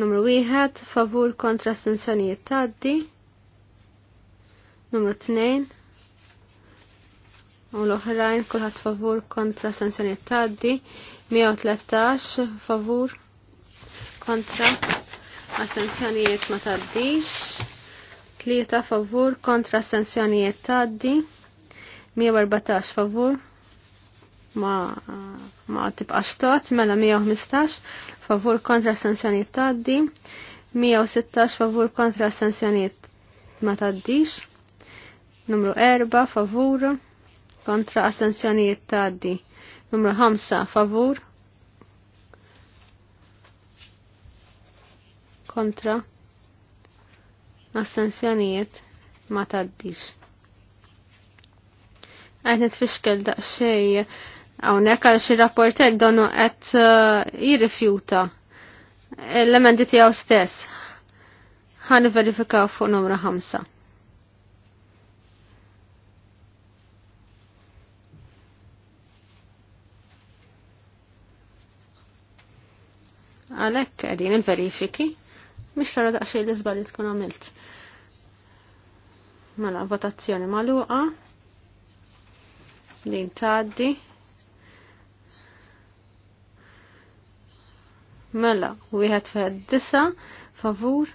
numru 1 favur kontra assenzjonijiet taddi, numru 2 u l-oħrajn kulħadd favur kontra assenzjonijiet taddi, 113 favur kontra astensjonijiet ma taddix, tlieta favur kontra astensjonijiet taddi, 114 favur ma, ma tibqax tot, mela 115 favur kontra astensjonijiet taddi, 116 favur kontra astensjonijiet ma taddix, numru 4 favur kontra astensjonijiet taddi, numru 5 favur kontra astensjonijiet ma taddix. Għajt nitfixkel daqxej għawnek għal xi rapporter donu għet uh, jirrifjuta l-emendi tijaw stess. Għan verifikaw fuq numru 5. Għalek, għedin il-verifiki mish tara daqsxejn l izbali tkun għamilt. Mela votazzjoni magħluqa. Din tgħaddi. Mela, wieħed fħed disa, favur,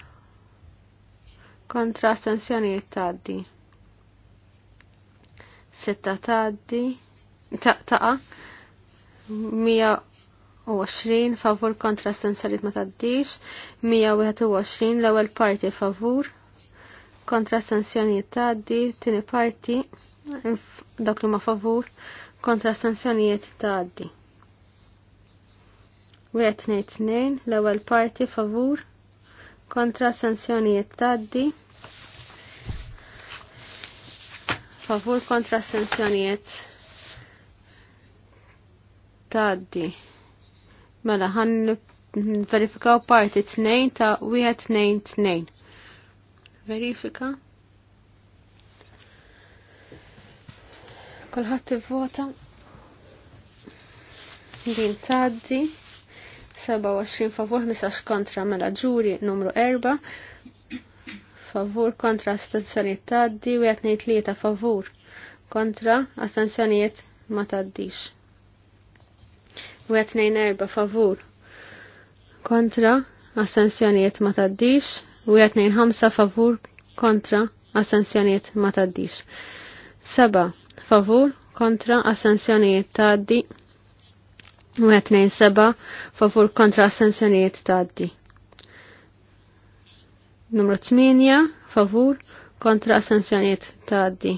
kontra astensjonijiet tgħaddi. Sitta tgħaddi, taqa, ta, 20, favur kontra stanzjoniet ma taddix, 121 l-ewwel parti favur kontra stanzjoniet taddi, tieni parti dak li ma favur kontra stanzjoniet taddi. tnejn: l-ewwel parti favur kontra sanzjonijiet taddi favur kontra sanzjonijiet taddi Mela, ħan verifikaw parti 2 ta' 1-2-2. Verifika. Kolħat vota Din taddi. 27 favur, 15 kontra mela ġuri numru 4. Favur kontra astenzjoniet taddi, 1-2-3 favur kontra astenzjoniet ma taddix u erba favur kontra assenzjonijiet ma taddix u jatnejn ħamsa favur kontra assenzjonijiet ma taddix. Seba favur kontra assenzjonijiet taddi u jatnejn seba favur kontra assenzjonijiet taddi. Numru 8 favur kontra assenzjonijiet taddi.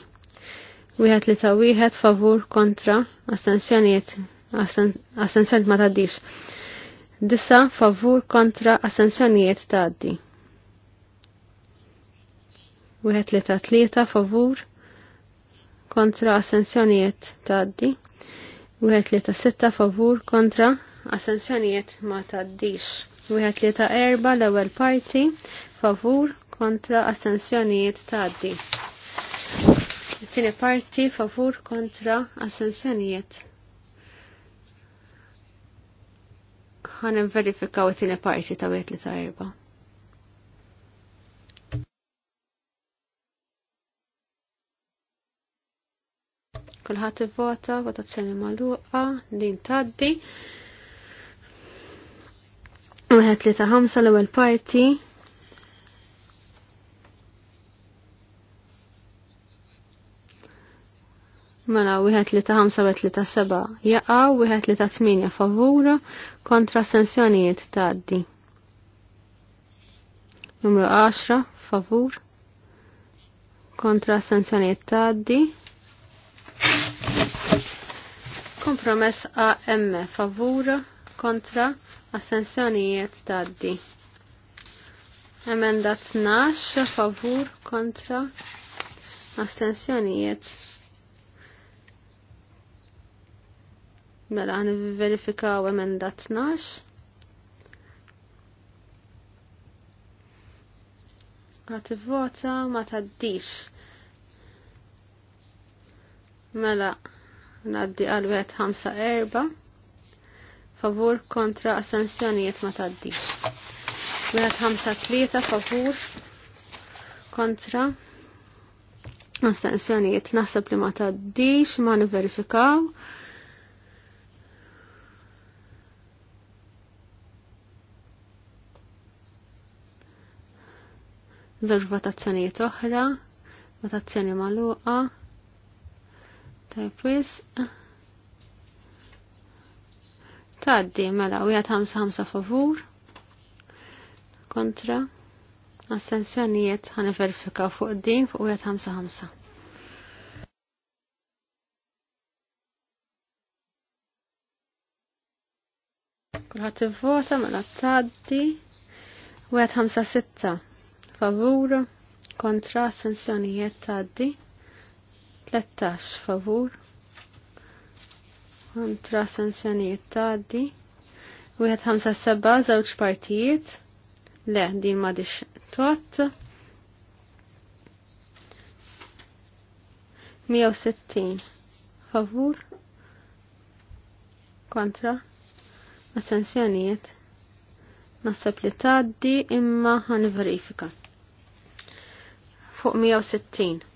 Wieħed li ta' wieħed favur kontra assenzjonijiet assenzjoniet ma taddix. Disa favur kontra assenzjonijiet taddi. Wieħed li ta' tlieta favur kontra assenzjonijiet taddi. Wieħed li ta' sitta favur kontra assenzjonijiet ma taddix. Wieħed li ta' erba l-ewwel parti favur kontra assenzjoniet taddi. Tieni parti favur kontra assenzjonijiet. ħan verifikaw it-tieni parti ta' wieħed li ta' erba'. Kulħadd ivvota, votazzjoni maluqa, din taddi. Wieħed li ta' ħamsa l-ewwel parti Mela, wieħed li ta' ħamsa wieħed li ta' seba' jaqgħu, wieħed li ta' tminja favur kontra sensjonijiet addi. Numru 10 favur kontra sensjonijiet addi. Kompromess AM favur kontra assenzjonijiet addi. Emenda 12 favur kontra astensjonijiet Mela għan verifikaw emenda 12. Għat vota ma taddix. Mela naddi għal 154. Favur kontra assenzjonijiet ma taddix. 53 favur kontra Astensjonijiet naħseb li ma taddix, ma niverifikaw. verifikaw zawġ votazzjonijiet oħra, votazzjoni maluqa, tajpwis, taddi mela u jgħat ħamsa ħamsa favur, kontra, astensjonijiet ħani verifika fuq din fuq u jgħat ħamsa ħamsa. Kulħat t-vota, mela taddi u jgħat ħamsa sitta favur kontra sanzjonijiet taddi 13 favur kontra sanzjonijiet taddi Wieħed ħamsa seba żewġ partijiet le din m'għadix tot 160 favur kontra astensjonijiet Naħseb li taddi imma għan verifika. Fuq 160.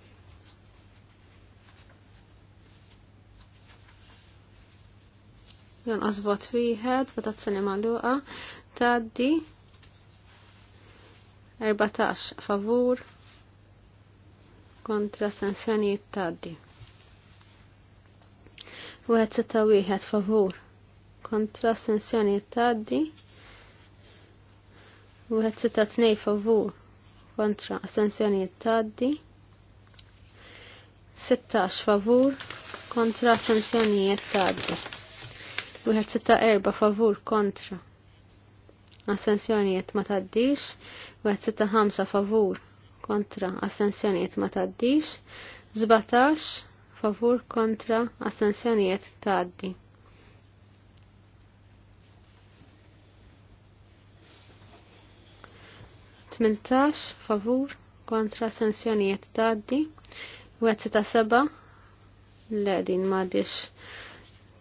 Jon azbot wieħed, votazzjoni magħluqa. Taddi 14 favur kontra sanzjoni taddi. Wieħed seta' wieħed favur kontra sanzjoni taddi. Wieħed t-nej favur kontra astensjonijiet tgħaddi. 16 favur kontra astensjonijiet tgħaddi. Wieħed sitta erba' favur kontra ascensjoni ma tgħaddix. Wieħed seta' ħamsa favur kontra ascensjoni ma tgħaddix. 17 favur kontra astensjonijiet tgħaddi. 18 favur kontra sensjonijiet taddi. Wet ta' seba le din madix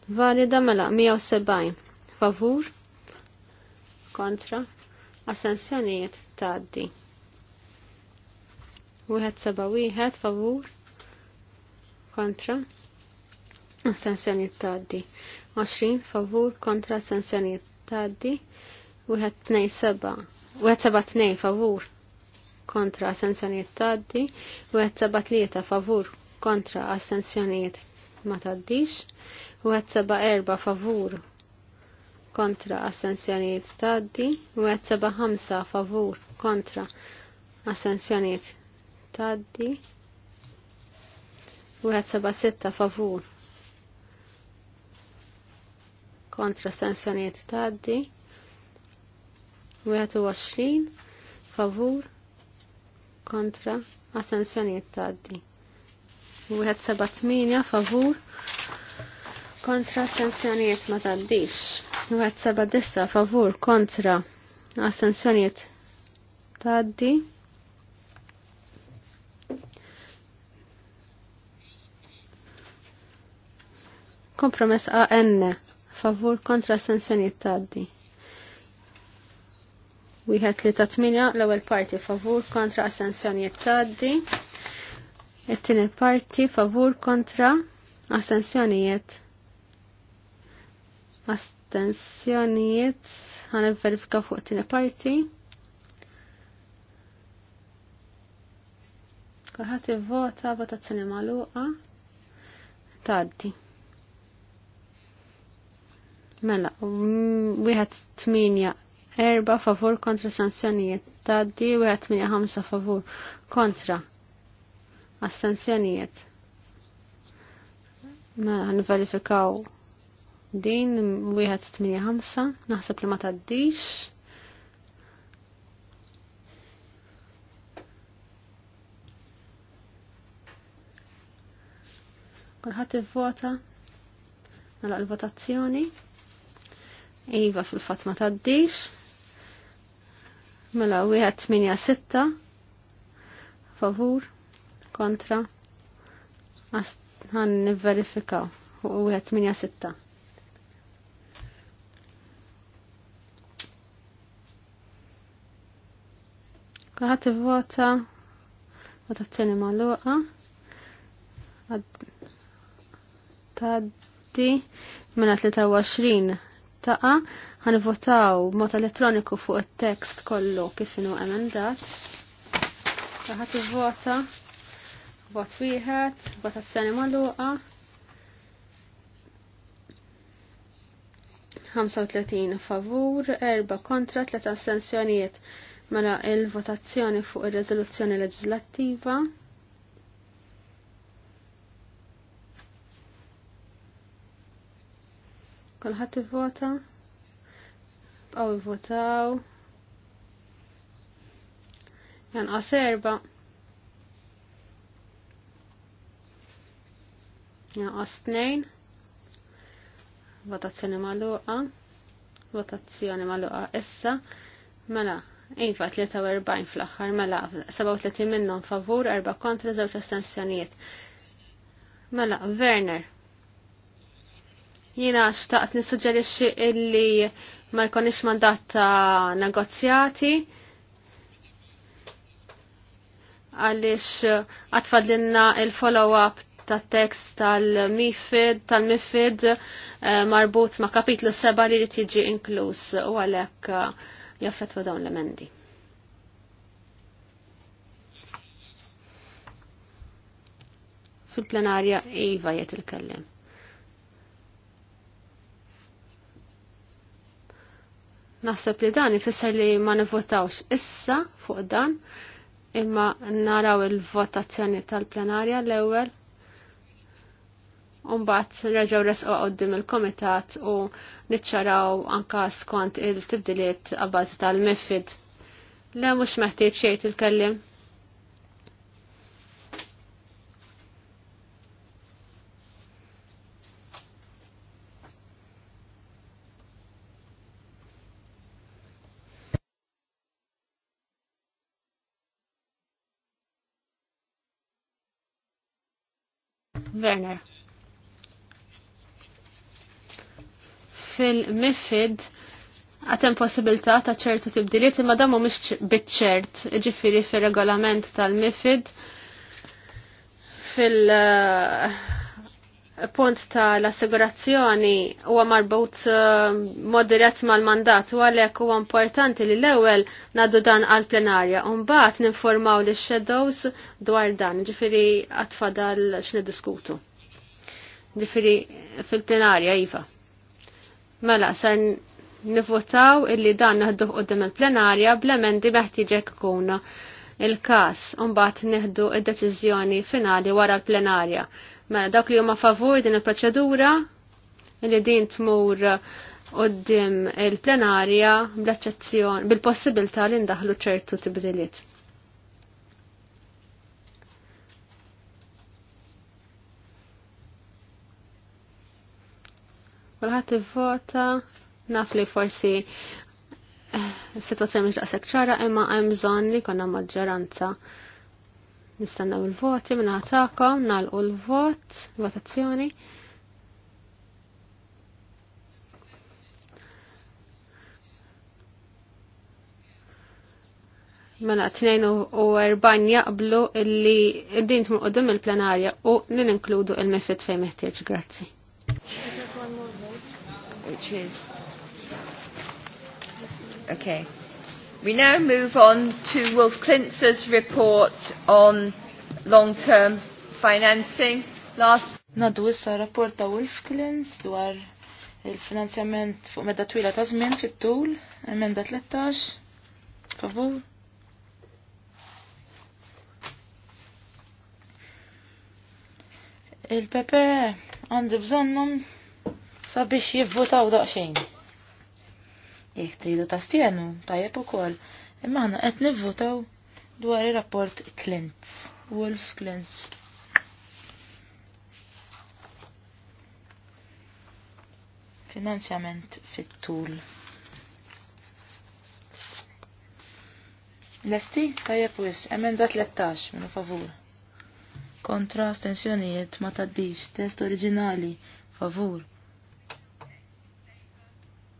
valida mela 170 favur kontra assenzjonijiet taddi. għed seba u għed favur kontra assenzjonijiet taddi. 20 favur kontra assenzjonijiet taddi. għed tnej seba' 172 favur kontra assenzjoniet taddi, tlieta favur kontra assenzjoniet ma taddix, erba favur kontra assenzjoniet taddi, ħamsa favur kontra assenzjoniet taddi, sitta favur kontra assenzjoniet taddi, 21 favur kontra assenzjoniet taddi. 178 favur kontra assenzjoniet ma taddix. 179 favur kontra assenzjoniet taddi. Kompromess AN favur kontra assenzjoniet taddi. Wieħed li ta' tminja l-ewwel parti favur kontra assenzjonijiet tgħaddi. It-tieni parti favur kontra assenzjonijiet. Astensjonijiet ħan verifika fuq it-tieni parti. Kulħadd ivvota votazzjoni magħluqa tgħaddi. Mela, wieħed tminja erba favur kontra sanzjonijiet. Taddi u ħamsa favur kontra assenzjonijiet. Mela verifikaw din wieħed tminja ħamsa, naħseb li ma taddix. Kulħadd ivvota nagħlaq mela, il-votazzjoni. Iva fil-fatt ma taddix. Mela, wieħed 8 sitta, favur, kontra, għan niverifikaw, u wieħed 8 sitta. Kħat vota votazzjoni maluqa, għad taddi, mela 23 taqa ħanvotaw mod elettroniku fuq it-tekst kollu kif inhu emendat. Ħadd ivvota vot wieħed, votazzjoni magħluqa. 35 favur, 4 kontra, 3 assenzjonijiet mela il-votazzjoni fuq ir rezoluzzjoni leġislattiva. Kulħadd ivvota. Bqgħu ivvotaw. Janqas erba'. Janqas tnejn. Votazzjoni magħluqa. Votazzjoni magħluqa issa. Mela, Iva, 43 fl-axħar, mela, 37 minnum favur, 4 kontra, 0 astensjonijiet. Mela, Werner. Jiena xtaqt nissuġġerixxi illi ma jkunix mandat ta' negozjati għaliex għatfadlinna il-follow-up ta' tekst tal-MIFID, tal-MIFID eh, marbut ma' kapitlu 7 li rrit jiġi inkluż u għalek eh, jaffetwa dawn l-emendi. Fil-plenarja Iva jiet il kellim Naħseb li dan ifisser li ma nivvotawx issa fuq dan imma naraw il-votazzjoni tal-plenarja l-ewwel. Umbat reġaw resqu għoddim il-komitat u nitċaraw anka skont il-tibdiliet għabbażi tal-mifid. Le mux meħtieċ xejt il-kellim. Werner. Fil-mifid għatem possibilità ta' ċertu tibdiliet imma dan mhumiex bitċert, ġifiri fil fir-regolament tal-mifid fil- uh, punt ta' l-assigurazzjoni huwa marbut eh, moderat mal-mandat u għalhekk huwa importanti li l-ewwel ngħaddu dan għal plenarja u mbagħad ninformaw li shadows dwar dan, ġifieri għatfadal x'niddiskutu. Ġifieri fil-plenarja iva. Mela sar nivotaw illi dan naħduh qudiem il-plenarja bl-emendi meħtieġek ikuna il-kas unbat neħdu id-deċiżjoni finali wara l-plenarja. Mela dak li huma favur din il-proċedura li din tmur qoddim il-plenarja bl-eċċezzjoni bil-possibilità li ndaħlu ċertu tibdiliet. Kulħadd ivvota naf li forsi situazzjoni mhux daqshekk ċara imma hemm bżonn li konna maġġoranza. Nistennew il-voti minn ħatakom, nagħlqu l-vot, votazzjoni. Mela 42 jaqblu illi id-din tmur qudiem il-plenarja u li ninkludu il-mifid fejn meħtieġ, grazzi.
Which is Okay. We now move on to Wolf Klintz's report on
long-term financing. Last Nadu issa rapport ta' Wolf Klintz dwar il-finanzjament fuq medda twila ta' żmien fit-tul, emenda 13. Favur. il pp għandi bżonnom sabiex jivvotaw daqxejn. Jek tridu tastienu, tajjeb ukoll. Imma aħna qed nivvutaw dwar ir-rapport Klintz, Wolf Klintz. Finanzjament fit-tul. Lesti, tajjeb wis, emenda 13, minu favur. Kontra, stensjonijiet, ma taddix, test oriġinali, favur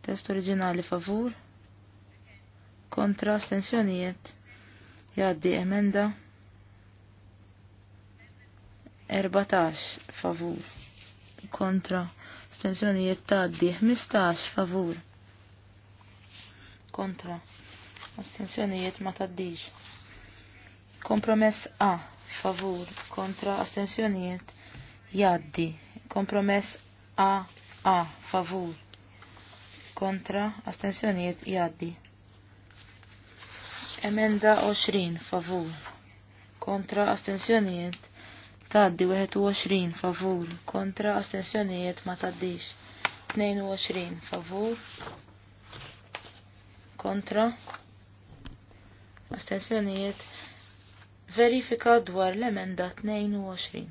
Test oriġinali favur. Kontra astensjonijiet. Jaddi emenda. 14 favur. Kontra astensjonijiet taddi. 15 favur. Kontra. Astensjonijiet ma taddix. Kompromess A. Favur. Kontra astensjonijiet. Jaddi. Kompromess A. A. Favur kontra astensjonijiet jaddi. Emenda 20 favur kontra astensjonijiet taddi 21 favur kontra astensjonijiet ma taddix 22 favur kontra astensjonijiet verifika dwar l-emenda 22.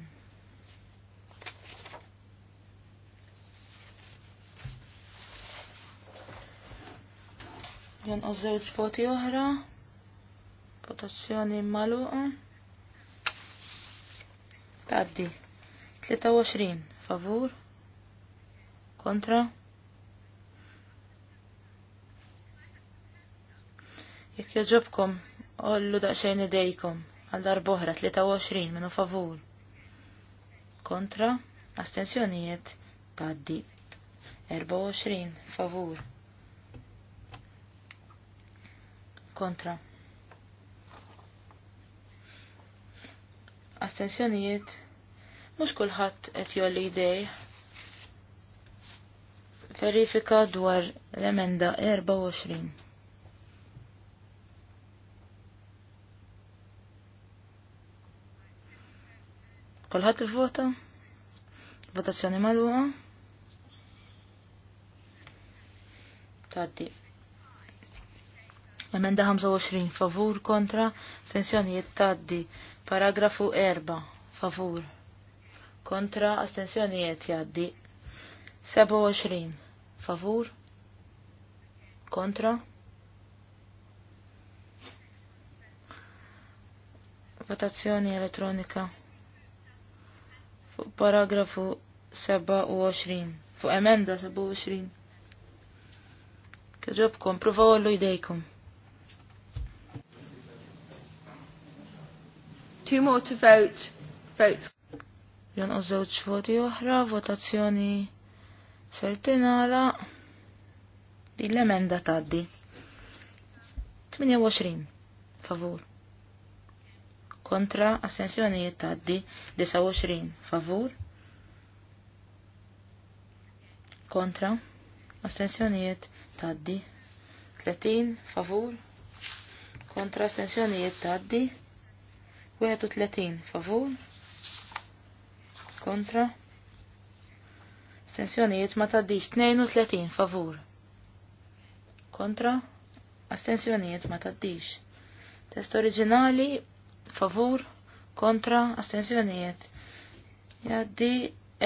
jonqos żewġ voti oħra. Votazzjoni maluqa. Taddi. 23 favur. Kontra. Jekk joġobkom, ollu daqsxejn idejkom għal darboħra 23 minu favur. Kontra, astensjonijiet taddi 24 favur. kontra. Astensjonijiet, mux kullħat et jolli idej. Verifika dwar l-emenda 24. Kolħat il-vota? Votazzjoni maluqa? Taddi. Emenda 25 favur kontra astensjonijiet taddi. Paragrafu 4 favur kontra astensjonijiet jaddi. 27 favur kontra votazzjoni elettronika paragrafu 27 fuq emenda 27 Kħġobkom, provaw għallu idejkom. Two more to vote. Votes. Jonqos żewġ voti oħra, votazzjoni sertinala, Din L-emenda tgħaddi. 28 favur. Kontra assenzjoni tgħaddi 29 favur. Kontra astensjonijiet tgħaddi 30 favur. Kontra astensjonijiet tgħaddi 31 favur kontra astensjonijiet ma taddix 32 favur kontra astensjonijiet ma taddix test oriġinali favur kontra astensjonijiet jaddi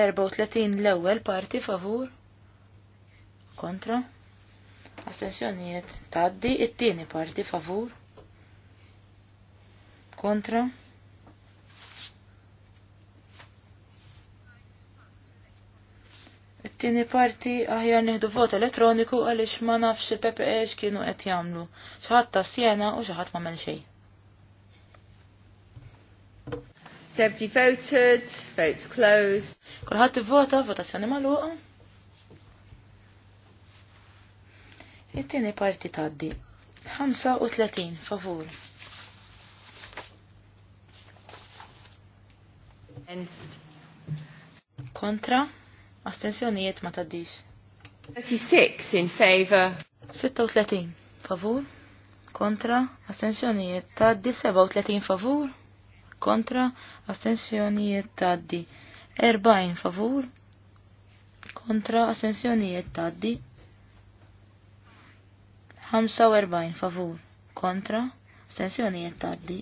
34 l-ewwel parti favur kontra astensjonijiet taddi it-tieni parti favur kontra. It-tieni parti aħjar nieħdu vot elettroniku għaliex ma nafx il pps e kienu qed jagħmlu. Xi ta' stjena u xi ħadd m'għamel xejn. voted, votes closed. Kulħadd ivvota, votazzjoni magħluqa. It-tieni parti tgħaddi. 35 favur. Kontra, astensjonijiet ma taddix. 36 in favor. 36 favur. Kontra, astensjonijiet taddi 37 favur. Kontra, astensjonijiet taddi 40 favur. Kontra, astensjonijiet taddi 45 favur. Kontra, astensjonijiet taddi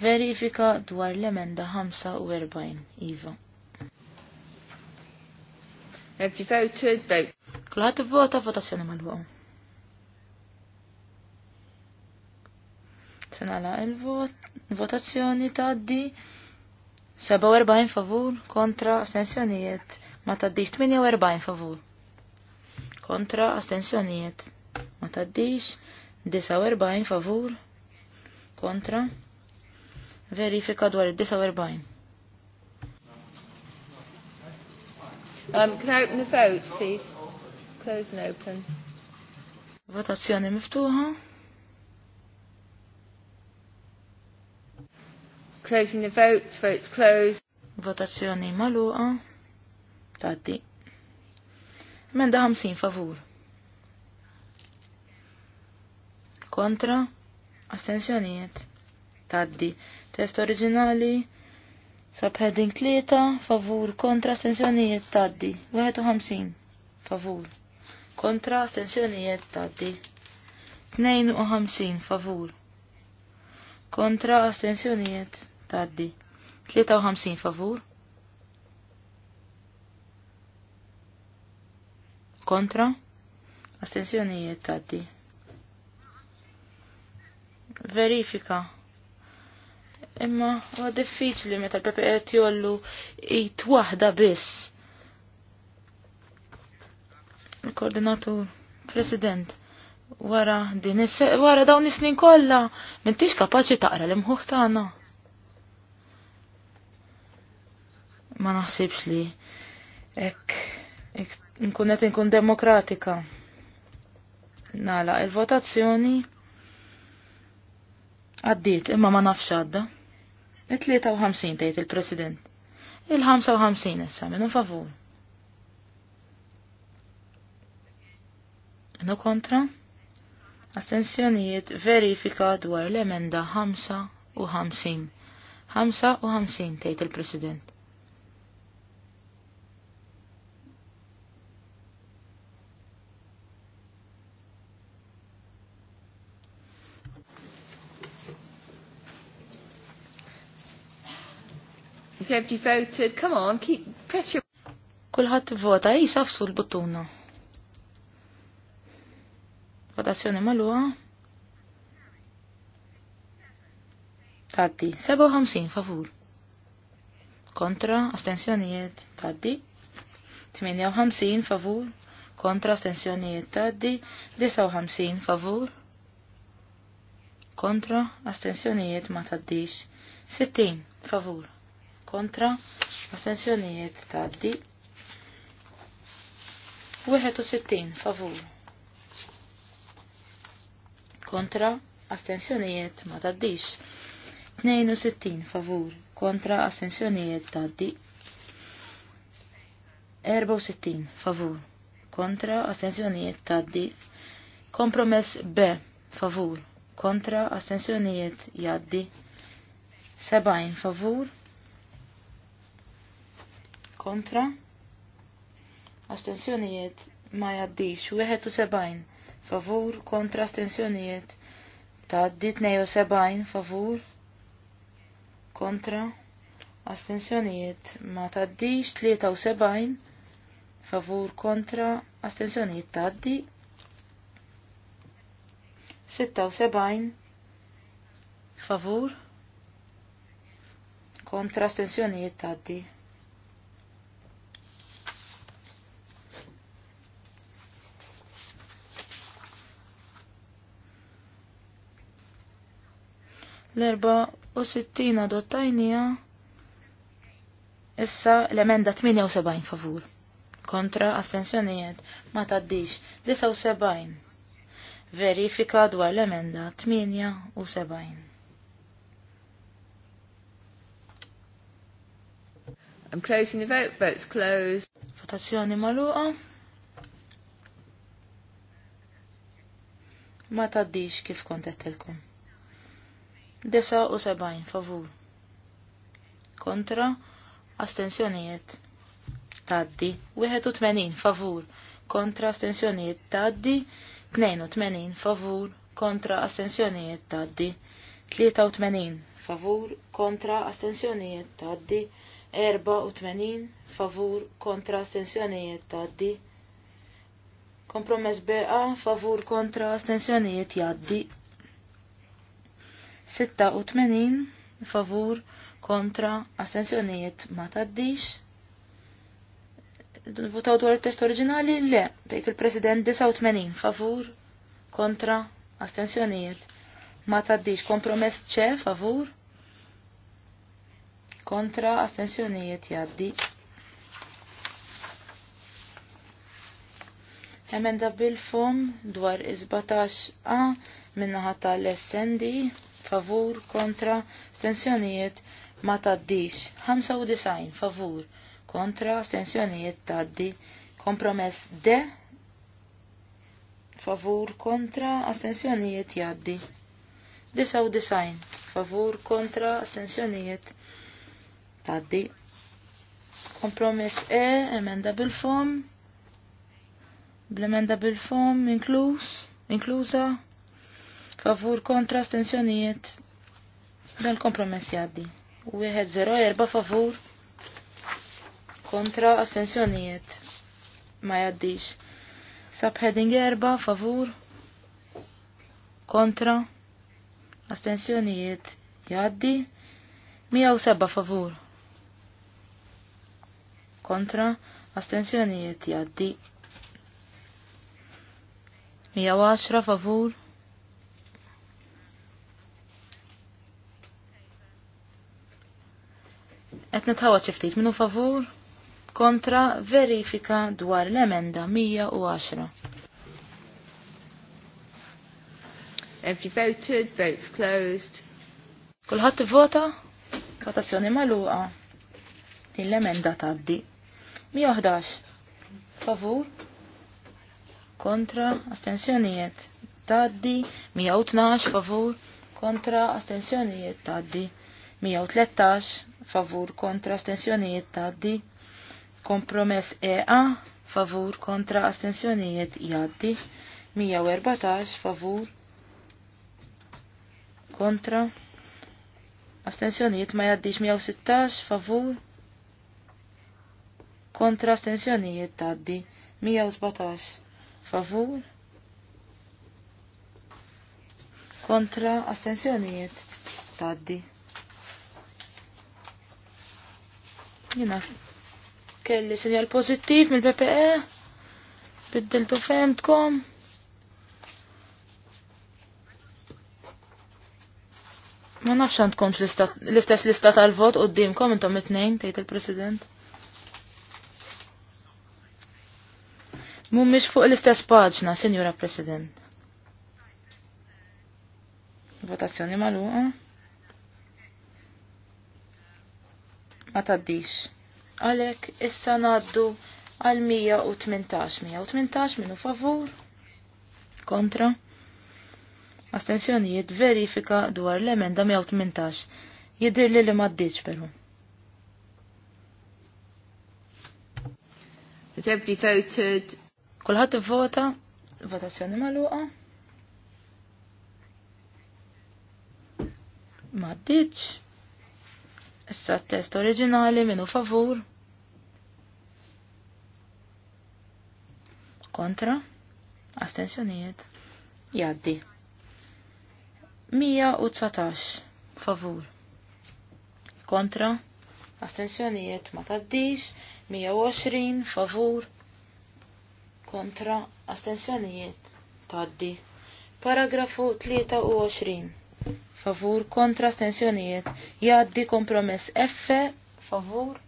verifika dwar l-emenda 45, Iva. Have you voted? Vote. Kulħat vota votazzjoni mal-ħuqom. Senala il-votazzjoni taddi 47 favur kontra astensjonijiet ma taddix 48 favur. Kontra astensjonijiet ma taddix 49 favur kontra Verifika dwar il-49.
Um, can I open the vote, please? Close and open.
Votazzjoni miftuħa.
Closing the vote, votes closed.
Votazzjoni maluqa. Taddi. Menda 50 favur. Kontra. Astensjonijiet. Taddi. Test oriġinali. Subheading 3, favur, kontra, astensjonijiet taddi. 51, favur. Kontra, astensjonijiet taddi. 52, favur. Kontra, astensjonijiet taddi. 53, favur. Kontra, astensjonijiet taddi. Verifika Imma huwa diffiċli meta l-PPE jollu it waħda biss. Il-koordinatur, president, wara din is-se wara dawn is-snin kollha m'intix kapaċi taqra l-imħuħ tagħna. Ma naħsibx li hekk nkun qed inkun demokratika. Nala, il-votazzjoni għaddiet imma ma nafx għadda il ħamsin tgħid il-President. il ħamsa u ħamsin issa minnu favur. Minnu kontra? Astenzjonijiet verifika dwar l-emenda 5 u u ħamsin tgħid il-President. Have you voted? Come on, keep press your Kulħadd vota jisafsu l-buttuna. Votazzjoni magħluha? Taddi, 57 favur. Kontra, astensjonijiet, taddi. 58 favur. Kontra, astensjonijiet, taddi. 59 favur. Kontra, astensjonijiet ma taddix. 60 favur kontra astensjonijiet taddi 61 favur kontra astensjonijiet ma taddix 62 favur kontra astensjonijiet taddi 64 favur kontra astensjonijiet taddi kompromess B favur kontra astensjonijiet jaddi 70 favur kontra astensjonijiet ma jaddix 71 favur kontra astensjonijiet taddi 72 favur kontra astensjonijiet ma taddix 73 favur kontra astensjonijiet taddi 76 favur kontra astensjonijiet taddi l-64 adottajnija issa l-emenda 78 favur kontra astensjonijiet ma taddix 79 verifika dwar l-emenda 78
I'm closing the vote, vote's closed.
Votazzjoni maluqa. Ma taddix kif kontettilkom. Desa' u sebajn favur. Kontra astensjonijiet taddi 81 favur. Kontra astensjonijiet taddi 82 favur. Kontra astensjonijiet taddi 83 favur. Kontra astensjonijiet taddi 84 favur. Kontra astensjonijiet taddi Kompromess BA favur kontra astensjonijiet jaddi 86 favur kontra assenzjonijiet ma taddix. Votaw dwar il-test oriġinali? Le, tgħid il-President 89 favur kontra astensjonijiet ma taddix. Kompromess ċe favur kontra astensjonijiet jaddi. Emenda bil fum dwar 17a minnaħata tal-SND favur kontra stensjonijiet ma taddix 95 favur kontra stensjonijiet taddi kompromess de favur kontra astensjonijiet jaddi 99 favur kontra astensjonijiet taddi kompromess E emenda bil-fom bl-emenda bil-fom inkluz inkluża favur kontra astensjonijiet dan kompromess 0-4 favur kontra astensjonijiet ma jaddix. Subheading 4 favur kontra astensjonijiet jaddi. 107 favur kontra astensjonijiet jaddi. 110 favur Qed nitħawwa ċiftit ftit minnu favur kontra verifika dwar l-emenda 110. Every voted, votes closed. Kulħadd vota, Votazzjoni magħluqa. Din l-emenda tgħaddi. 111. Favur. Kontra astensjonijiet. Taddi. 112 favur. Kontra astensjonijiet. Taddi. 113 favur kontra astensjonijiet taddi. Kompromess EA favur kontra astensjonijiet jaddi. 114 favur kontra astensjonijiet ma jaddix 116 favur kontra astensjonijiet taddi. 117 favur kontra astensjonijiet taddi. Jena, kelli sinjal pozittiv mill-PPE, biddiltu femtkom. Ma nafx tkomx l-istess lista tal-vot qoddimkom intom it-tnejn, tgħid il-President. Mhumiex fuq l-istess paġna, senjora President. Votazzjoni magħluqa. ma taddix. Għalek, issa naddu għal 118, 118 minu favur, kontra. jid verifika dwar l-emenda 118, jidir li li maddiċ peru. Has everybody voted? Kulħat vota, votazzjoni maluqa. Maddiċ. Issa test oriġinali minu favur. Kontra. Astensjonijiet. Jaddi. 119 favur. Kontra. Astensjonijiet ma taddix. 120 favur. Kontra. Astensjonijiet. Taddi. Paragrafu 23 favur kontra astensjonijiet jaddi kompromess F favur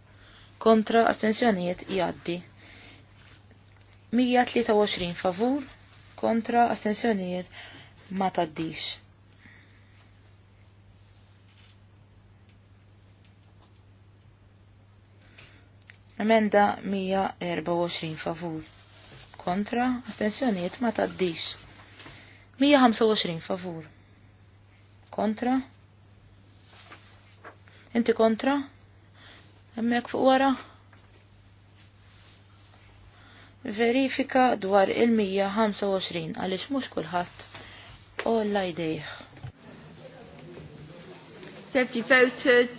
kontra astensjonijiet jaddi 123 favur kontra astensjonijiet ma taddix. Emenda 124 favur kontra astensjonijiet ma taddix. 125 favur kontra. Inti kontra? Hemmhekk fuq wara? Verifika dwar il-125 għaliex mhux kulħadd olla jdejh. Safety voted.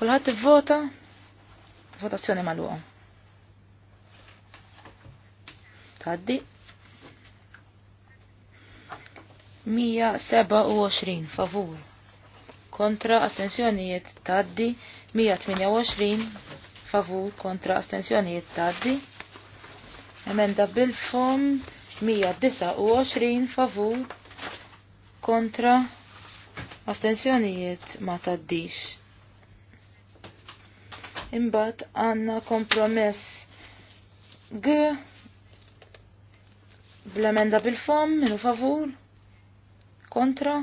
Kulħadd ivvota votazzjoni magħluqa. Taddi. 127 favur. Kontra astensjonijiet taddi 128 favur kontra astensjonijiet taddi. Emenda bil-fom 129 favur kontra astensjonijiet ma taddix. Imbat għanna kompromess G bl-emenda bil-fom minu favur kontra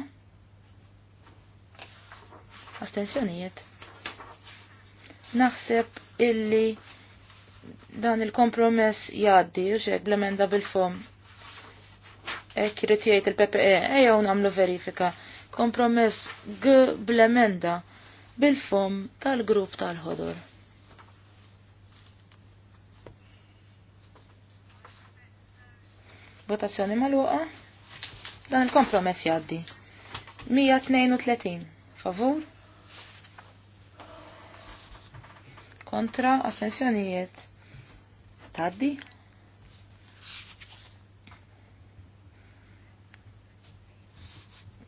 astensjonijiet. Naħseb illi dan il-kompromess jaddi u xek blemenda bil-fom. Ek jgħid il-PPE, eja namlu verifika. Kompromess g blemenda bil-fom tal-grupp tal-ħodor. Votazzjoni mal Dan il-kompromess jaddi. 132. Favur? Kontra astensjonijiet. Taddi?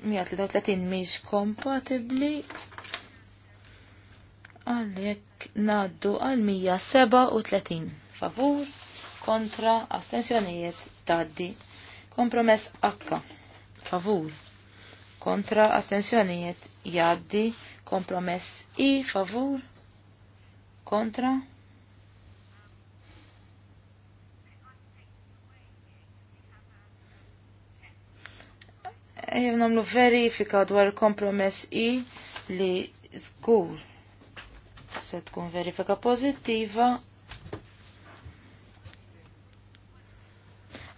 Mija tletin miex kompatibli għalek naddu għal 137 favur kontra astensjonijiet taddi kompromess akka favur kontra astensjonijiet jaddi kompromess i favur kontra Ejjem namlu verifika dwar kompromess i li zgur se tkun verifika pozittiva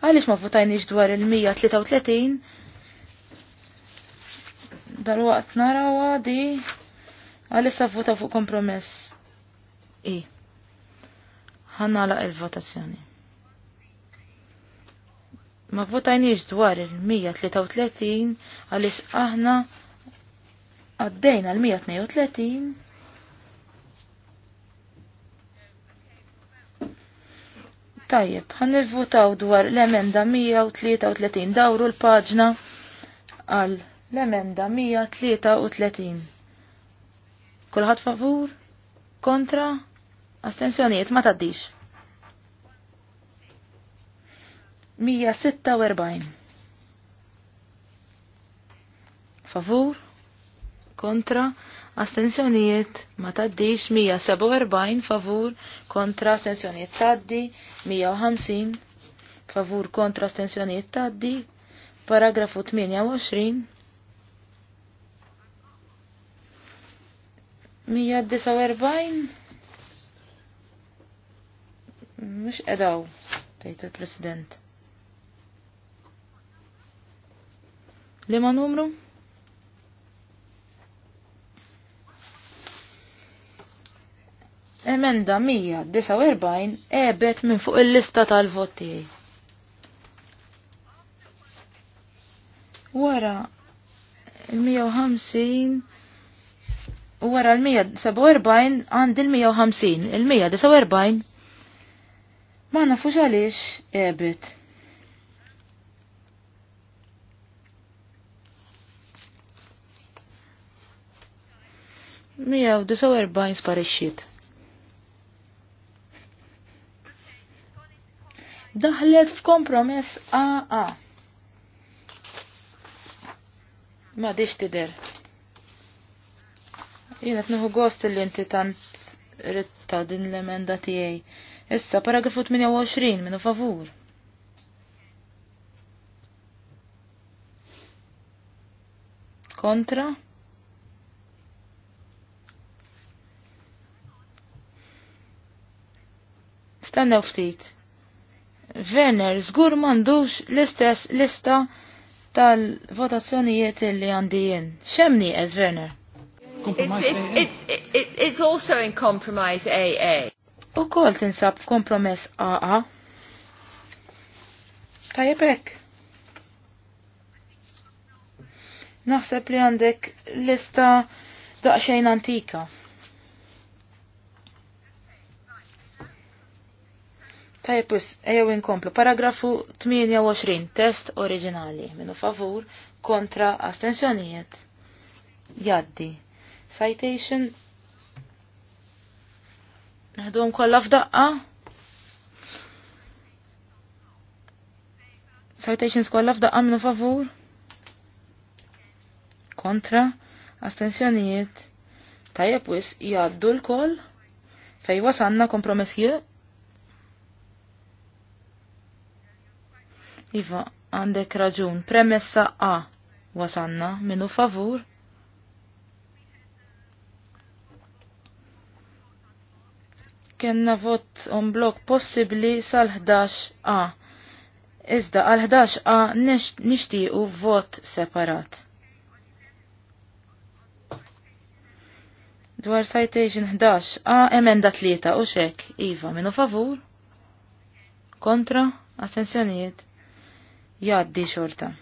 għalix ma votajniex dwar il-133 Dal-waqt narawa di għalissa vota fuq kompromess. I. Ħannala il-votazzjoni. Ma votajniex dwar il-133 għalix aħna għaddejna l-132 Tajjeb, għan nivvotaw dwar l-emenda 133 dawru l-paġna għal L-emenda 133. Kulħadd favur? Kontra? Astensjonijiet ma taddix. 146. Favur? Kontra? Astenzjonijiet ma taddix 147 favur kontra astenzjonijiet taddi 150 favur kontra astenzjonijiet taddi paragrafu 28 149 mux edaw, tajt il-president. Lima numru? Emenda 149 ebet minn fuq il-lista tal-voti. Wara il-150 u wara l-147 għand il-150, il-149 ma nafux għaliex ebit. Mija u disa erbajn sparixxiet. Daħlet f'kompromess AA. Ma diċ tider. Jena t-nuhu gost li inti tant ritta din l-emenda tijaj. Issa, paragrafu 28, minu favur. Kontra? Stanna ftit. Werner, zgur mandux l-istess lista tal-votazzjonijiet li għandijen. Xemni, ez, Werner?
it's, also in compromise AA.
U kol tinsab f'kompromess AA. Tajbek. Naħseb li għandek lista daqsxejn antika. Tajbus, ejew inkomplu. Paragrafu 28, test oriġinali. Minu favur, kontra astensjonijiet. Jaddi citation. Naħdum kollha f'daqqa. Citations kolla f'daqqa minnu favur. Kontra, astensjonijiet. Tajjeb wis jgħaddu l-koll fej wasanna kompromessje. Iva, għandek raġun. Premessa A wasanna minnu favur Kenna vot on blok possibli sal-11a. Iżda għal-11a nixtiequ vot separat. Dwar citation 11, a emenda 3 u xek, Iva, minu favur? Kontra? Astensjonijiet? Jaddi xorta.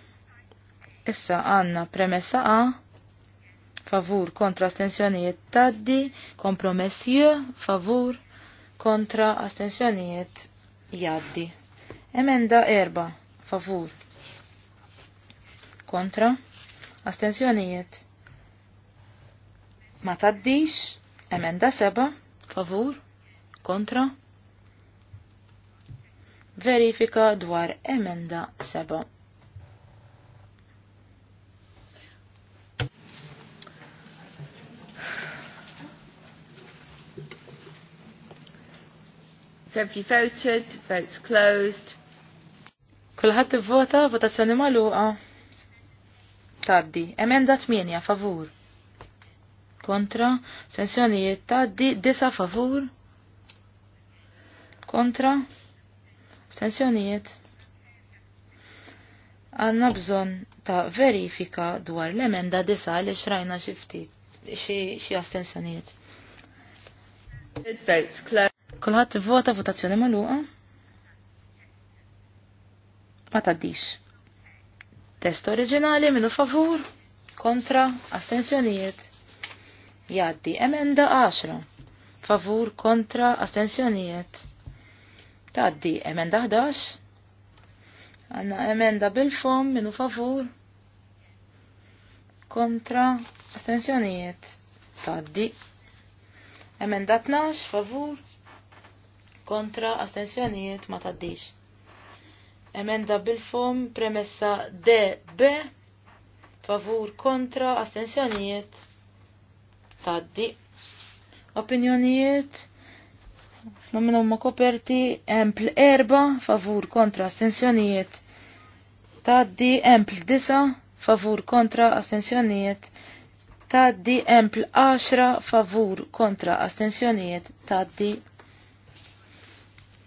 Issa għanna premessa A, favur kontra astensjonijiet taddi, kompromessju, favur kontra astensjonijiet jaddi. Emenda erba favur kontra astensjonijiet ma taddix emenda seba favur kontra verifika dwar emenda seba'
everybody voted?
Votes closed. Kulħadd ivvota, votazzjoni magħluqa. Taddi. Emenda 8 favur. Kontra. Sensjonijiet taddi. Disa favur. Kontra. Sensjonijiet. Għanna bżon ta' verifika dwar l-emenda disa li xrajna xiftit xie astensjonijiet. Votes closed. Kulħadd vota votazzjoni magħluqa. Ma taddix. Test oriġinali minnu favur, kontra, astensjonijiet. Jaddi emenda 10. Favur, kontra, astensjonijiet. Taddi emenda 11. Għanna emenda bil-fom minu favur. Kontra astensjonijiet. Taddi. Emenda 12 favur kontra astensjonijiet ma taddix. Emenda bil-fom premessa DB favur kontra astensjonijiet taddi. Opinjonijiet nominu ma koperti empl erba favur kontra astensjonijiet taddi empl disa favur kontra astensjonijiet taddi empl 10 favur kontra astensjonijiet taddi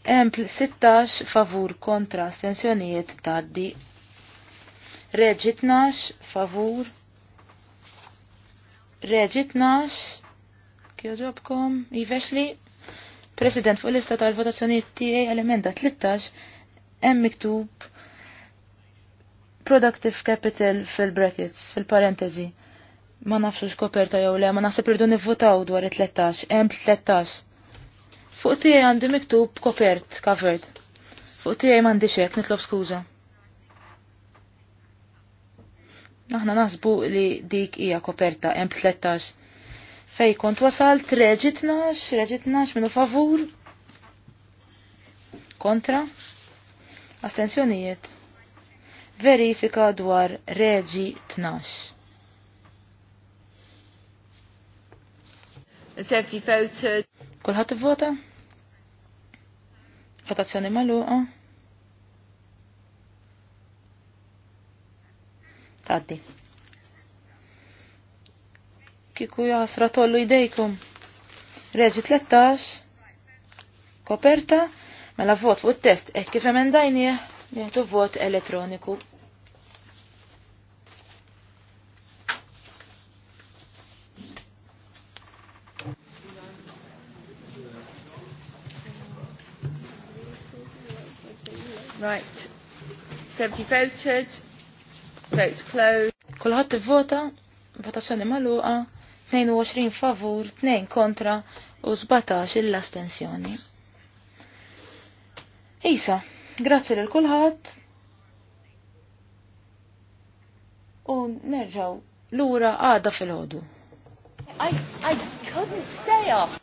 Empl 16 favur kontra astensjonijiet taddi. Reġi 12 favur. Reġi 12 kjoġobkom jivexli. President fuq lista tal-votazzjonijiet tiegħi elementa 13 hemm miktub productive capital fil-brackets, fil-parentesi. Ma nafx koperta jew le, ma naħseb irdu nivvotaw dwar it-13, hemm 13. Fuq tiegħi għandi miktub kopert, covered. Fuq tiegħi m'għandi xek, nitlob skuża. Aħna naħsbu li dik hija koperta M13. Fej kont wasalt reġitnax, 12, reġi 12 minu favur. Kontra. Astenzjonijiet. Verifika dwar reġi 12. Has every voted? Kulħat vota? Votazzjoni maluqa. Taddi. Kiku jasra tollu idejkum. Reġi 13. Koperta. Mela vot fuq test. Ekki kif emendajni jgħetu vot elettroniku. Right. So if you voted. Votes closed. Kulħadd ivvota, votazzjoni magħluqa, 22 favur, 2 kontra u 17 l astensjoni Isa, grazzi lil kulħadd. U nerġaw lura għada fil-ħodu.
I, I couldn't stay off.